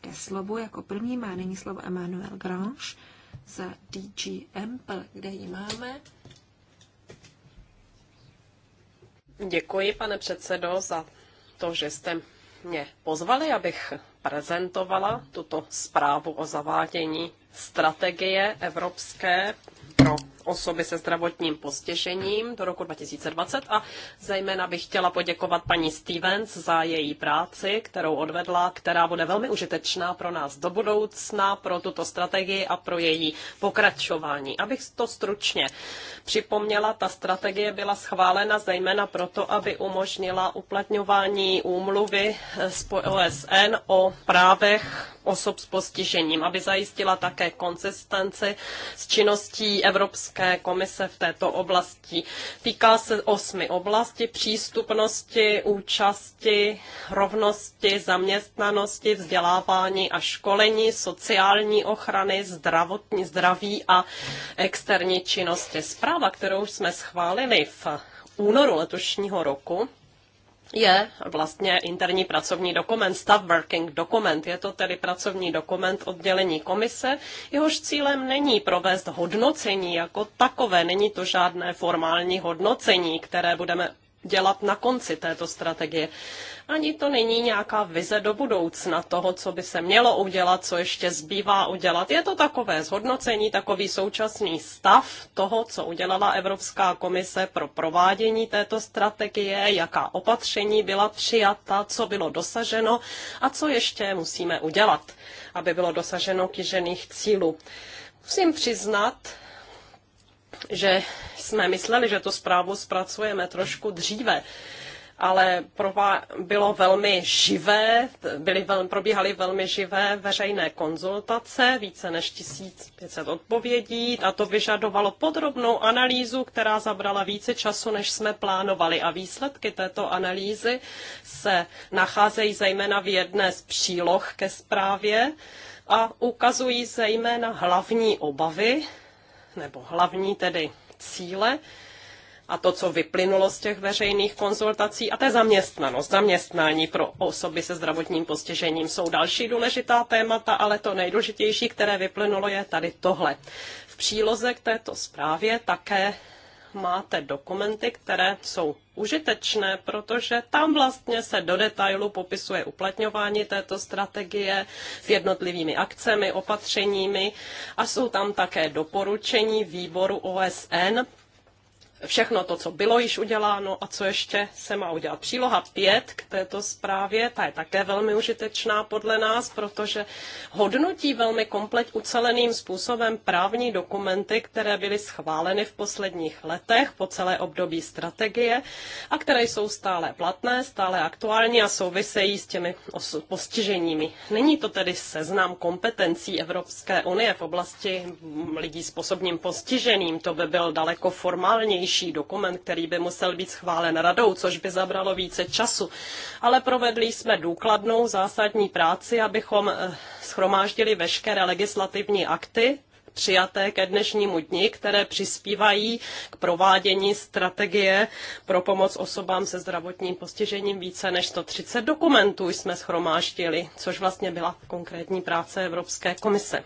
ke slovu, jako první má nyní slovo Emmanuel Grange za DG Ample, kde ji máme. Děkuji, pane předsedo, za to, že jste mě pozvali, abych prezentovala tuto zprávu o zavádění strategie evropské pro osoby se zdravotním postižením do roku 2020 a zejména bych chtěla poděkovat paní Stevens za její práci, kterou odvedla, která bude velmi užitečná pro nás do budoucna, pro tuto strategii a pro její pokračování. Abych to stručně připomněla, ta strategie byla schválena zejména proto, aby umožnila uplatňování úmluvy z OSN o právech osob s postižením, aby zajistila také konsistenci s činností Evropské Evropské komise v této oblasti. Týká se osmi oblasti přístupnosti, účasti, rovnosti, zaměstnanosti, vzdělávání a školení, sociální ochrany, zdravotní, zdraví a externí činnosti. Zpráva, kterou jsme schválili v únoru letošního roku, je vlastně interní pracovní dokument, staff working dokument. Je to tedy pracovní dokument oddělení komise. Jehož cílem není provést hodnocení jako takové. Není to žádné formální hodnocení, které budeme dělat na konci této strategie. Ani to není nějaká vize do budoucna toho, co by se mělo udělat, co ještě zbývá udělat. Je to takové zhodnocení, takový současný stav toho, co udělala Evropská komise pro provádění této strategie, jaká opatření byla přijata, co bylo dosaženo a co ještě musíme udělat, aby bylo dosaženo kýžených cílů. Musím přiznat, že jsme mysleli, že tu zprávu zpracujeme trošku dříve, ale bylo velmi živé, byly probíhaly velmi živé veřejné konzultace, více než 1500 odpovědí a to vyžadovalo podrobnou analýzu, která zabrala více času, než jsme plánovali a výsledky této analýzy se nacházejí zejména v jedné z příloh ke zprávě a ukazují zejména hlavní obavy nebo hlavní tedy cíle, a to, co vyplynulo z těch veřejných konzultací, a to je zaměstnanost. Zaměstnání pro osoby se zdravotním postižením jsou další důležitá témata, ale to nejdůležitější, které vyplynulo, je tady tohle. V příloze k této zprávě také máte dokumenty, které jsou užitečné, protože tam vlastně se do detailu popisuje uplatňování této strategie s jednotlivými akcemi, opatřeními a jsou tam také doporučení výboru OSN všechno to, co bylo již uděláno a co ještě se má udělat. Příloha 5 k této zprávě, ta je také velmi užitečná podle nás, protože hodnotí velmi komplet uceleným způsobem právní dokumenty, které byly schváleny v posledních letech po celé období strategie a které jsou stále platné, stále aktuální a souvisejí s těmi postiženími. Není to tedy seznam kompetencí Evropské unie v oblasti lidí s postižením, to by byl daleko formálnější obsáhlejší dokument, který by musel být schválen radou, což by zabralo více času. Ale provedli jsme důkladnou zásadní práci, abychom eh, schromáždili veškeré legislativní akty, přijaté ke dnešnímu dni, které přispívají k provádění strategie pro pomoc osobám se zdravotním postižením. Více než 130 dokumentů jsme schromáždili, což vlastně byla konkrétní práce Evropské komise.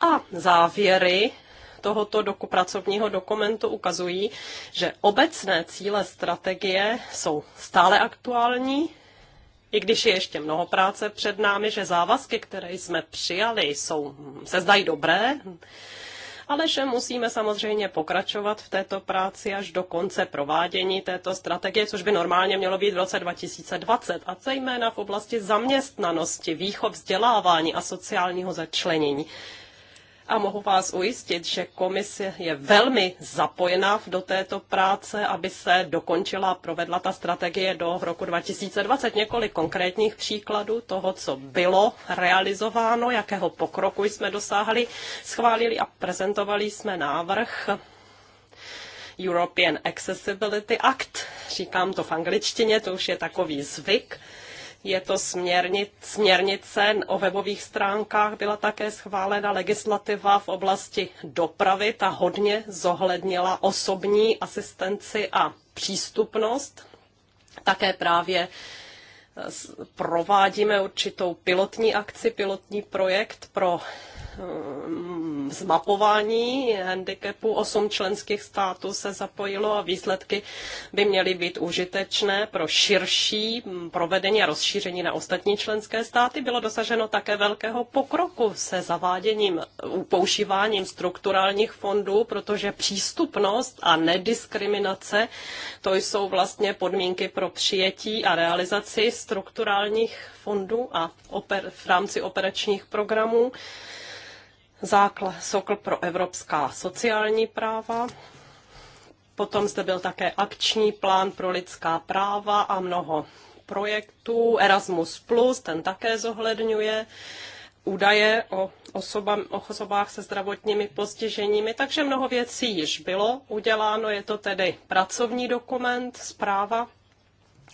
A závěry tohoto doku, pracovního dokumentu ukazují, že obecné cíle strategie jsou stále aktuální, i když je ještě mnoho práce před námi, že závazky, které jsme přijali, jsou, se zdají dobré, ale že musíme samozřejmě pokračovat v této práci až do konce provádění této strategie, což by normálně mělo být v roce 2020, a zejména v oblasti zaměstnanosti, výchov, vzdělávání a sociálního začlenění a mohu vás ujistit, že komise je velmi zapojená do této práce, aby se dokončila a provedla ta strategie do roku 2020. Několik konkrétních příkladů toho, co bylo realizováno, jakého pokroku jsme dosáhli, schválili a prezentovali jsme návrh European Accessibility Act. Říkám to v angličtině, to už je takový zvyk. Je to směrnic, směrnice o webových stránkách, byla také schválena legislativa v oblasti dopravy, ta hodně zohlednila osobní asistenci a přístupnost. Také právě eh, provádíme určitou pilotní akci, pilotní projekt pro Eh, zmapování handicapu. Osm členských států se zapojilo a výsledky by měly být užitečné pro širší provedení a rozšíření na ostatní členské státy. Bylo dosaženo také velkého pokroku se zaváděním, používáním strukturálních fondů, protože přístupnost a nediskriminace to jsou vlastně podmínky pro přijetí a realizaci strukturálních fondů a oper, v rámci operačních programů základ, sokl pro evropská sociální práva. Potom zde byl také akční plán pro lidská práva a mnoho projektů. Erasmus+, Plus, ten také zohledňuje údaje o, osobám, o osobách se zdravotními postiženími, takže mnoho věcí již bylo uděláno. Je to tedy pracovní dokument, zpráva,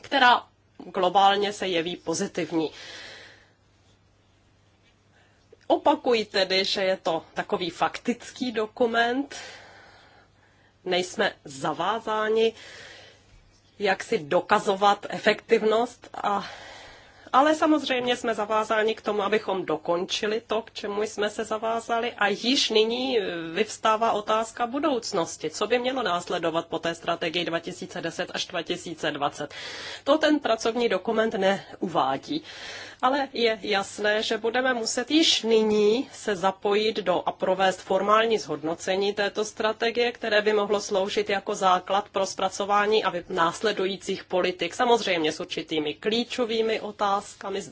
která globálně se jeví pozitivní. Opakuji tedy, že je to takový faktický dokument. Nejsme zavázáni, jak si dokazovat efektivnost, a, ale samozřejmě jsme zavázáni k tomu, abychom dokončili to, k čemu jsme se zavázali. A již nyní e, vyvstává otázka budoucnosti, co by mělo následovat po té strategii 2010 až 2020. To ten pracovní dokument neuvádí ale je jasné, že budeme muset již nyní se zapojit do a provést formální zhodnocení této strategie, které by mohlo sloužit jako základ pro zpracování a následujících politik. Samozřejmě s určitými klíčovými otázkami.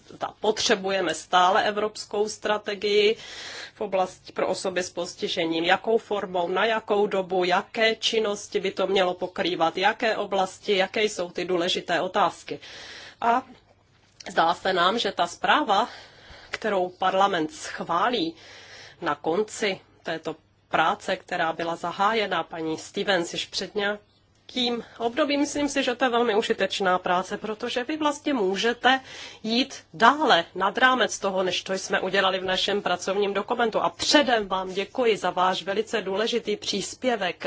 Potřebujeme stále evropskou strategii v oblasti pro osoby s postižením. Jakou formou, na jakou dobu, jaké činnosti by to mělo pokrývat, jaké oblasti, jaké jsou ty důležité otázky. A Zdá se nám, že ta zpráva, kterou parlament schválí na konci této práce, která byla zahájena paní Stevens již před nějakým obdobím, myslím si, že to je velmi užitečná práce, protože vy vlastně můžete jít dále nad rámec toho, než to jsme udělali v našem pracovním dokumentu. A předem vám děkuji za váš velice důležitý příspěvek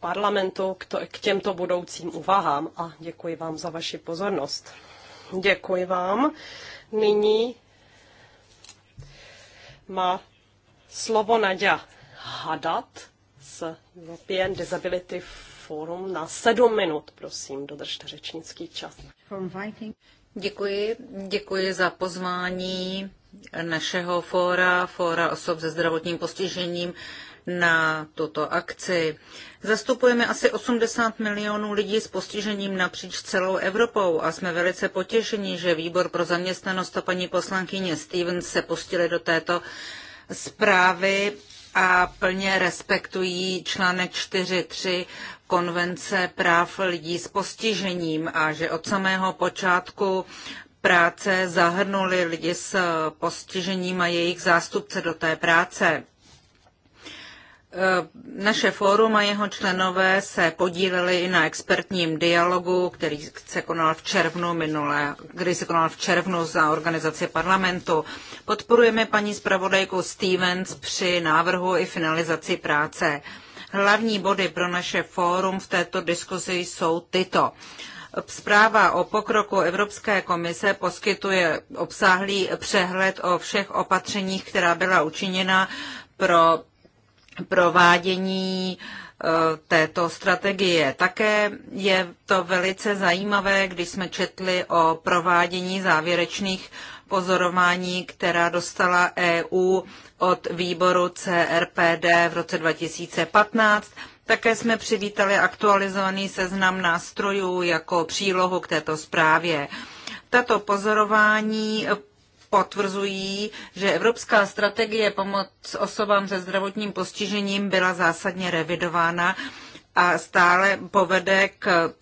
parlamentu k, k těmto budoucím úvahám a děkuji vám za vaši pozornost. Děkuji vám. Nyní má slovo Nadia Hadat z European Disability Forum na sedm minut. Prosím, dodržte řečnický čas. Děkuji, děkuji za pozvání našeho fóra, fóra osob se zdravotním postižením na tuto akci. Zastupujeme asi 80 milionů lidí s postižením napříč celou Evropou a jsme velice potěšeni, že výbor pro zaměstnanost a paní poslankyně Stevens se pustili do této zprávy a plně respektují článek 4.3 Konvence práv lidí s postižením a že od samého počátku práce zahrnuli lidi s postižením a jejich zástupce do té práce. Eh, naše fórum a jeho členové se podíleli i na expertním dialogu, který se konal v červnu minulé, který se konal v červnu za organizaci parlamentu. Podporujeme paní zpravodajku Stevens při návrhu i finalizaci práce. Hlavní body pro naše fórum v této diskuzi jsou tyto. Zpráva o pokroku Evropské komise poskytuje obsáhlý přehled o všech opatřeních, která byla učiněna pro provádění eh, této strategie. Také je to velice zajímavé, když jsme četli o provádění závěrečných pozorování, která dostala EU od výboru CRPD v roce 2015. Také jsme přivítali aktualizovaný seznam nástrojů jako přílohu k této zprávě. Tato pozorování potvrzují, že evropská strategie pomoc osobám se zdravotním postižením byla zásadně revidována a stále povede k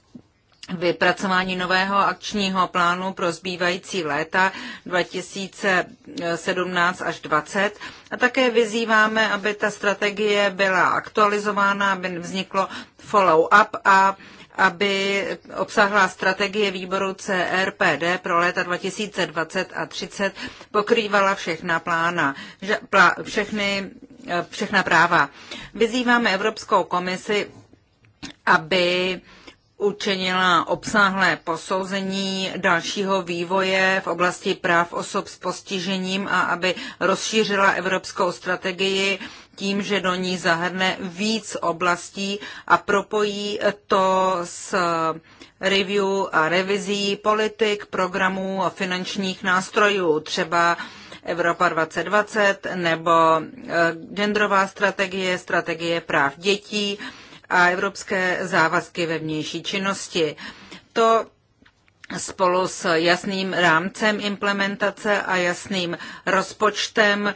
vypracování nového akčního plánu pro zbývající léta 2017 až 2020. A také vyzýváme, aby ta strategie byla aktualizována, aby vzniklo follow-up a aby obsahla strategie výboru CRPD pro léta 2020 a 30 pokrývala všechna plána, že plá, všechny, eh, všechna práva. Vyzýváme Evropskou komisi, aby učinila obsáhlé posouzení dalšího vývoje v oblasti práv osob s postižením a aby rozšířila evropskou strategii tím, že do ní zahrne víc oblastí a propojí to s review a revizí politik, programů a finančních nástrojů, třeba Evropa 2020 nebo eh, genderová strategie, strategie práv dětí a evropské závazky ve vnější činnosti. To spolu s jasným rámcem implementace a jasným rozpočtem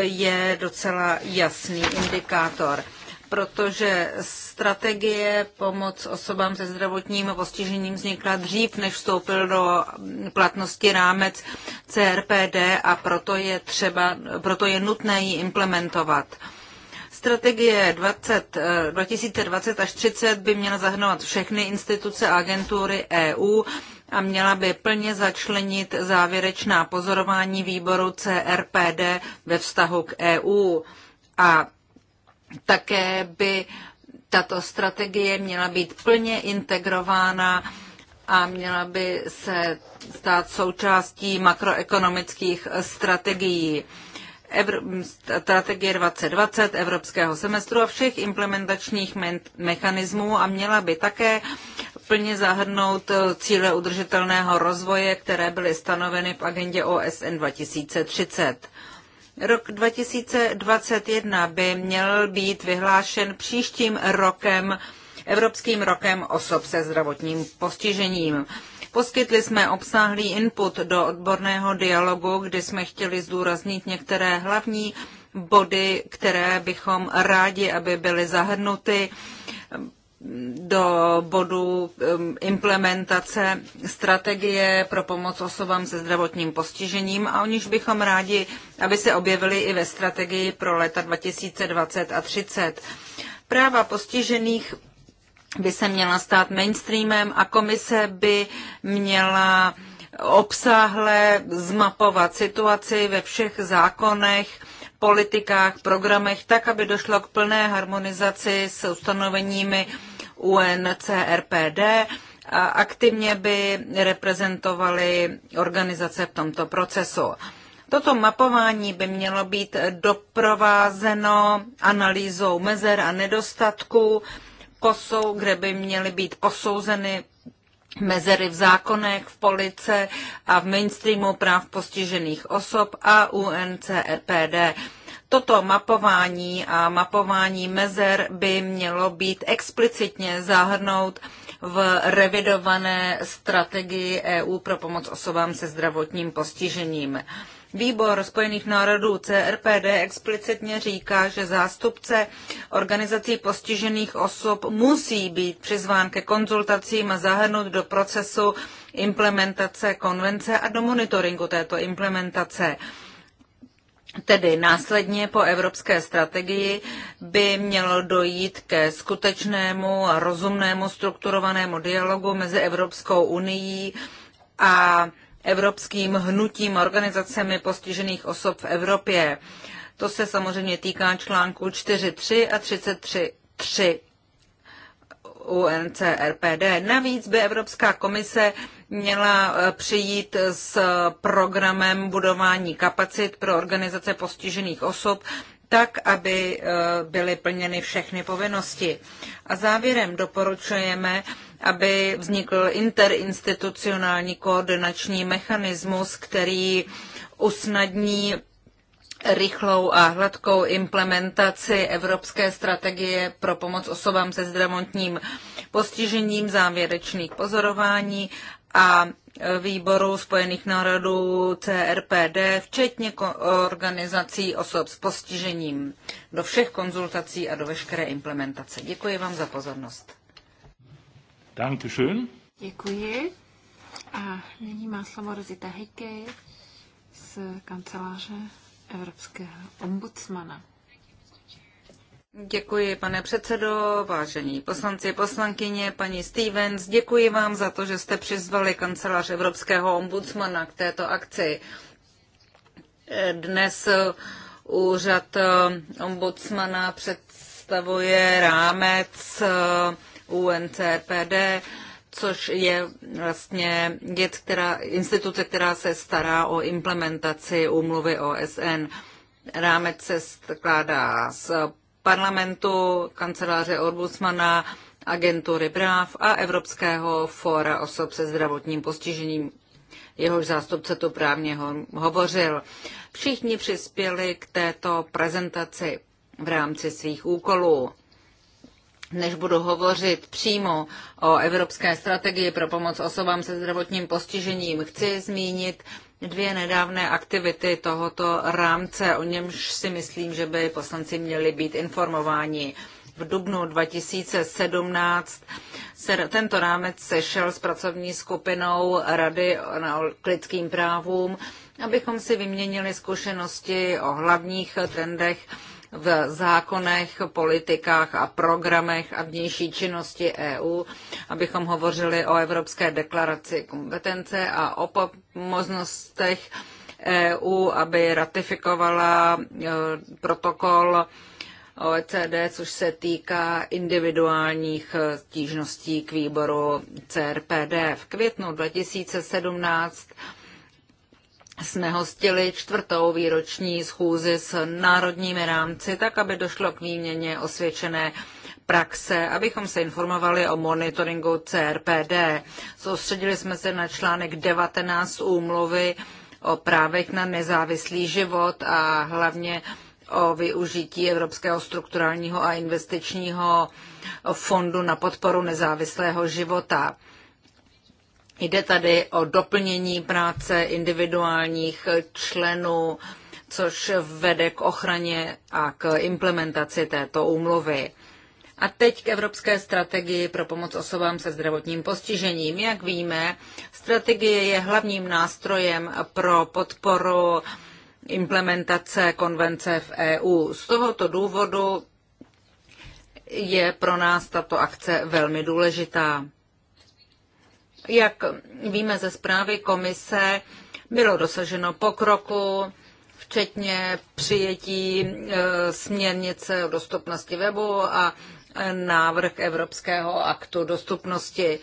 je docela jasný indikátor protože strategie pomoc osobám se zdravotním postižením vznikla dřív, než vstoupil do platnosti rámec CRPD a proto je, třeba, proto je nutné ji implementovat. Strategie 20, 2020 eh, až 30 by měla zahrnovat všechny instituce a agentury EU a měla by plně začlenit závěrečná pozorování výboru CRPD ve vztahu k EU. A také by tato strategie měla být plně integrována a měla by se stát součástí makroekonomických strategií. Evr- strategie 2020 evropského semestru a všech implementačních mechanismů a měla by také plně zahrnout eh, cíle udržitelného rozvoje, které byly stanoveny v agendě OSN 2030. Rok 2021 by měl být vyhlášen příštím rokem Evropským rokem osob se zdravotním postižením. Poskytli jsme obsáhlý input do odborného dialogu, kdy jsme chtěli zdůraznit některé hlavní body, které bychom rádi, aby byly zahrnuty do bodu um, implementace strategie pro pomoc osobám se zdravotním postižením a o bychom rádi, aby se objevily i ve strategii pro leta 2020 a 30. Práva postižených by se měla stát mainstreamem a komise by měla obsáhle zmapovat situaci ve všech zákonech, politikách, programech, tak, aby došlo k plné harmonizaci s ustanoveními UNCRPD a aktivně by reprezentovaly organizace v tomto procesu. Toto mapování by mělo být doprovázeno analýzou mezer a nedostatků, kosou, kde by měly být posouzeny mezery v zákonech, v police a v mainstreamu práv postižených osob a UNCRPD. E Toto mapování a mapování mezer by mělo být explicitně zahrnout v revidované strategii EU pro pomoc osobám se zdravotním postižením. Výbor Spojených národů CRPD explicitně říká, že zástupce organizací postižených osob musí být přizván ke konzultacím a zahrnut do procesu implementace konvence a do monitoringu této implementace. Tedy následně po evropské strategii by mělo dojít ke skutečnému a rozumnému strukturovanému dialogu mezi Evropskou unii a evropským hnutím organizacemi postižených osob v Evropě. To se samozřejmě týká článku 4.3 a 33.3 UNCRPD. Navíc by Evropská komise měla eh, přijít s programem budování kapacit pro organizace postižených osob, tak, aby eh, byly plněny všechny povinnosti. A závěrem doporučujeme, aby vznikl interinstitucionální koordinační mechanismus, který usnadní rychlou a hladkou implementaci Evropské strategie pro pomoc osobám se zdravotním postižením závěrečných pozorování a výboru Spojených národů CRPD, včetně organizací osob s postižením, do všech konzultací a do veškeré implementace. Děkuji vám za pozornost. Dankeschön. Děkuji. A nyní má slovo Rosita Hickey z kanceláře Evropského ombudsmana. Děkuji, pane předsedo, vážení poslanci, poslankyně, paní Stevens. Děkuji vám za to, že jste přizvali kancelář Evropského ombudsmana k této akci. Dnes úřad ombudsmana představuje rámec UNCPD, což je vlastně věc, která, instituce, která se stará o implementaci úmluvy OSN. Rámec se skládá z parlamentu, kanceláře Orbusmana, agentury práv a Evropského fóra osob se zdravotním postižením. Jehož zástupce tu právně ho, hovořil. Všichni přispěli k této prezentaci v rámci svých úkolů než budu hovořit přímo o evropské strategii pro pomoc osobám se zdravotním postižením, chci zmínit dvě nedávné aktivity tohoto rámce, o němž si myslím, že by poslanci měli být informováni. V dubnu 2017 se tento rámec sešel s pracovní skupinou Rady na lidským právům, abychom si vyměnili zkušenosti o hlavních trendech v zákonech, politikách a programech a vnější činnosti EU, abychom hovořili o Evropské deklaraci kompetence a o možnostech EU, aby ratifikovala e, protokol OECD, což se týká individuálních e, stížností k výboru CRPD. V květnu 2017 jsme hostili čtvrtou výroční schůzi s národními rámci, tak aby došlo k výměně osvědčené praxe, abychom se informovali o monitoringu CRPD. Soustředili jsme se na článek 19 úmluvy o právech na nezávislý život a hlavně o využití Evropského strukturálního a investičního fondu na podporu nezávislého života. Jde tady o doplnění práce individuálních členů, což vede k ochraně a k implementaci této úmluvy. A teď k Evropské strategii pro pomoc osobám se zdravotním postižením. Jak víme, strategie je hlavním nástrojem pro podporu implementace konvence v EU. Z tohoto důvodu je pro nás tato akce velmi důležitá. Jak víme ze zprávy komise, bylo dosaženo pokroku, včetně přijetí e, směrnice o dostupnosti webu a e, návrh Evropského aktu dostupnosti.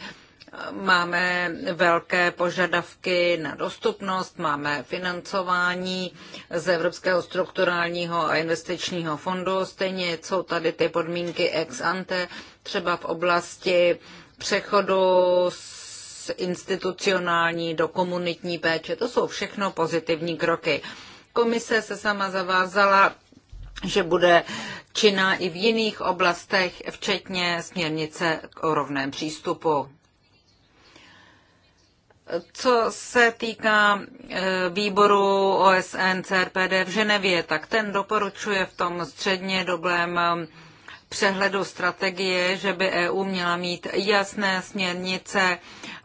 Máme velké požadavky na dostupnost, máme financování z Evropského strukturálního a investičního fondu, stejně jsou tady ty podmínky ex ante, třeba v oblasti přechodu z z institucionální do komunitní péče. To jsou všechno pozitivní kroky. Komise se sama zavázala, že bude činná i v jiných oblastech, včetně směrnice o rovném přístupu. Co se týká e, výboru OSN CRPD v Ženevě, tak ten doporučuje v tom středně dobrém e, přehledu strategie, že by EU měla mít jasné směrnice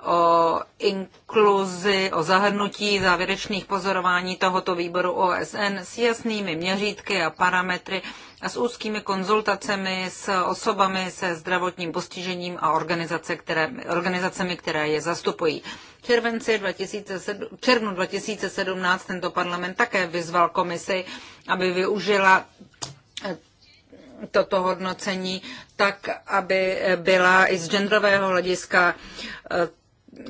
o inkluzi, o zahrnutí závěrečných pozorování tohoto výboru OSN s jasnými měřítky a parametry a s úzkými konzultacemi s osobami se zdravotním postižením a organizace, které, organizacemi, které je zastupují. V červenci 2007, červnu 2017 tento parlament také vyzval komisi, aby využila eh, toto hodnocení tak, aby byla i z genderového hlediska eh,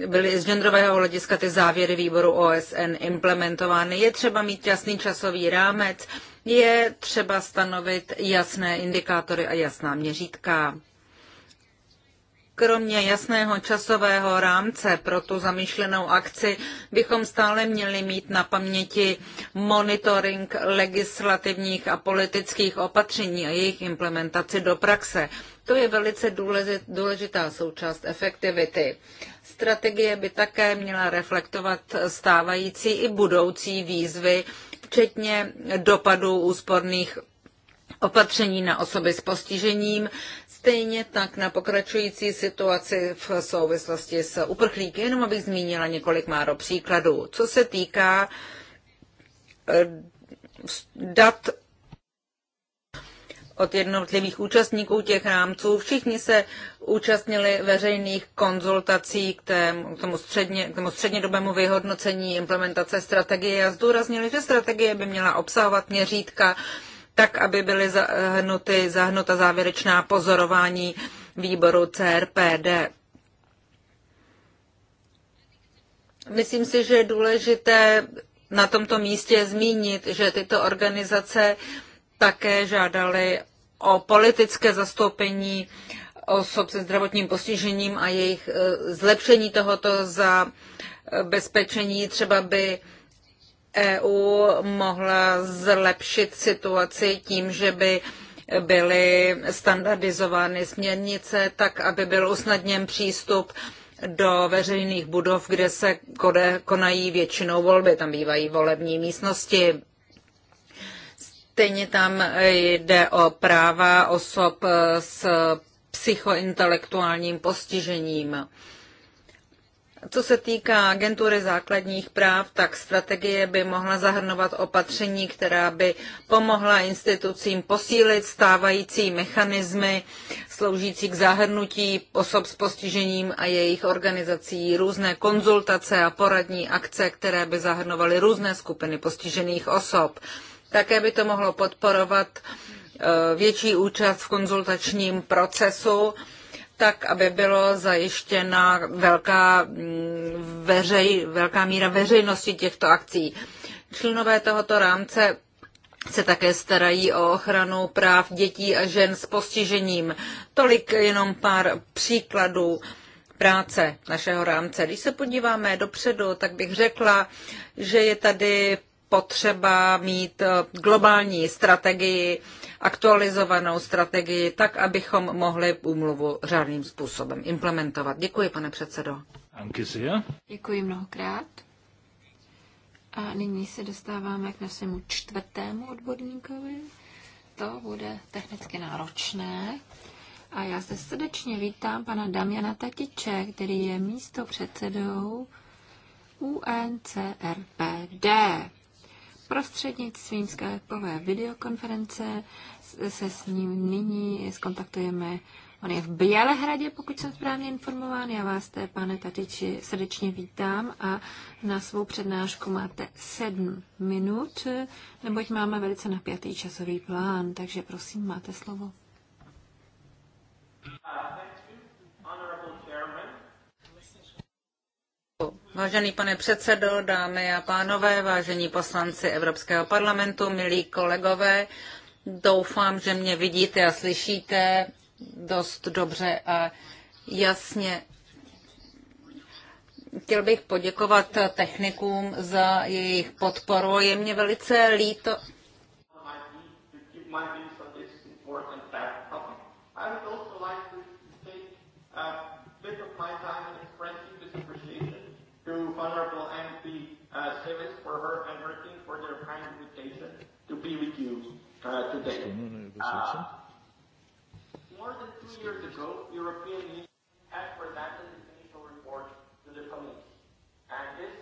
byly z genderového hlediska ty závěry výboru OSN implementovány. Je třeba mít jasný časový rámec, je třeba stanovit jasné indikátory a jasná měřítka. Kromě jasného časového rámce pro tu zamýšlenou akci bychom stále měli mít na paměti monitoring legislativních a politických opatření a jejich implementaci do praxe. To je velice důležitá součást efektivity strategie by také měla reflektovat stávající i budoucí výzvy, včetně dopadů úsporných opatření na osoby s postižením, stejně tak na pokračující situaci v souvislosti s uprchlíky, jenom abych zmínila několik máro příkladů. Co se týká eh, dat od jednotlivých účastníků těch rámců. Všichni se účastnili veřejných konzultací k tomu, k tomu, středně, k tomu střednědobému vyhodnocení implementace strategie a zdůraznili, že strategie by měla obsahovat měřítka tak, aby byly zahnuty, zahnuta závěrečná pozorování výboru CRPD. Myslím si, že je důležité na tomto místě zmínit, že tyto organizace uh, také žádali o politické zastoupení osob se zdravotním postižením a jejich e, zlepšení tohoto za bezpečení. Třeba by EU mohla zlepšit situaci tím, že by byly standardizovány směrnice tak, aby byl usnadněn přístup do veřejných budov, kde se konají většinou volby. Tam bývají volební místnosti. Stejně tam eh, jde o práva osob eh, s psychointelektuálním postižením. Co se týká agentury základních práv, tak strategie by mohla zahrnovat opatření, která by pomohla institucím posílit stávající mechanismy sloužící k zahrnutí osob s postižením a jejich organizací, různé konzultace a poradní akce, které by zahrnovaly různé skupiny postižených osob. Také by to mohlo podporovat e, větší účast v konzultačním procesu, tak aby bylo zajištěna velká, mm, veřej, velká míra veřejnosti těchto akcí. Členové tohoto rámce se také starají o ochranu práv dětí a žen s postižením. Tolik jenom pár příkladů práce našeho rámce. Když se podíváme dopředu, tak bych řekla, že je tady potřeba mít eh, globální strategii, aktualizovanou strategii, tak, abychom mohli úmluvu řádným způsobem implementovat. Děkuji, pane předsedo. Děkuji mnohokrát. A nyní se dostáváme k našemu čtvrtému odborníkovi. To bude technicky náročné. A já se srdečně vítám pana Damiana Tatiče, který je místo předsedou UNCRPD. Prostřednictvím skypové videokonference se s ním nyní skontaktujeme. On je v Bělehradě, pokud jsem správně informován. Já vás, té pane Tatiči, srdečně vítám a na svou přednášku máte sedm minut, neboť máme velice napjatý časový plán, takže prosím, máte slovo. Thank Vážený pane předsedo, dámy a pánové, vážení poslanci Evropského parlamentu, milí kolegové, doufám, že mě vidíte a slyšíte dost dobře a jasně. Chtěl bych poděkovat technikům za jejich podporu. Je mě velice líto. I would also like to take uh, a bit of my time Honorable MP uh, Simmons for her and her team for their kind invitation to be with you uh, today. Uh, more than two years ago, European Union had presented its initial report to the committee, and this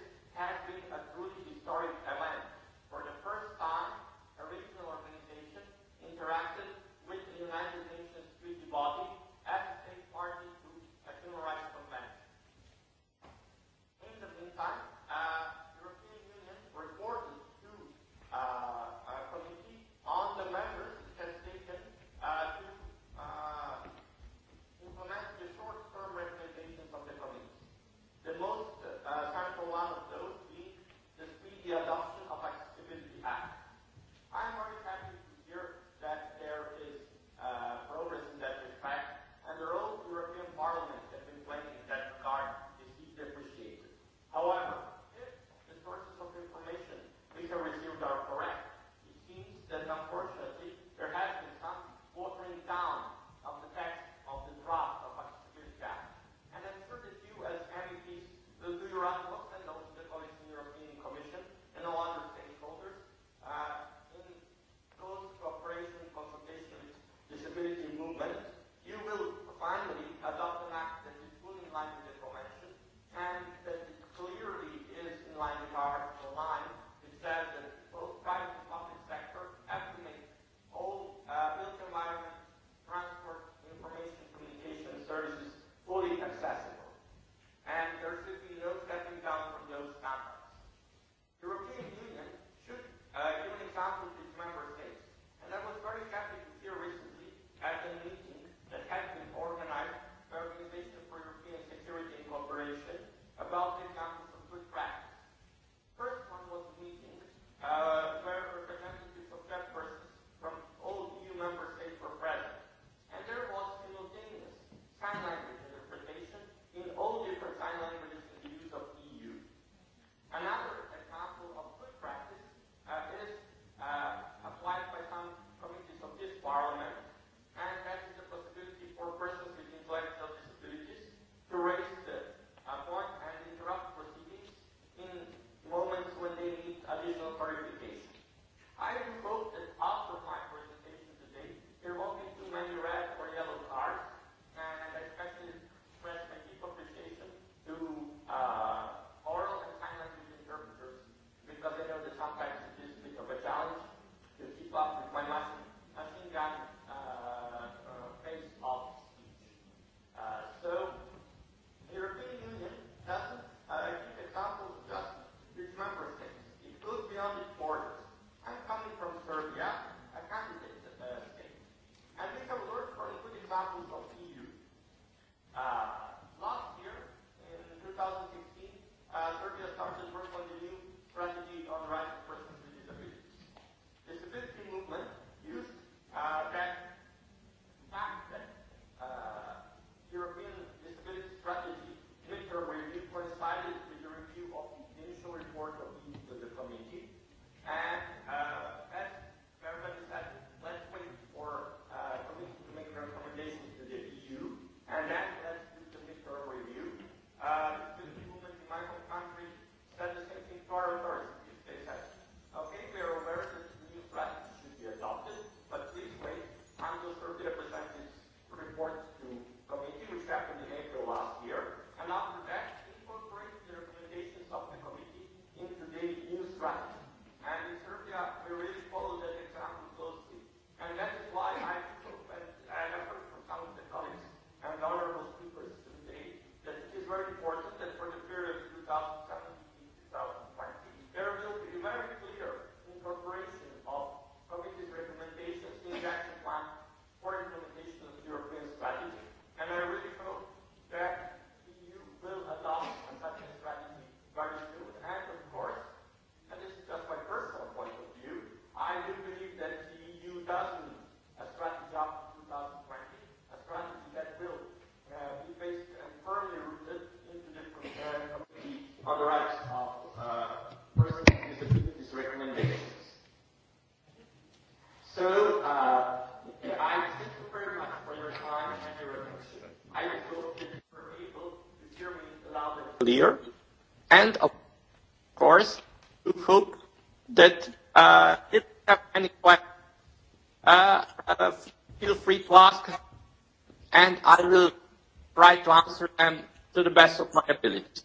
to the best of my ability.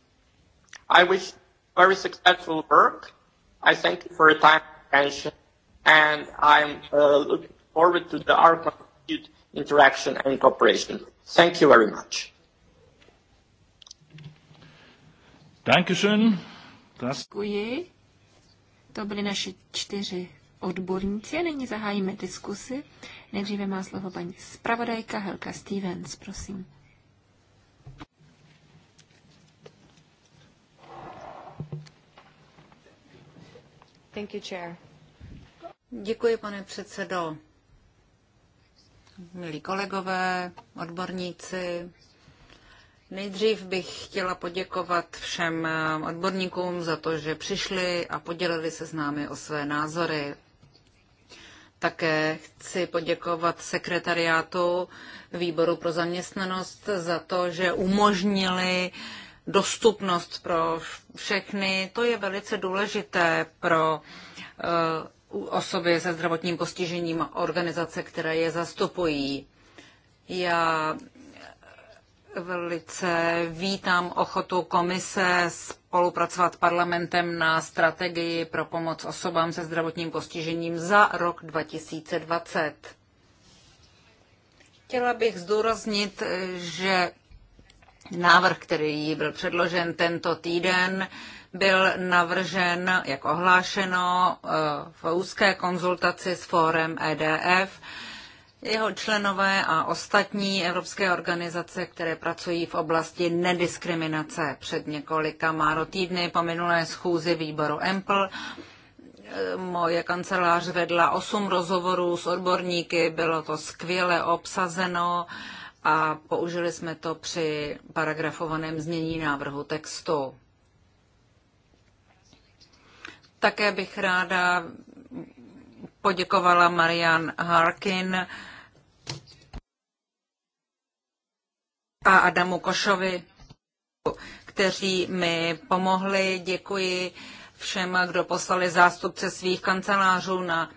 I wish very successful work. I thank you for your time and attention, and I'm uh, looking forward to the our continued interaction and cooperation. Thank you very much. Dankeschön. Das... Děkuji. To byly naši čtyři odborníci a nyní zahájíme diskusy. Nejdříve má slovo paní zpravodajka Helka Stevens, prosím. Děkuji, pane předsedo. Milí kolegové, odborníci, nejdřív bych chtěla poděkovat všem odborníkům za to, že přišli a podělili se s námi o své názory. Také chci poděkovat sekretariátu výboru pro zaměstnanost za to, že umožnili uh, dostupnost pro všechny, to je velice důležité pro eh, osoby se zdravotním postižením organizace, které je zastupují. Já velice vítám ochotu komise spolupracovat s parlamentem na strategii pro pomoc osobám se zdravotním postižením za rok 2020. Chtěla bych zdůraznit, eh, že Návrh, který byl předložen tento týden, byl navržen, jak ohlášeno, eh, v úzké konzultaci s fórem EDF. Jeho členové a ostatní evropské organizace, které pracují v oblasti nediskriminace před několika máro týdny po minulé schůzi výboru EMPL, eh, moje kancelář vedla osm rozhovorů s odborníky, bylo to skvěle obsazeno. Uh, a použili jsme to při paragrafovaném změní návrhu textu. Také bych ráda poděkovala Marian Harkin a Adamu Košovi, kteří mi pomohli. Děkuji všem, kdo poslali zástupce svých kancelářů na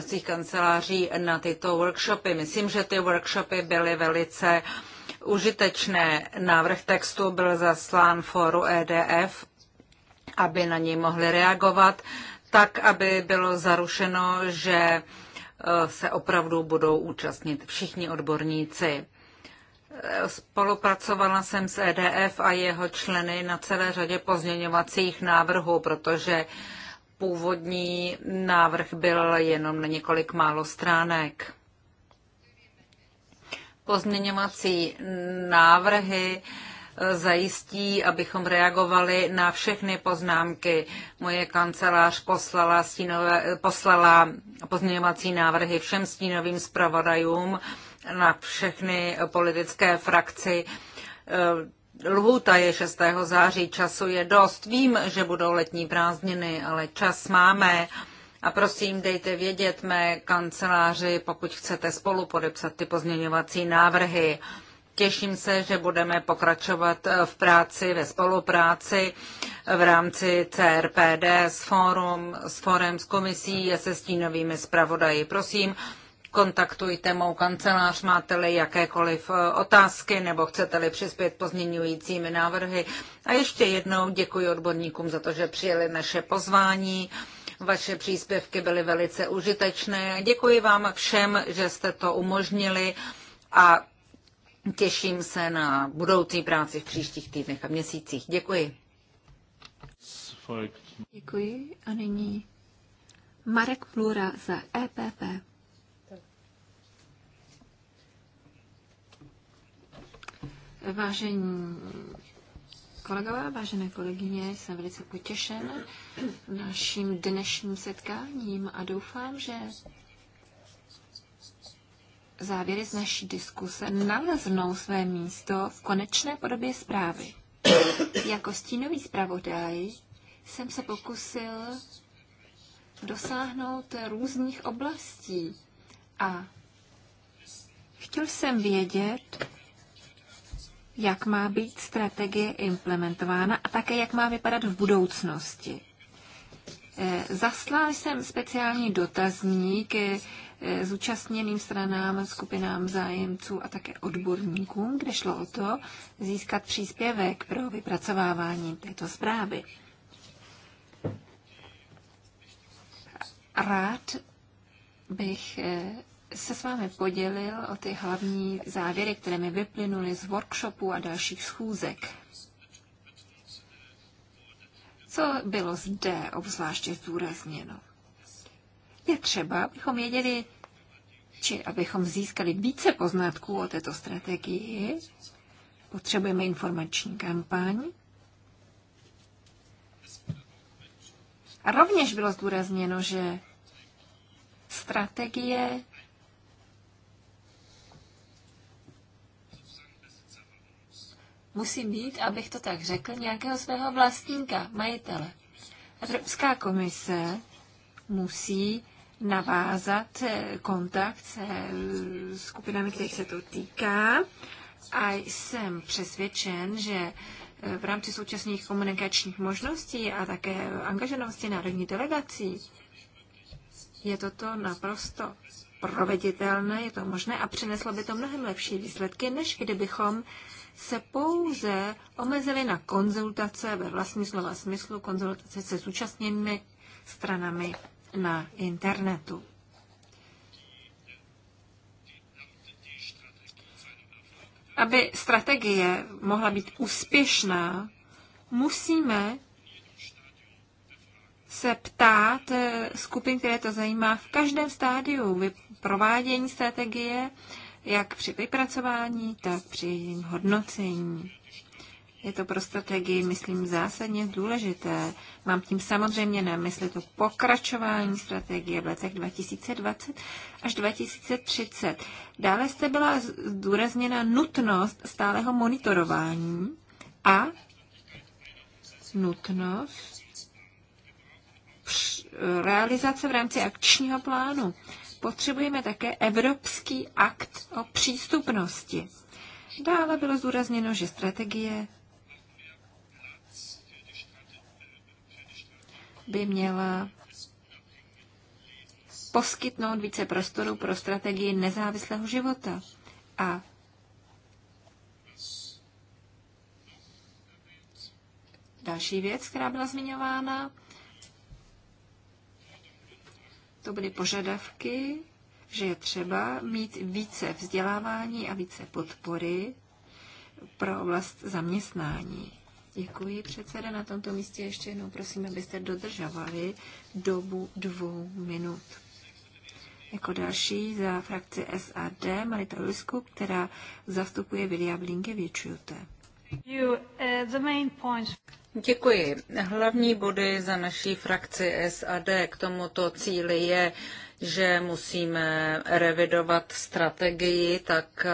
svých kanceláří na tyto workshopy. Myslím, že ty workshopy byly velice užitečné. Návrh textu byl zaslán fóru EDF, aby na něj mohli reagovat, tak, aby bylo zarušeno, že e, se opravdu budou účastnit všichni odborníci. E, spolupracovala jsem s EDF a jeho členy na celé řadě pozměňovacích návrhů, protože původní návrh byl jenom na několik málo stránek. Pozměňovací návrhy eh, zajistí, abychom reagovali na všechny poznámky. Moje kancelář poslala, stínové, eh, poslala pozměňovací návrhy všem stínovým zpravodajům na všechny politické frakci eh, Lhůta je 6. září, času je dost. Vím, že budou letní prázdniny, ale čas máme. A prosím, dejte vědět mé kanceláři, pokud chcete spolu podepsat ty pozměňovací návrhy. Těším se, že budeme pokračovat v práci, ve spolupráci v rámci CRPD s, fórum, s fórem, s komisí a se stínovými zpravodaji. Prosím, kontaktujte mou kancelář, máte-li jakékoliv eh, otázky nebo chcete-li přispět pozměňujícími návrhy. A ještě jednou děkuji odborníkům za to, že přijeli naše pozvání. Vaše příspěvky byly velice užitečné. Děkuji vám všem, že jste to umožnili a těším se na budoucí práci v příštích týdnech a měsících. Děkuji. Děkuji a nyní Marek Plura za EPP. Vážení kolegové, vážené kolegyně, jsem velice potěšen naším dnešním setkáním a doufám, že závěry z naší diskuse naleznou své místo v konečné podobě zprávy. Jako stínový zpravodaj jsem se pokusil dosáhnout různých oblastí a chtěl jsem vědět, jak má být strategie implementována a také jak má vypadat v budoucnosti. Eh, zaslal jsem speciální dotazník eh, eh, zúčastněným stranám, skupinám zájemců a také odborníkům, kde šlo o to získat příspěvek pro vypracovávání této zprávy. Rád bych se s vámi podělil o ty hlavní závěry, které mi vyplynuly z workshopu a dalších schůzek. Co bylo zde obzvláště zdůrazněno? Je třeba, abychom věděli, či abychom získali více poznatků o této strategii, potřebujeme informační kampaň. A rovněž bylo zdůrazněno, že strategie musí být, abych to tak řekl, nějakého svého vlastníka, majitele. Evropská komise musí navázat eh, kontakt se eh, skupinami, kterých se to týká. A jsem přesvědčen, že eh, v rámci současných komunikačních možností a také angažovanosti národní delegací je toto naprosto proveditelné, je to možné a přineslo by to mnohem lepší výsledky, než kdybychom se pouze omezili na konzultace ve vlastní slova smyslu, konzultace se zúčastněnými stranami na internetu. Aby strategie mohla být úspěšná, musíme se ptát eh, skupin, které to zajímá v každém stádiu provádění strategie jak při vypracování, tak při jejím hodnocení. Je to pro strategii, myslím, zásadně důležité. Mám tím samozřejmě na mysli to pokračování strategie v letech 2020 až 2030. Dále jste byla zdůrazněna nutnost stálého monitorování a nutnost realizace v rámci akčního plánu potřebujeme také Evropský akt o přístupnosti. Dále bylo zúrazněno, že strategie by měla poskytnout více prostoru pro strategii nezávislého života. A další věc, která byla zmiňována, to byly požadavky, že je třeba mít více vzdělávání a více podpory pro oblast zaměstnání. Děkuji, předseda. Na tomto místě ještě jednou prosím, abyste dodržovali dobu dvou minut. Jako další za frakci SAD Marita Lisku, která zastupuje Vilia Blinkevičujte. Uh, Děkuji. Hlavní body za naší frakci SAD k tomuto cíli je, že musíme revidovat strategii tak,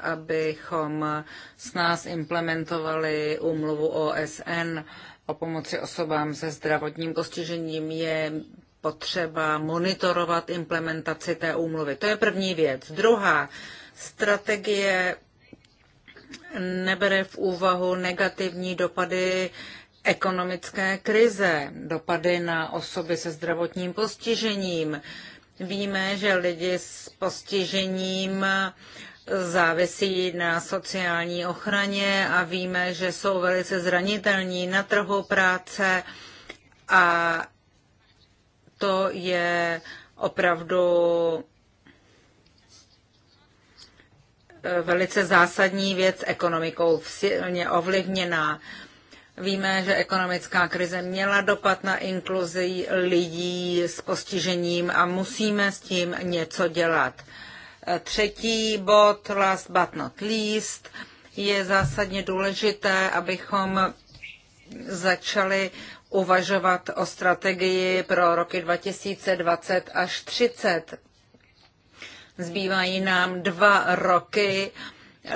abychom s nás implementovali úmluvu OSN o pomoci osobám se zdravotním postižením. Je potřeba monitorovat implementaci té úmluvy. To je první věc. Druhá, strategie nebere v úvahu negativní dopady ekonomické krize, dopady na osoby se zdravotním postižením. Víme, že lidi s postižením závisí na sociální ochraně a víme, že jsou velice zranitelní na trhu práce a to je opravdu velice zásadní věc ekonomikou silně ovlivněná. Víme, že ekonomická krize měla dopad na inkluzi lidí s postižením a musíme s tím něco dělat. Třetí bod, last but not least, je zásadně důležité, abychom začali uvažovat o strategii pro roky 2020 až 30 Zbývají nám dva roky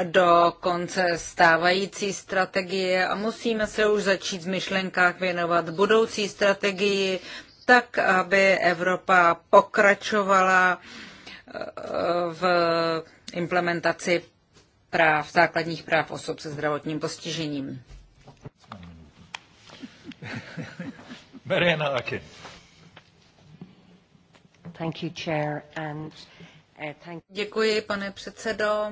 do konce stávající strategie a musíme se už začít v myšlenkách věnovat budoucí strategii, tak, aby Evropa pokračovala eh, v implementaci práv, základních práv osob se zdravotním postižením. Thank you, Chair, and Děkuji, pane předsedo.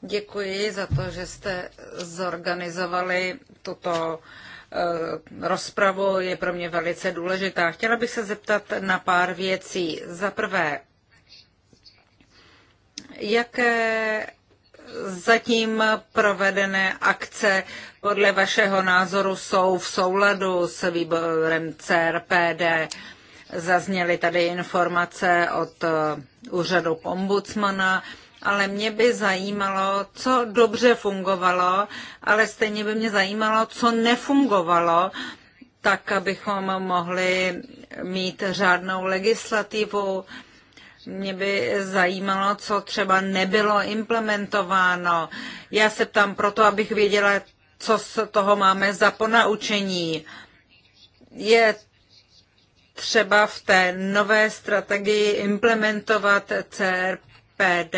Děkuji za to, že jste zorganizovali tuto eh, rozpravu. Je pro mě velice důležitá. Chtěla bych se zeptat na pár věcí. Za prvé, jaké zatím provedené akce podle vašeho názoru jsou v souladu s výborem CRPD? Zazněly tady informace od eh, úřadu ombudsmana, ale mě by zajímalo, co dobře fungovalo, ale stejně by mě zajímalo, co nefungovalo, tak abychom mohli mít řádnou legislativu. Mě by zajímalo, co třeba nebylo implementováno. Já se ptám proto, abych věděla, co z toho máme za ponaučení. Je třeba v té nové strategii implementovat CRPD.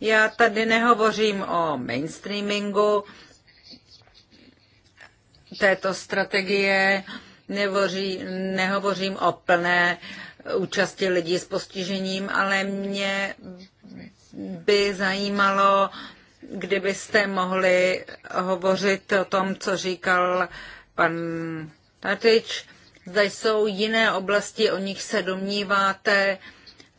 Já tady nehovořím o mainstreamingu této strategie, nehovoří, nehovořím o plné účasti lidí s postižením, ale mě by zajímalo, kdybyste mohli hovořit o tom, co říkal pan Tatič, Zda jsou jiné oblasti, o nich se domníváte,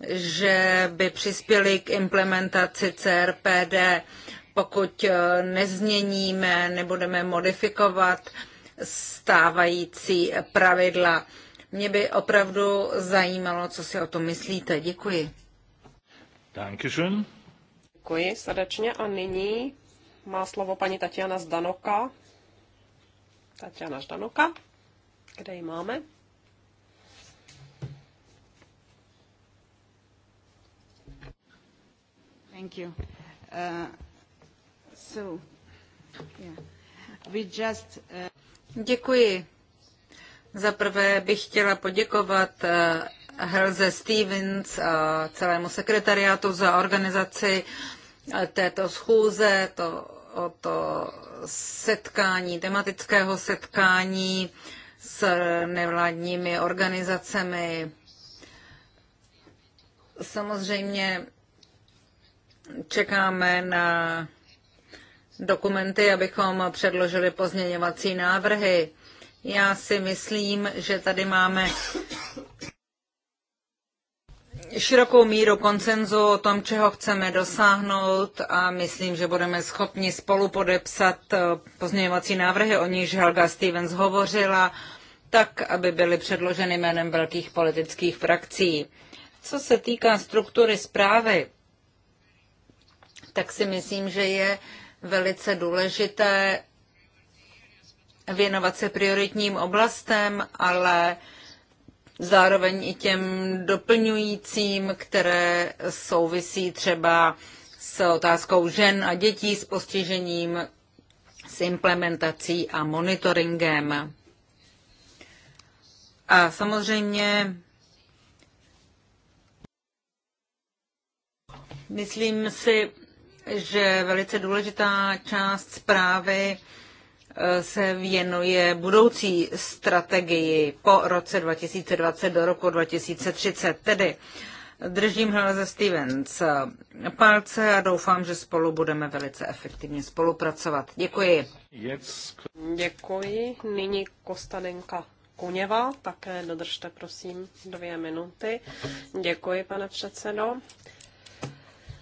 že by přispěly k implementaci CRPD, pokud eh, nezměníme, nebudeme modifikovat stávající pravidla. Mě by opravdu zajímalo, co si o tom myslíte. Děkuji. Dankeschön. Děkuji srdečně a nyní má slovo paní Tatiana Zdanoka. Tatiana Zdanoka. Kde ji máme? Thank you. Uh, so, yeah. We just, uh... Děkuji. Za prvé bych chtěla poděkovat uh, Helze Stevens a celému sekretariátu za organizaci uh, této schůze, to, o to setkání, tematického setkání. Uh, s nevládními organizacemi. Samozřejmě čekáme na dokumenty, abychom předložili pozměňovací návrhy. Já si myslím, že tady máme širokou míru koncenzu o tom, čeho chceme dosáhnout a myslím, že budeme schopni spolu podepsat eh, pozměňovací návrhy, o níž Helga Stevens hovořila, tak, aby byly předloženy jménem velkých politických frakcí. Co se týká struktury zprávy, tak si myslím, že je velice důležité věnovat se prioritním oblastem, ale uh, zároveň i těm doplňujícím, které souvisí třeba s otázkou žen a dětí s postižením, s implementací a monitoringem. A samozřejmě myslím si, že velice důležitá část zprávy Eh, se věnuje budoucí strategii po roce 2020 do roku 2030. Tedy držím Helze Stevens palce a doufám, že spolu budeme velice efektivně spolupracovat. Děkuji. Děkuji. Nyní Kostadenka Kuněva, také dodržte prosím dvě minuty. Děkuji, pane předsedo.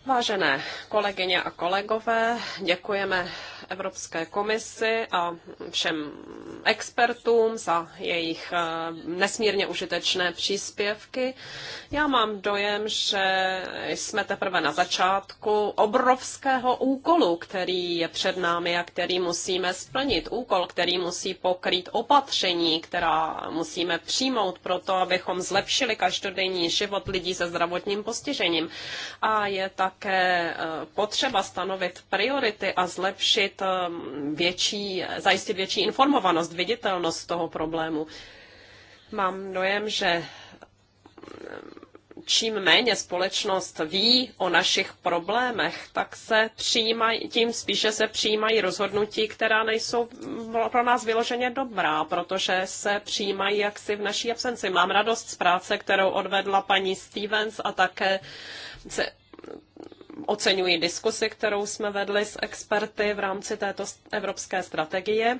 Vážené kolegyně a kolegové, děkujeme Evropské komisi a všem expertům za jejich eh, nesmírně užitečné příspěvky. Já mám dojem, že jsme teprve na začátku obrovského úkolu, který je před námi a který musíme splnit. Úkol, který musí pokrýt opatření, která musíme přijmout pro to, abychom zlepšili každodenní život lidí se zdravotním postižením. A je také eh, potřeba stanovit priority a zlepšit Eh, větší, zajistit větší informovanost, viditelnost toho problému. Mám dojem, že eh, čím méně společnost ví o našich problémech, tak se přijímají, tím spíše se přijímají rozhodnutí, která nejsou pro nás vyloženě dobrá, protože se přijímají jaksi v naší absenci. Mám radost z práce, kterou odvedla paní Stevens a také se oceňuji diskusi, kterou jsme vedli s experty v rámci této evropské strategie.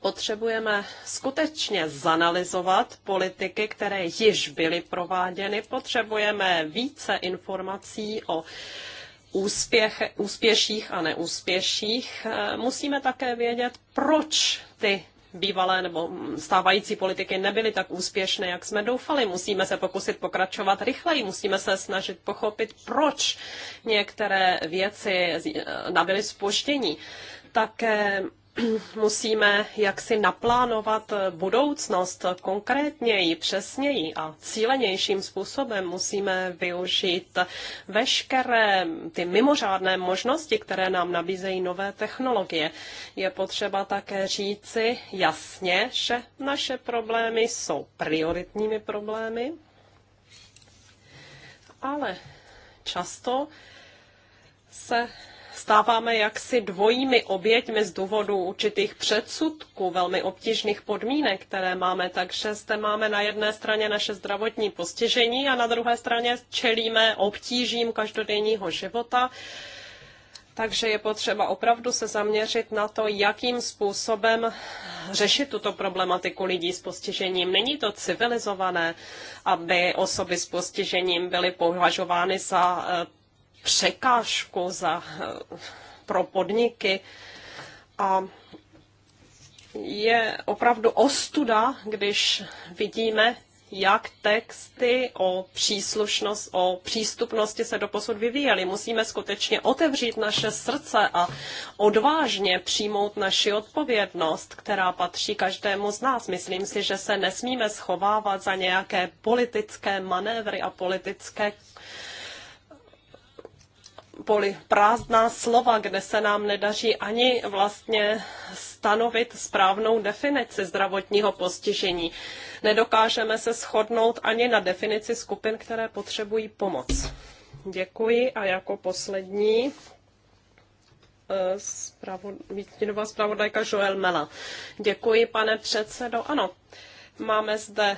Potřebujeme skutečně zanalizovat politiky, které již byly prováděny. Potřebujeme více informací o úspěch, úspěších a neúspěších. Musíme také vědět, proč ty bývalé nebo stávající politiky nebyly tak úspěšné, jak jsme doufali. Musíme se pokusit pokračovat rychleji, musíme se snažit pochopit, proč některé věci eh, nabyly spoštění. Také musíme jaksi naplánovat budoucnost konkrétněji, přesněji a cílenějším způsobem. Musíme využít veškeré ty mimořádné možnosti, které nám nabízejí nové technologie. Je potřeba také říci jasně, že naše problémy jsou prioritními problémy, ale často se stáváme jaksi dvojími oběťmi z důvodu určitých předsudků, velmi obtížných podmínek, které máme. Takže zde máme na jedné straně naše zdravotní postižení a na druhé straně čelíme obtížím každodenního života. Takže je potřeba opravdu se zaměřit na to, jakým způsobem řešit tuto problematiku lidí s postižením. Není to civilizované, aby osoby s postižením byly považovány za eh, překážku za, pro podniky a je opravdu ostuda, když vidíme, jak texty o, příslušnost, o přístupnosti se do posud vyvíjely. Musíme skutečně otevřít naše srdce a odvážně přijmout naši odpovědnost, která patří každému z nás. Myslím si, že se nesmíme schovávat za nějaké politické manévry a politické poli prázdná slova, kde se nám nedaří ani vlastně stanovit správnou definici zdravotního postižení. Nedokážeme se shodnout ani na definici skupin, které potřebují pomoc. Děkuji a jako poslední eh, výtinová zpravodajka Joel Mela. Děkuji, pane předsedo. Ano, máme zde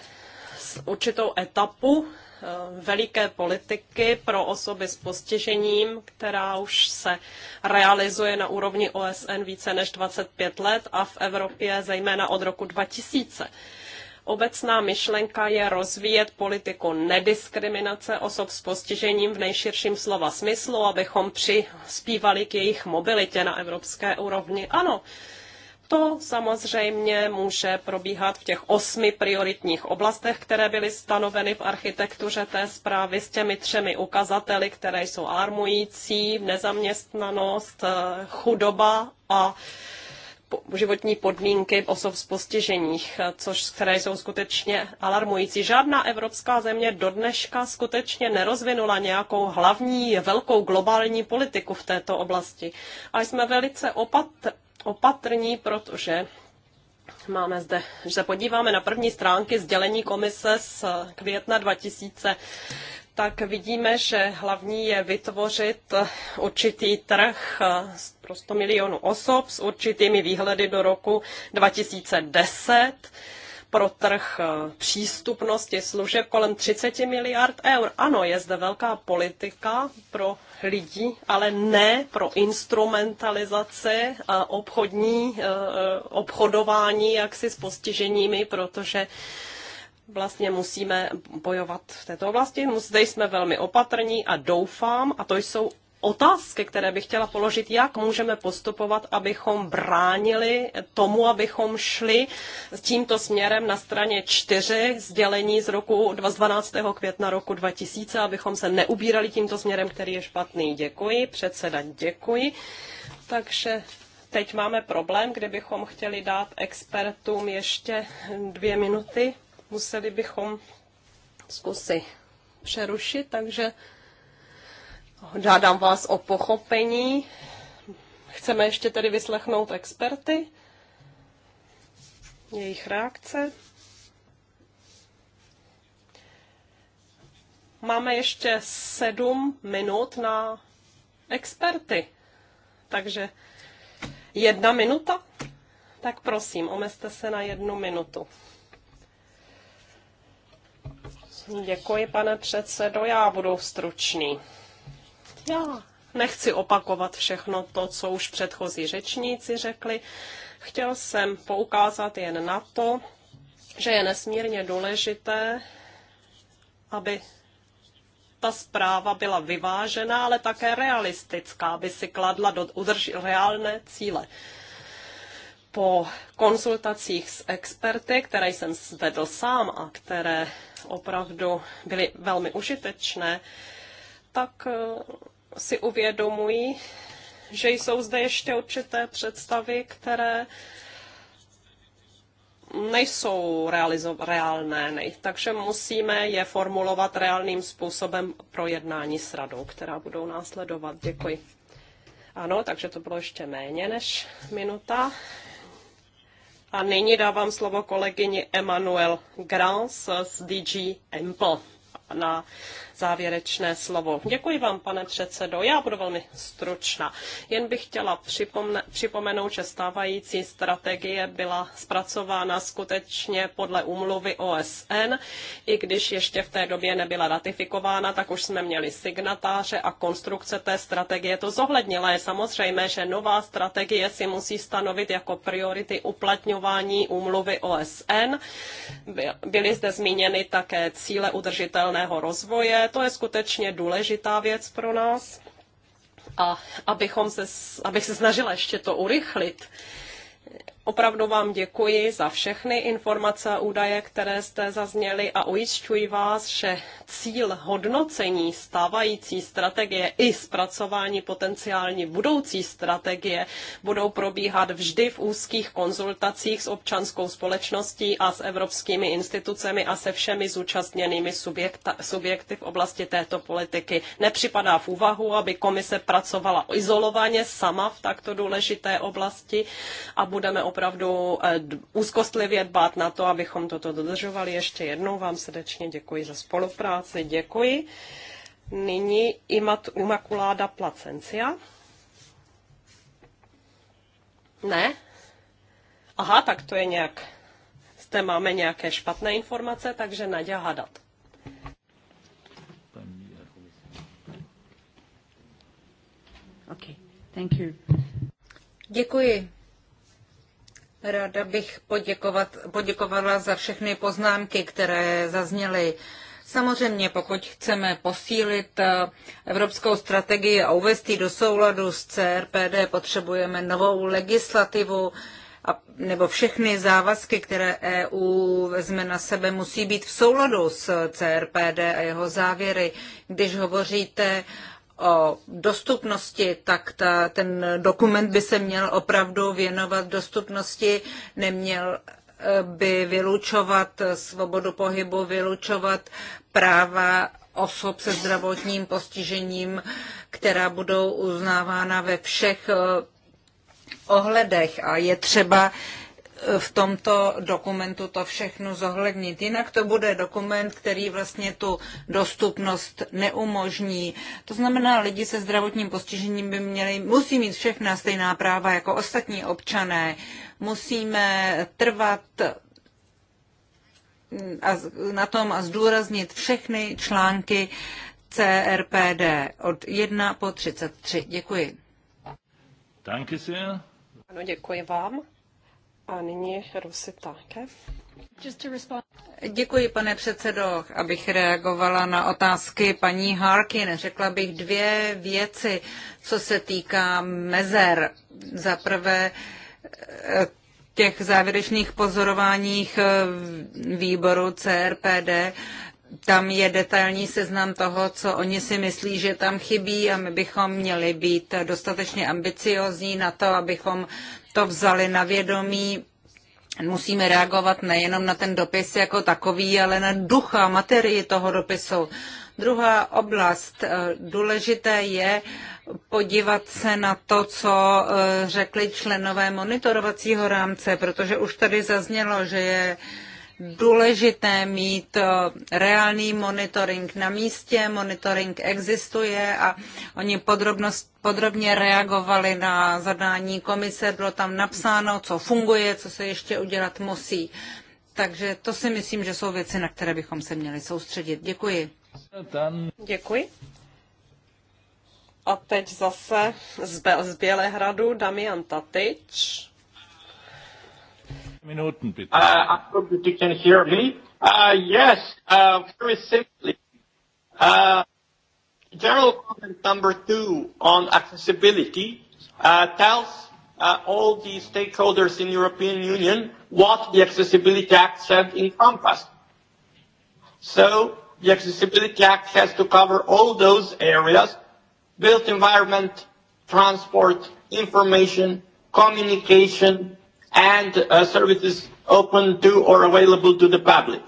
určitou etapu Eh, veliké politiky pro osoby s postižením, která už se realizuje na úrovni OSN více než 25 let a v Evropě zejména od roku 2000. Obecná myšlenka je rozvíjet politiku nediskriminace osob s postižením v nejširším slova smyslu, abychom přispívali k jejich mobilitě na evropské úrovni. Ano, to samozřejmě může probíhat v těch osmi prioritních oblastech, které byly stanoveny v architektuře té zprávy s těmi třemi ukazateli, které jsou alarmující, nezaměstnanost, eh, chudoba a životní podmínky osob s postiženích, eh, což, které jsou skutečně alarmující. Žádná evropská země do dneška skutečně nerozvinula nějakou hlavní velkou globální politiku v této oblasti. A jsme velice opat, opatrní, protože máme zde, že se podíváme na první stránky sdělení komise z května 2000, tak vidíme, že hlavní je vytvořit určitý trh z prosto milionu osob s určitými výhledy do roku 2010 pro trh přístupnosti služeb kolem 30 miliard eur. Ano, je zde velká politika pro lidí, ale ne pro instrumentalizace a obchodní eh, obchodování jaksi s postiženími, protože vlastně musíme bojovat v této oblasti. Zde jsme velmi opatrní a doufám, a to jsou otázky, které bych chtěla položit, jak můžeme postupovat, abychom bránili tomu, abychom šli s tímto směrem na straně 4 sdělení z roku 12. května roku 2000, abychom se neubírali tímto směrem, který je špatný. Děkuji, předseda, děkuji. Takže teď máme problém, kde bychom chtěli dát expertům ještě dvě minuty. Museli bychom zkusit přerušit, takže Žádám vás o pochopení. Chceme ještě tedy vyslechnout experty, jejich reakce. Máme ještě sedm minut na experty. Takže jedna minuta? Tak prosím, omezte se na jednu minutu. Děkuji, pane předsedo, já budu stručný. Já nechci opakovat všechno to, co už předchozí řečníci řekli. Chtěl jsem poukázat jen na to, že je nesmírně důležité, aby ta zpráva byla vyvážená, ale také realistická, aby si kladla do udrž- reálné cíle. Po konzultacích s experty, které jsem vedl sám a které opravdu byly velmi užitečné, tak eh, si uvědomují, že jsou zde ještě určité představy, které nejsou realizo- reálné, nej- takže musíme je formulovat reálným způsobem pro jednání s radou, která budou následovat. Děkuji. Ano, takže to bylo ještě méně než minuta. A nyní dávám slovo kolegyni Emmanuel Grans z DG Ample na závěrečné slovo. Děkuji vám, pane předsedo. Já budu velmi stručná. Jen bych chtěla připomne, připomenout, že stávající strategie byla zpracována skutečně podle umluvy OSN. I když ještě v té době nebyla ratifikována, tak už jsme měli signatáře a konstrukce té strategie to zohlednila. Je samozřejmé, že nová strategie si musí stanovit jako priority uplatňování umluvy OSN. Byly zde zmíněny také cíle udržitelného rozvoje, to je skutečně důležitá věc pro nás. A abychom se, abych se snažila ještě to urychlit, Opravdu vám děkuji za všechny informace a údaje, které jste zazněli a ujišťuji vás, že cíl hodnocení stávající strategie i zpracování potenciální budoucí strategie budou probíhat vždy v úzkých konzultacích s občanskou společností a s evropskými institucemi a se všemi zúčastněnými subjekta, subjekty v oblasti této politiky. Nepřipadá v úvahu, aby komise pracovala izolovaně sama v takto důležité oblasti a budeme opravdu opravdu eh, úzkostlivě dbát na to, abychom toto dodržovali. Ještě jednou vám srdečně děkuji za spolupráci. Děkuji. Nyní imat, Umakuláda Placencia. Ne? Aha, tak to je nějak... Zde máme nějaké špatné informace, takže Nadě Hadat. Okay, thank you. Děkuji. Ráda bych poděkovat, poděkovala za všechny poznámky, které zazněly. Samozřejmě, pokud chceme posílit eh, evropskou strategii a uvést ji do souladu s CRPD, potřebujeme novou legislativu a, nebo všechny závazky, které EU vezme na sebe, musí být v souladu s CRPD a jeho závěry. Když hovoříte o dostupnosti, tak ta, ten dokument by se měl opravdu věnovat dostupnosti, neměl eh, by vylučovat svobodu pohybu, vylučovat práva osob se zdravotním postižením, která budou uznávána ve všech eh, ohledech. A je třeba v tomto dokumentu to všechno zohlednit. Jinak to bude dokument, který vlastně tu dostupnost neumožní. To znamená, lidi se zdravotním postižením by měli, musí mít všechna stejná práva jako ostatní občané. Musíme trvat a na tom a zdůraznit všechny články CRPD od 1 po 33. Děkuji. Danke sehr. Ano, děkuji vám. A nyní Rosita Děkuji, pane předsedo. Abych reagovala na otázky paní Harkin, řekla bych dvě věci, co se týká mezer. Za prvé, eh, těch závěrečných pozorováních eh, výboru CRPD, tam je detailní seznam toho, co oni si myslí, že tam chybí a my bychom měli být dostatečně ambiciozní na to, abychom to vzali na vědomí. Musíme reagovat nejenom na ten dopis jako takový, ale na ducha, materii toho dopisu. Druhá oblast. Eh, důležité je podívat se na to, co eh, řekli členové monitorovacího rámce, protože už tady zaznělo, že je důležité mít eh, reálný monitoring na místě. Monitoring existuje a oni podrobnost, podrobně reagovali na zadání komise. Bylo tam napsáno, co funguje, co se ještě udělat musí. Takže to si myslím, že jsou věci, na které bychom se měli soustředit. Děkuji. Děkuji. A teď zase z, Bělehradu Damian Tatič Minuten, bitte. Uh, I hope that you can hear me. Uh, yes, uh, very simply. Uh, general comment number two on accessibility uh, tells uh, all the stakeholders in European Union what the Accessibility Act said in Compass. So the Accessibility Act has to cover all those areas, built environment, transport, information, communication, and uh, services open to or available to the public.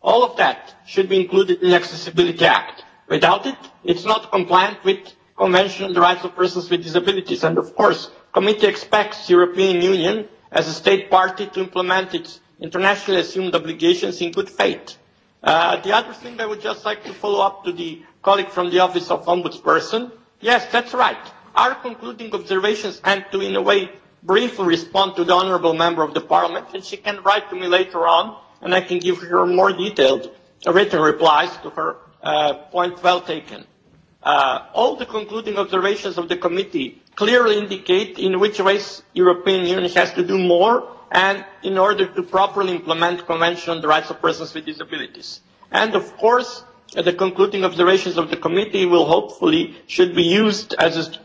All of that should be included in the Accessibility Act. Without it, it's not compliant with Convention on the Rights of Persons with Disabilities. And of course, Committee expects European Union as a state party to implement its internationally assumed obligations in good faith. Uh, the other thing I would just like to follow up to the colleague from the Office of Ombudsperson. Yes, that's right. Our concluding observations and to, in a way, briefly respond to the honourable member of the parliament, and she can write to me later on, and I can give her more detailed written replies to her uh, point well taken. Uh, all the concluding observations of the committee clearly indicate in which ways European Union has to do more and in order to properly implement Convention on the Rights of Persons with Disabilities. And of course, the concluding observations of the committee will hopefully should be used as a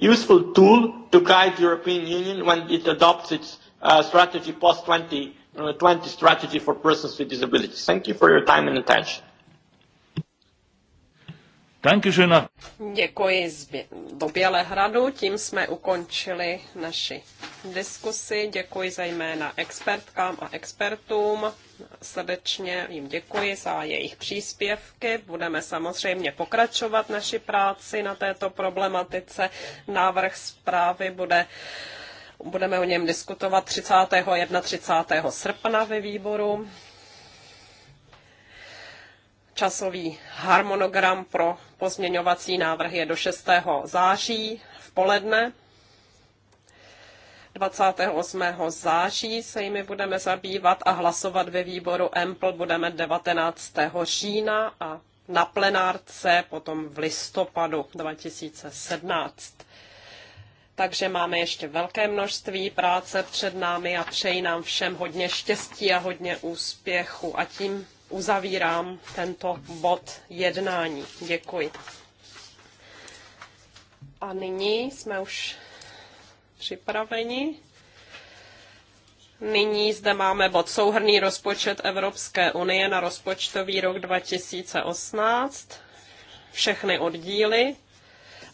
useful tool to guide the European Union when it adopts its uh, strategy post 2020 uh, strategy for persons with disabilities. Thank you for your time and attention. Děkuji Zbělehradu, tím jsme ukončili naši diskusi. Děkuji zejména expertkám a expertům. Srdečně jim děkuji za jejich příspěvky. Budeme samozřejmě pokračovat naši práci na této problematice. Návrh zprávy bude Budeme o něm diskutovat 30. 31. srpna ve výboru. Časový harmonogram pro pozměňovací návrh je do 6. září v poledne 28. září se jimi budeme zabývat a hlasovat ve výboru EMPL budeme 19. října a na plenárce potom v listopadu 2017. Takže máme ještě velké množství práce před námi a přeji nám všem hodně štěstí a hodně úspěchu. A tím uzavírám tento bod jednání. Děkuji. A nyní jsme už připraveni. Nyní zde máme bod Souhrný rozpočet Evropské unie na rozpočtový rok 2018, všechny oddíly.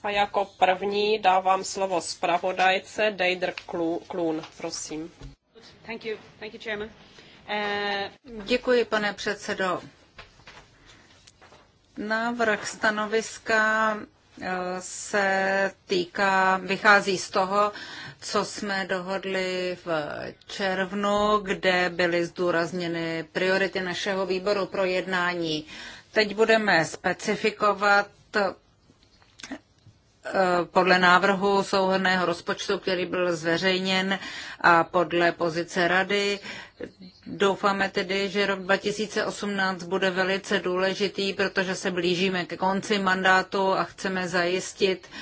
A jako první dávám slovo zpravodajce Deidre Klun, prosím. Thank you. Thank you, chairman. Uh... Děkuji, pane předsedo. Návrh stanoviska se týká, vychází z toho, co jsme dohodli v červnu, kde byly zdůrazněny priority našeho výboru pro jednání. Teď budeme specifikovat Eh, podle návrhu souhrného rozpočtu, který byl zveřejněn a podle pozice rady. Doufáme tedy, že rok 2018 bude velice důležitý, protože se blížíme ke konci mandátu a chceme zajistit, uh,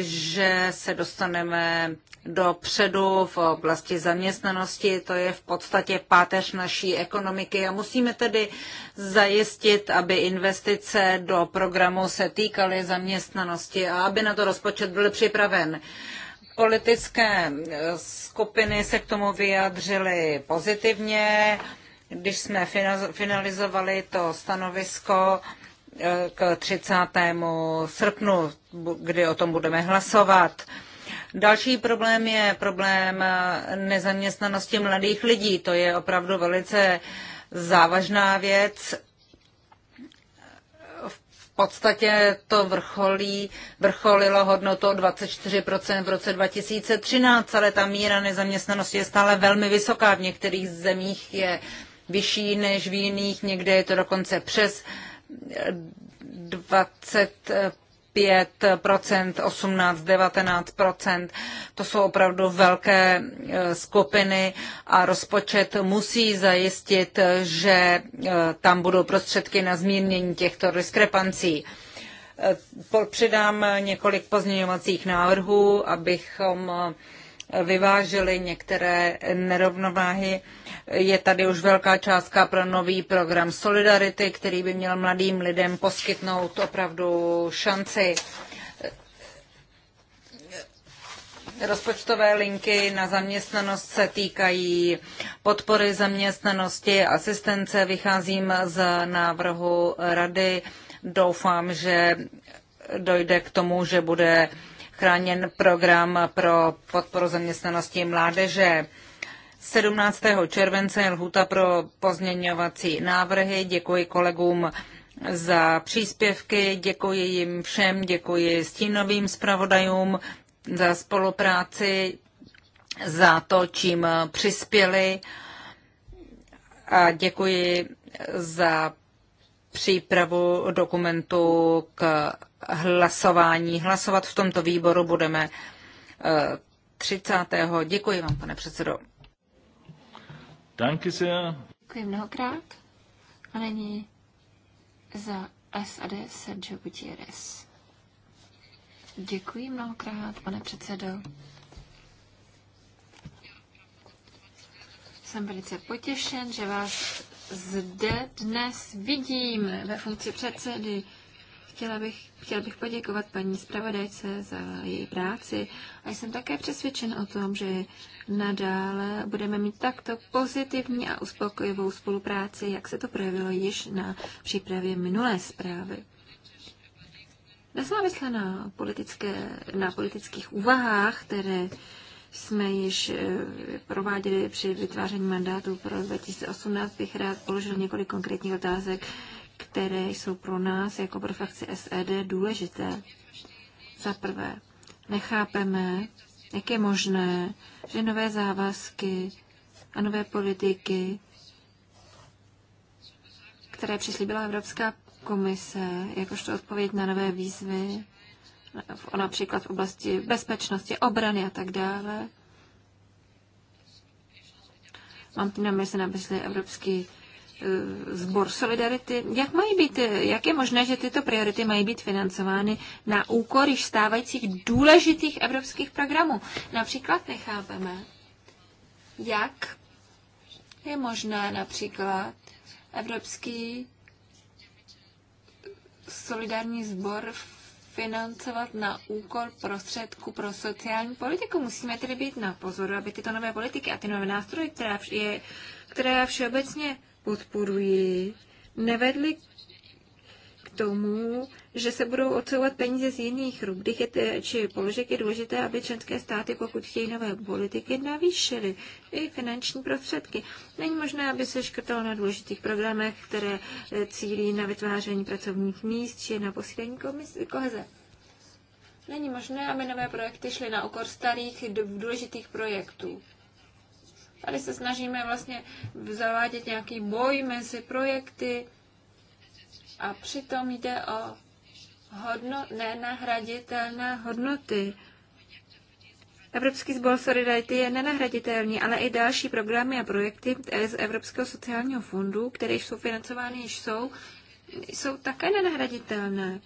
že se dostaneme dopředu v oblasti zaměstnanosti. To je v podstatě páteř naší ekonomiky a musíme tedy zajistit, aby investice do programu se týkaly zaměstnanosti a aby na to rozpočet byl připraven. Politické skupiny se k tomu vyjadřily pozitivně. Když jsme finalizovali to stanovisko, k 30. srpnu, kdy o tom budeme hlasovat. Další problém je problém nezaměstnanosti mladých lidí. To je opravdu velice závažná věc. V podstatě to vrcholí, vrcholilo hodnotou 24% v roce 2013, ale ta míra nezaměstnanosti je stále velmi vysoká. V některých zemích je vyšší než v jiných, někde je to dokonce přes 25 18, 19 To jsou opravdu velké e, skupiny a rozpočet musí zajistit, že e, tam budou prostředky na zmírnění těchto diskrepancí. E, Přidám několik pozměňovacích návrhů, abychom vyvážely některé nerovnováhy. Je tady už velká částka pro nový program Solidarity, který by měl mladým lidem poskytnout opravdu šanci. Rozpočtové linky na zaměstnanost se týkají podpory zaměstnanosti, asistence. Vycházím z návrhu rady. Doufám, že dojde k tomu, že bude chráněn program pro podporu zaměstnanosti mládeže. 17. července je lhuta pro pozměňovací návrhy. Děkuji kolegům za příspěvky, děkuji jim všem, děkuji stínovým zpravodajům za spolupráci, za to, čím přispěli a děkuji za přípravu dokumentu k hlasování. Hlasovat v tomto výboru budeme 30. Eh, Děkuji vám, pane předsedo. Danke sehr. Děkuji mnohokrát. A nyní za SAD Sergio Gutierrez. Děkuji mnohokrát, pane předsedo. Jsem velice potěšen, že vás zde dnes vidím ve funkci předsedy. Chtěla bych, chtěla bych poděkovat paní zpravodajce za její práci a jsem také přesvědčen o tom, že nadále budeme mít takto pozitivní a uspokojivou spolupráci, jak se to projevilo již na přípravě minulé zprávy. Nezávisle na, politické, na politických úvahách, které jsme již eh, prováděli při vytváření mandátu pro 2018, bych rád položil několik konkrétních otázek, které jsou pro nás jako pro frakci SED důležité. Za prvé, nechápeme, jak je možné, že nové závazky a nové politiky, které přislíbila Evropská komise, jakožto odpověď na nové výzvy, například v oblasti bezpečnosti, obrany a tak dále. Mám tím na mysli, na mysli Evropský eh, sbor Solidarity. Jak mají být, eh, jak je možné, že tyto priority mají být financovány na úkor již stávajících důležitých evropských programů? Například nechápeme, jak je možné například Evropský eh, solidární sbor financovat na úkor prostředků pro sociální politiku. Musíme tedy být na pozoru, aby tyto nové politiky a ty nové nástroje, které, je, které já všeobecně podporuji, nevedly k tomu, že se budou odsouvat peníze z jiných rubrik či položek, je důležité, aby členské státy, pokud chtějí nové politiky, navýšily i finanční prostředky. Není možné, aby se škrtalo na důležitých programech, které eh, cílí na vytváření pracovních míst či na posílení koheze. Není možné, aby nové projekty šly na okor starých důležitých projektů. Tady se snažíme vlastně zavádět nějaký boj mezi projekty a přitom jde o hodno, nenahraditelné hodnoty. Evropský sbor Solidarity je nenahraditelný, ale i další programy a projekty z Evropského sociálního fondu, které jsou financovány, již jsou, jsou také nenahraditelné.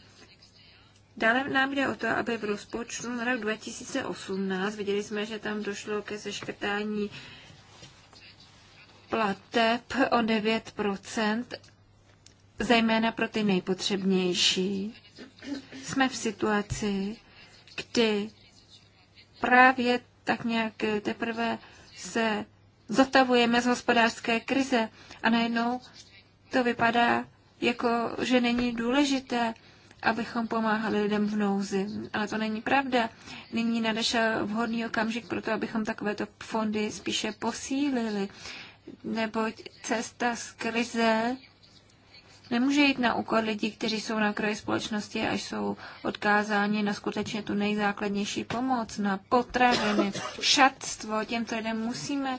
Dále nám jde o to, aby v rozpočtu na rok 2018, viděli jsme, že tam došlo ke seškrtání plateb o 9%, zejména pro ty nejpotřebnější jsme v situaci, kdy právě tak nějak teprve se zotavujeme z hospodářské krize a najednou to vypadá jako, že není důležité, abychom pomáhali lidem v nouzi. Ale to není pravda. Nyní nadešel vhodný okamžik pro to, abychom takovéto fondy spíše posílili, neboť cesta z krize nemůže jít na úkor lidí, kteří jsou na kraji společnosti až jsou odkázáni na skutečně tu nejzákladnější pomoc, na potraviny, šatstvo. Těmto lidem musíme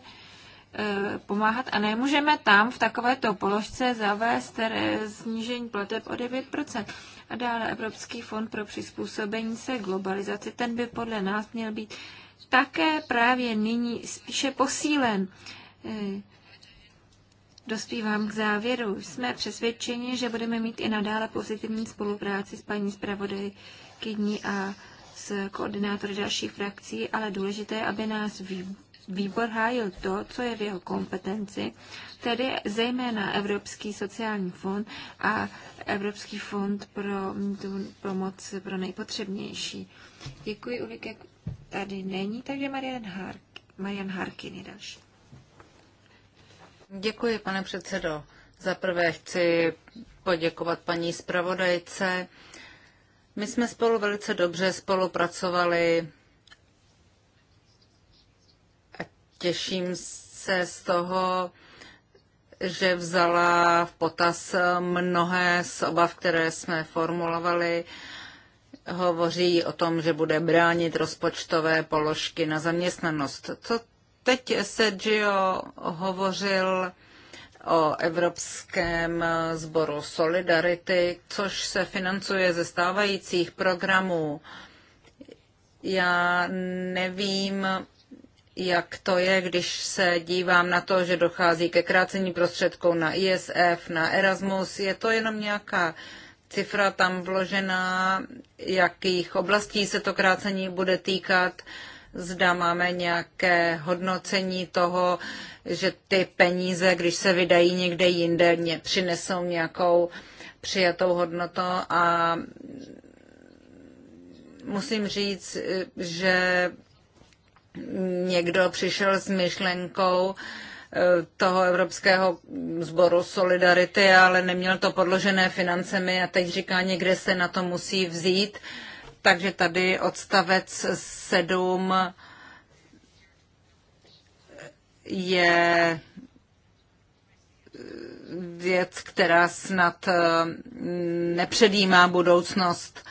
eh, pomáhat a nemůžeme tam v takovéto položce zavést eh, snížení plateb o 9%. A dále Evropský fond pro přizpůsobení se globalizaci, ten by podle nás měl být také právě nyní spíše posílen. Eh, dospívám k závěru. Jsme přesvědčeni, že budeme mít i nadále pozitivní spolupráci s paní zpravodajkyní a s koordinátory dalších frakcí, ale důležité, aby nás výbor hájil to, co je v jeho kompetenci, tedy zejména Evropský sociální fond a Evropský fond pro tu pomoc pro nejpotřebnější. Děkuji, Ulrike. Tady není, takže Marian, Hark, Marian Harkin je další. Děkuji, pane předsedo. Za prvé chci poděkovat paní zpravodajce. My jsme spolu velice dobře spolupracovali a těším se z toho, že vzala v potaz mnohé z obav, které jsme formulovali. Hovoří o tom, že bude bránit rozpočtové položky na zaměstnanost. Co Teď Sergio hovořil o Evropském sboru Solidarity, což se financuje ze stávajících programů. Já nevím, jak to je, když se dívám na to, že dochází ke krácení prostředků na ISF, na Erasmus. Je to jenom nějaká cifra tam vložená, jakých oblastí se to krácení bude týkat? Uh, zda máme nějaké hodnocení toho, že ty peníze, když se vydají někde jinde, mě přinesou nějakou přijatou hodnotu a musím říct, že někdo přišel s myšlenkou eh, toho Evropského sboru Solidarity, ale neměl to podložené financemi a teď říká, někde se na to musí vzít. Uh, takže tady odstavec 7 je věc, která snad eh, nepředjímá budoucnost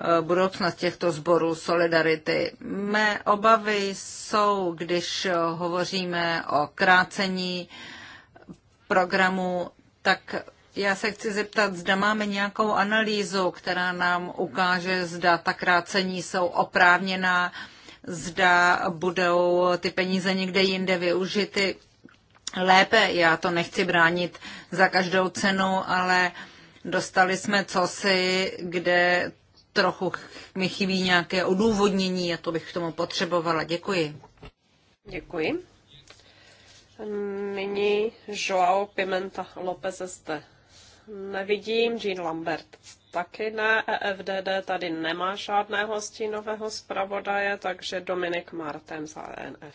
eh, budoucnost těchto sborů Solidarity. Mé obavy jsou, když hovoříme o krácení programu, tak já se chci zeptat, zda máme nějakou analýzu, která nám ukáže, zda ta krácení jsou oprávněná, zda budou ty peníze někde jinde využity lépe. Já to nechci bránit za každou cenu, ale dostali jsme cosi, kde trochu mi chybí nějaké odůvodnění a to bych k tomu potřebovala. Děkuji. Děkuji. Nyní Joao Pimenta López zde nevidím, Jean Lambert taky ne, EFDD tady nemá žádného stínového zpravodaje, takže Dominik Martens za e NF.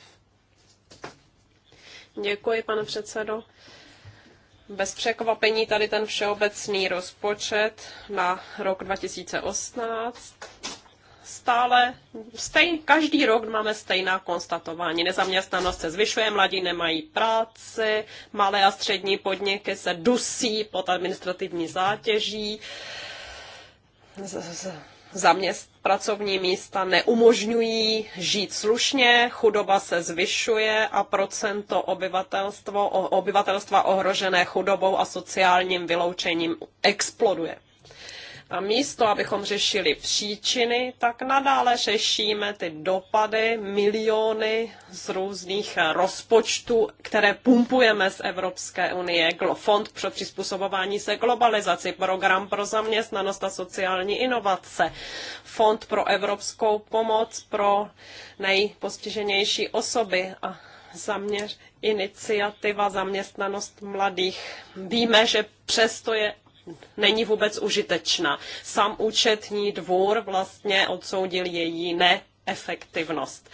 Děkuji, pane předsedo. Bez překvapení tady ten všeobecný rozpočet na rok 2018 stále stejný, každý rok máme stejná konstatování. Nezaměstnanost se zvyšuje, mladí nemají práci, malé a střední podniky se dusí pod administrativní zátěží. Z, z, zaměst, pracovní místa neumožňují žít slušně, chudoba se zvyšuje a procento obyvatelstvo, obyvatelstva ohrožené chudobou a sociálním vyloučením exploduje. A místo, abychom řešili příčiny, tak nadále řešíme ty dopady, miliony z různých eh, rozpočtů, které pumpujeme z Evropské unie. Fond pro přizpůsobování se globalizaci, program pro zaměstnanost a sociální inovace, fond pro evropskou pomoc pro nejpostiženější osoby a zaměř iniciativa zaměstnanost mladých. Víme, že přesto je není vůbec užitečná. Sam účetní dvůr vlastně odsoudil její neefektivnost.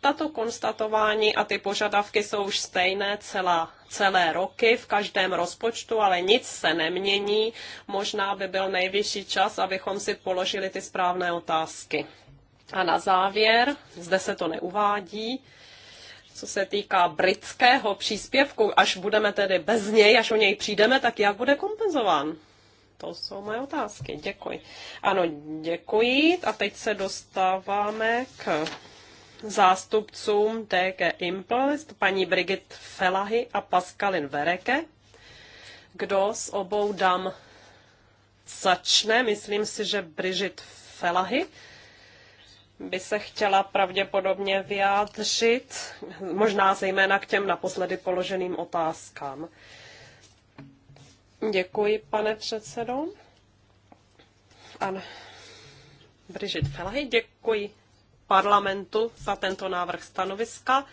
Tato konstatování a ty požadavky jsou už stejné celá, celé roky v každém rozpočtu, ale nic se nemění. Možná by byl nejvyšší čas, abychom si položili ty správné otázky. A na závěr, zde se to neuvádí, co se týká britského příspěvku, až budeme tedy bez něj, až o něj přijdeme, tak jak bude kompenzován? To jsou moje otázky. Děkuji. Ano, děkuji. A teď se dostáváme k zástupcům DG Impulse, paní Brigit Felahy a Paskalin Vereke. Kdo s obou dám začne? Myslím si, že Brigit Felahy by se chtěla pravděpodobně vyjádřit, možná zejména k těm naposledy položeným otázkám. Děkuji, pane předsedo. Ano. Bridget Felahy, děkuji parlamentu za tento návrh stanoviska,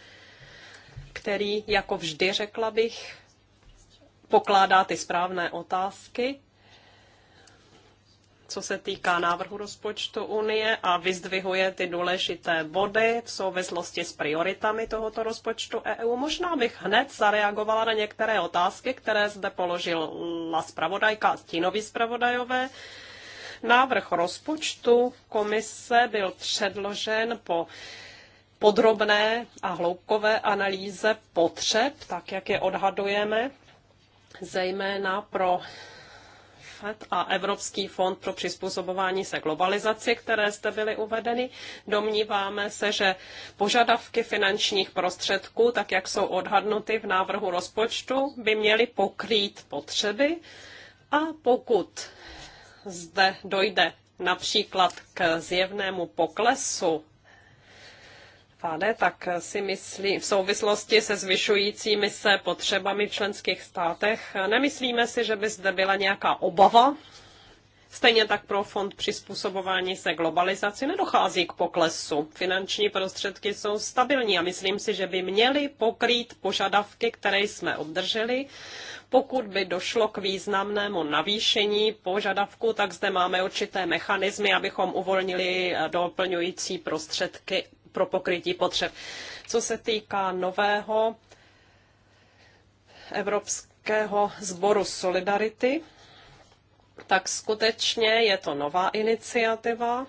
který, jako vždy řekla bych, pokládá ty správné otázky co se týká návrhu rozpočtu Unie a vyzdvihuje ty důležité body v souvislosti s prioritami tohoto rozpočtu EU. Možná bych hned zareagovala na některé otázky, které zde položila zpravodajka a stínoví zpravodajové. Návrh rozpočtu komise byl předložen po podrobné a hloubkové analýze potřeb, tak jak je odhadujeme, zejména pro FED a Evropský fond pro přizpůsobování se globalizaci, které zde byly uvedeny. Domníváme se, že požadavky finančních prostředků, tak jak jsou odhadnuty v návrhu rozpočtu, by měly pokrýt potřeby a pokud zde dojde například k zjevnému poklesu Tade, tak si myslí, v souvislosti se zvyšujícími se potřebami v členských státech, nemyslíme si, že by zde byla nějaká obava Stejně tak pro fond přizpůsobování se globalizaci nedochází k poklesu. Finanční prostředky jsou stabilní a myslím si, že by měly pokrýt požadavky, které jsme obdrželi. Pokud by došlo k významnému navýšení požadavku, tak zde máme určité mechanismy, abychom uvolnili doplňující prostředky pro pokrytí potřeb. Co se týká nového Evropského sboru Solidarity, tak skutečně je to nová iniciativa,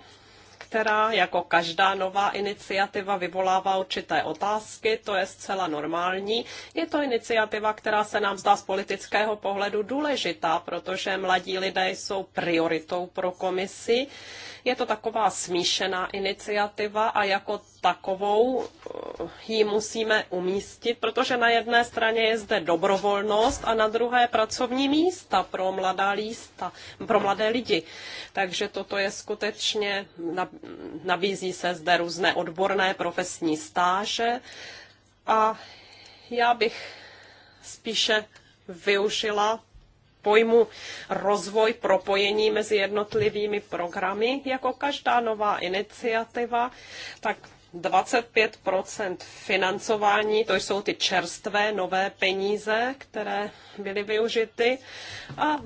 která jako každá nová iniciativa vyvolává určité otázky, to je zcela normální. Je to iniciativa, která se nám zdá z politického pohledu důležitá, protože mladí lidé jsou prioritou pro komisi. Je to taková smíšená iniciativa a jako takovou eh, ji musíme umístit, protože na jedné straně je zde dobrovolnost a na druhé pracovní místa pro mladá lísta, pro mladé lidi. Takže toto je skutečně, nabízí se zde různé odborné profesní stáže a já bych spíše využila pojmu rozvoj propojení mezi jednotlivými programy, jako každá nová iniciativa, tak 25 financování, to jsou ty čerstvé nové peníze, které byly využity. A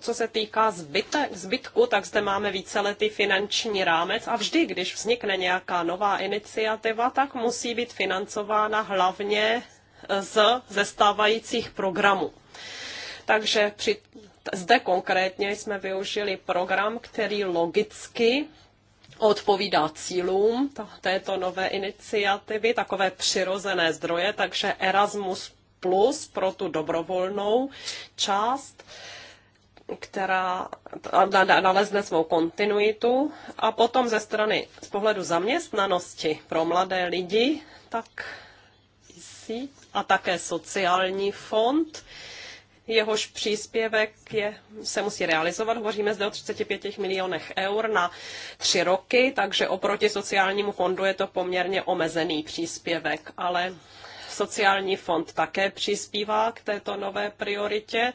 co se týká zbytek, zbytku, tak zde máme víceletý finanční rámec a vždy, když vznikne nějaká nová iniciativa, tak musí být financována hlavně eh, z zestávajících programů. Takže při, zde konkrétně jsme využili program, který logicky odpovídá cílům této nové iniciativy, takové přirozené zdroje, takže Erasmus plus pro tu dobrovolnou část, která nalezne svou kontinuitu. A potom ze strany, z pohledu zaměstnanosti pro mladé lidi, tak a také sociální fond, jehož příspěvek je, se musí realizovat. Hovoříme zde o 35 milionech eur na tři roky, takže oproti sociálnímu fondu je to poměrně omezený příspěvek, ale sociální fond také přispívá k této nové prioritě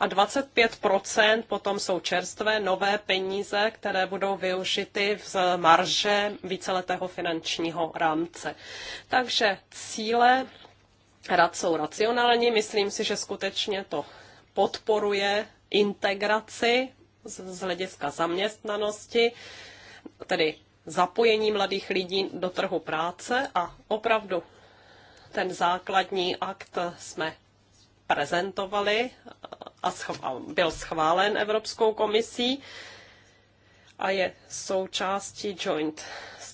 a 25 potom jsou čerstvé nové peníze, které budou využity z marže víceletého finančního rámce. Takže cíle rad jsou racionální. Myslím si, že skutečně to podporuje integraci z hlediska zaměstnanosti, tedy zapojení mladých lidí do trhu práce a opravdu ten základní akt jsme prezentovali a, byl schválen Evropskou komisí a je součástí Joint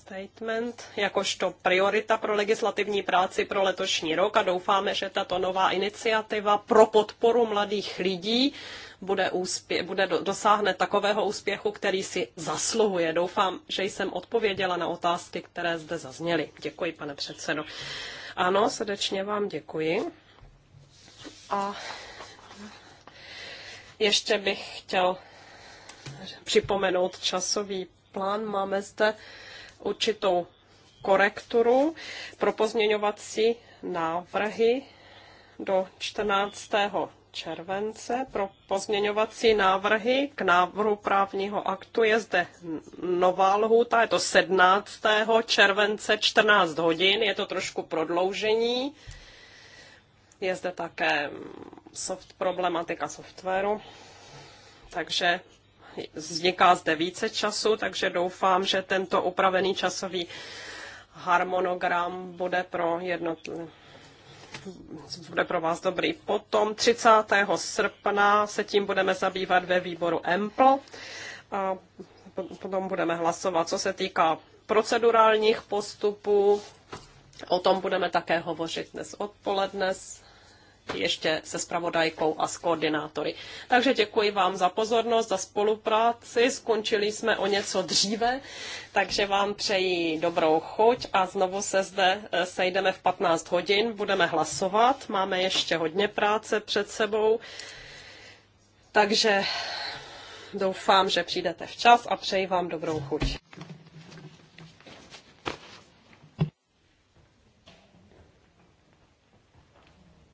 statement jakožto priorita pro legislativní práci pro letošní rok a doufáme, že tato nová iniciativa pro podporu mladých lidí bude, úspě- bude dosáhne takového úspěchu, který si zasluhuje. Doufám, že jsem odpověděla na otázky, které zde zazněly. Děkuji, pane předsedo. Ano, srdečně vám děkuji. A ještě bych chtěl připomenout časový plán. Máme zde určitou korekturu pro pozměňovací návrhy do 14. července. Pro pozměňovací návrhy k návrhu právního aktu je zde nová lhůta, je to 17. července 14 hodin, je to trošku prodloužení. Je zde také soft problematika softwaru, takže vzniká zde více času, takže doufám, že tento upravený časový harmonogram bude pro jednotlivé bude pro vás dobrý. Potom 30. srpna se tím budeme zabývat ve výboru EMPL a potom budeme hlasovat, co se týká procedurálních postupů. O tom budeme také hovořit dnes odpoledne s ještě se spravodajkou a s koordinátory. Takže děkuji vám za pozornost, za spolupráci. Skončili jsme o něco dříve, takže vám přeji dobrou chuť a znovu se zde eh, sejdeme v 15 hodin, budeme hlasovat. Máme ještě hodně práce před sebou, takže doufám, že přijdete včas a přeji vám dobrou chuť.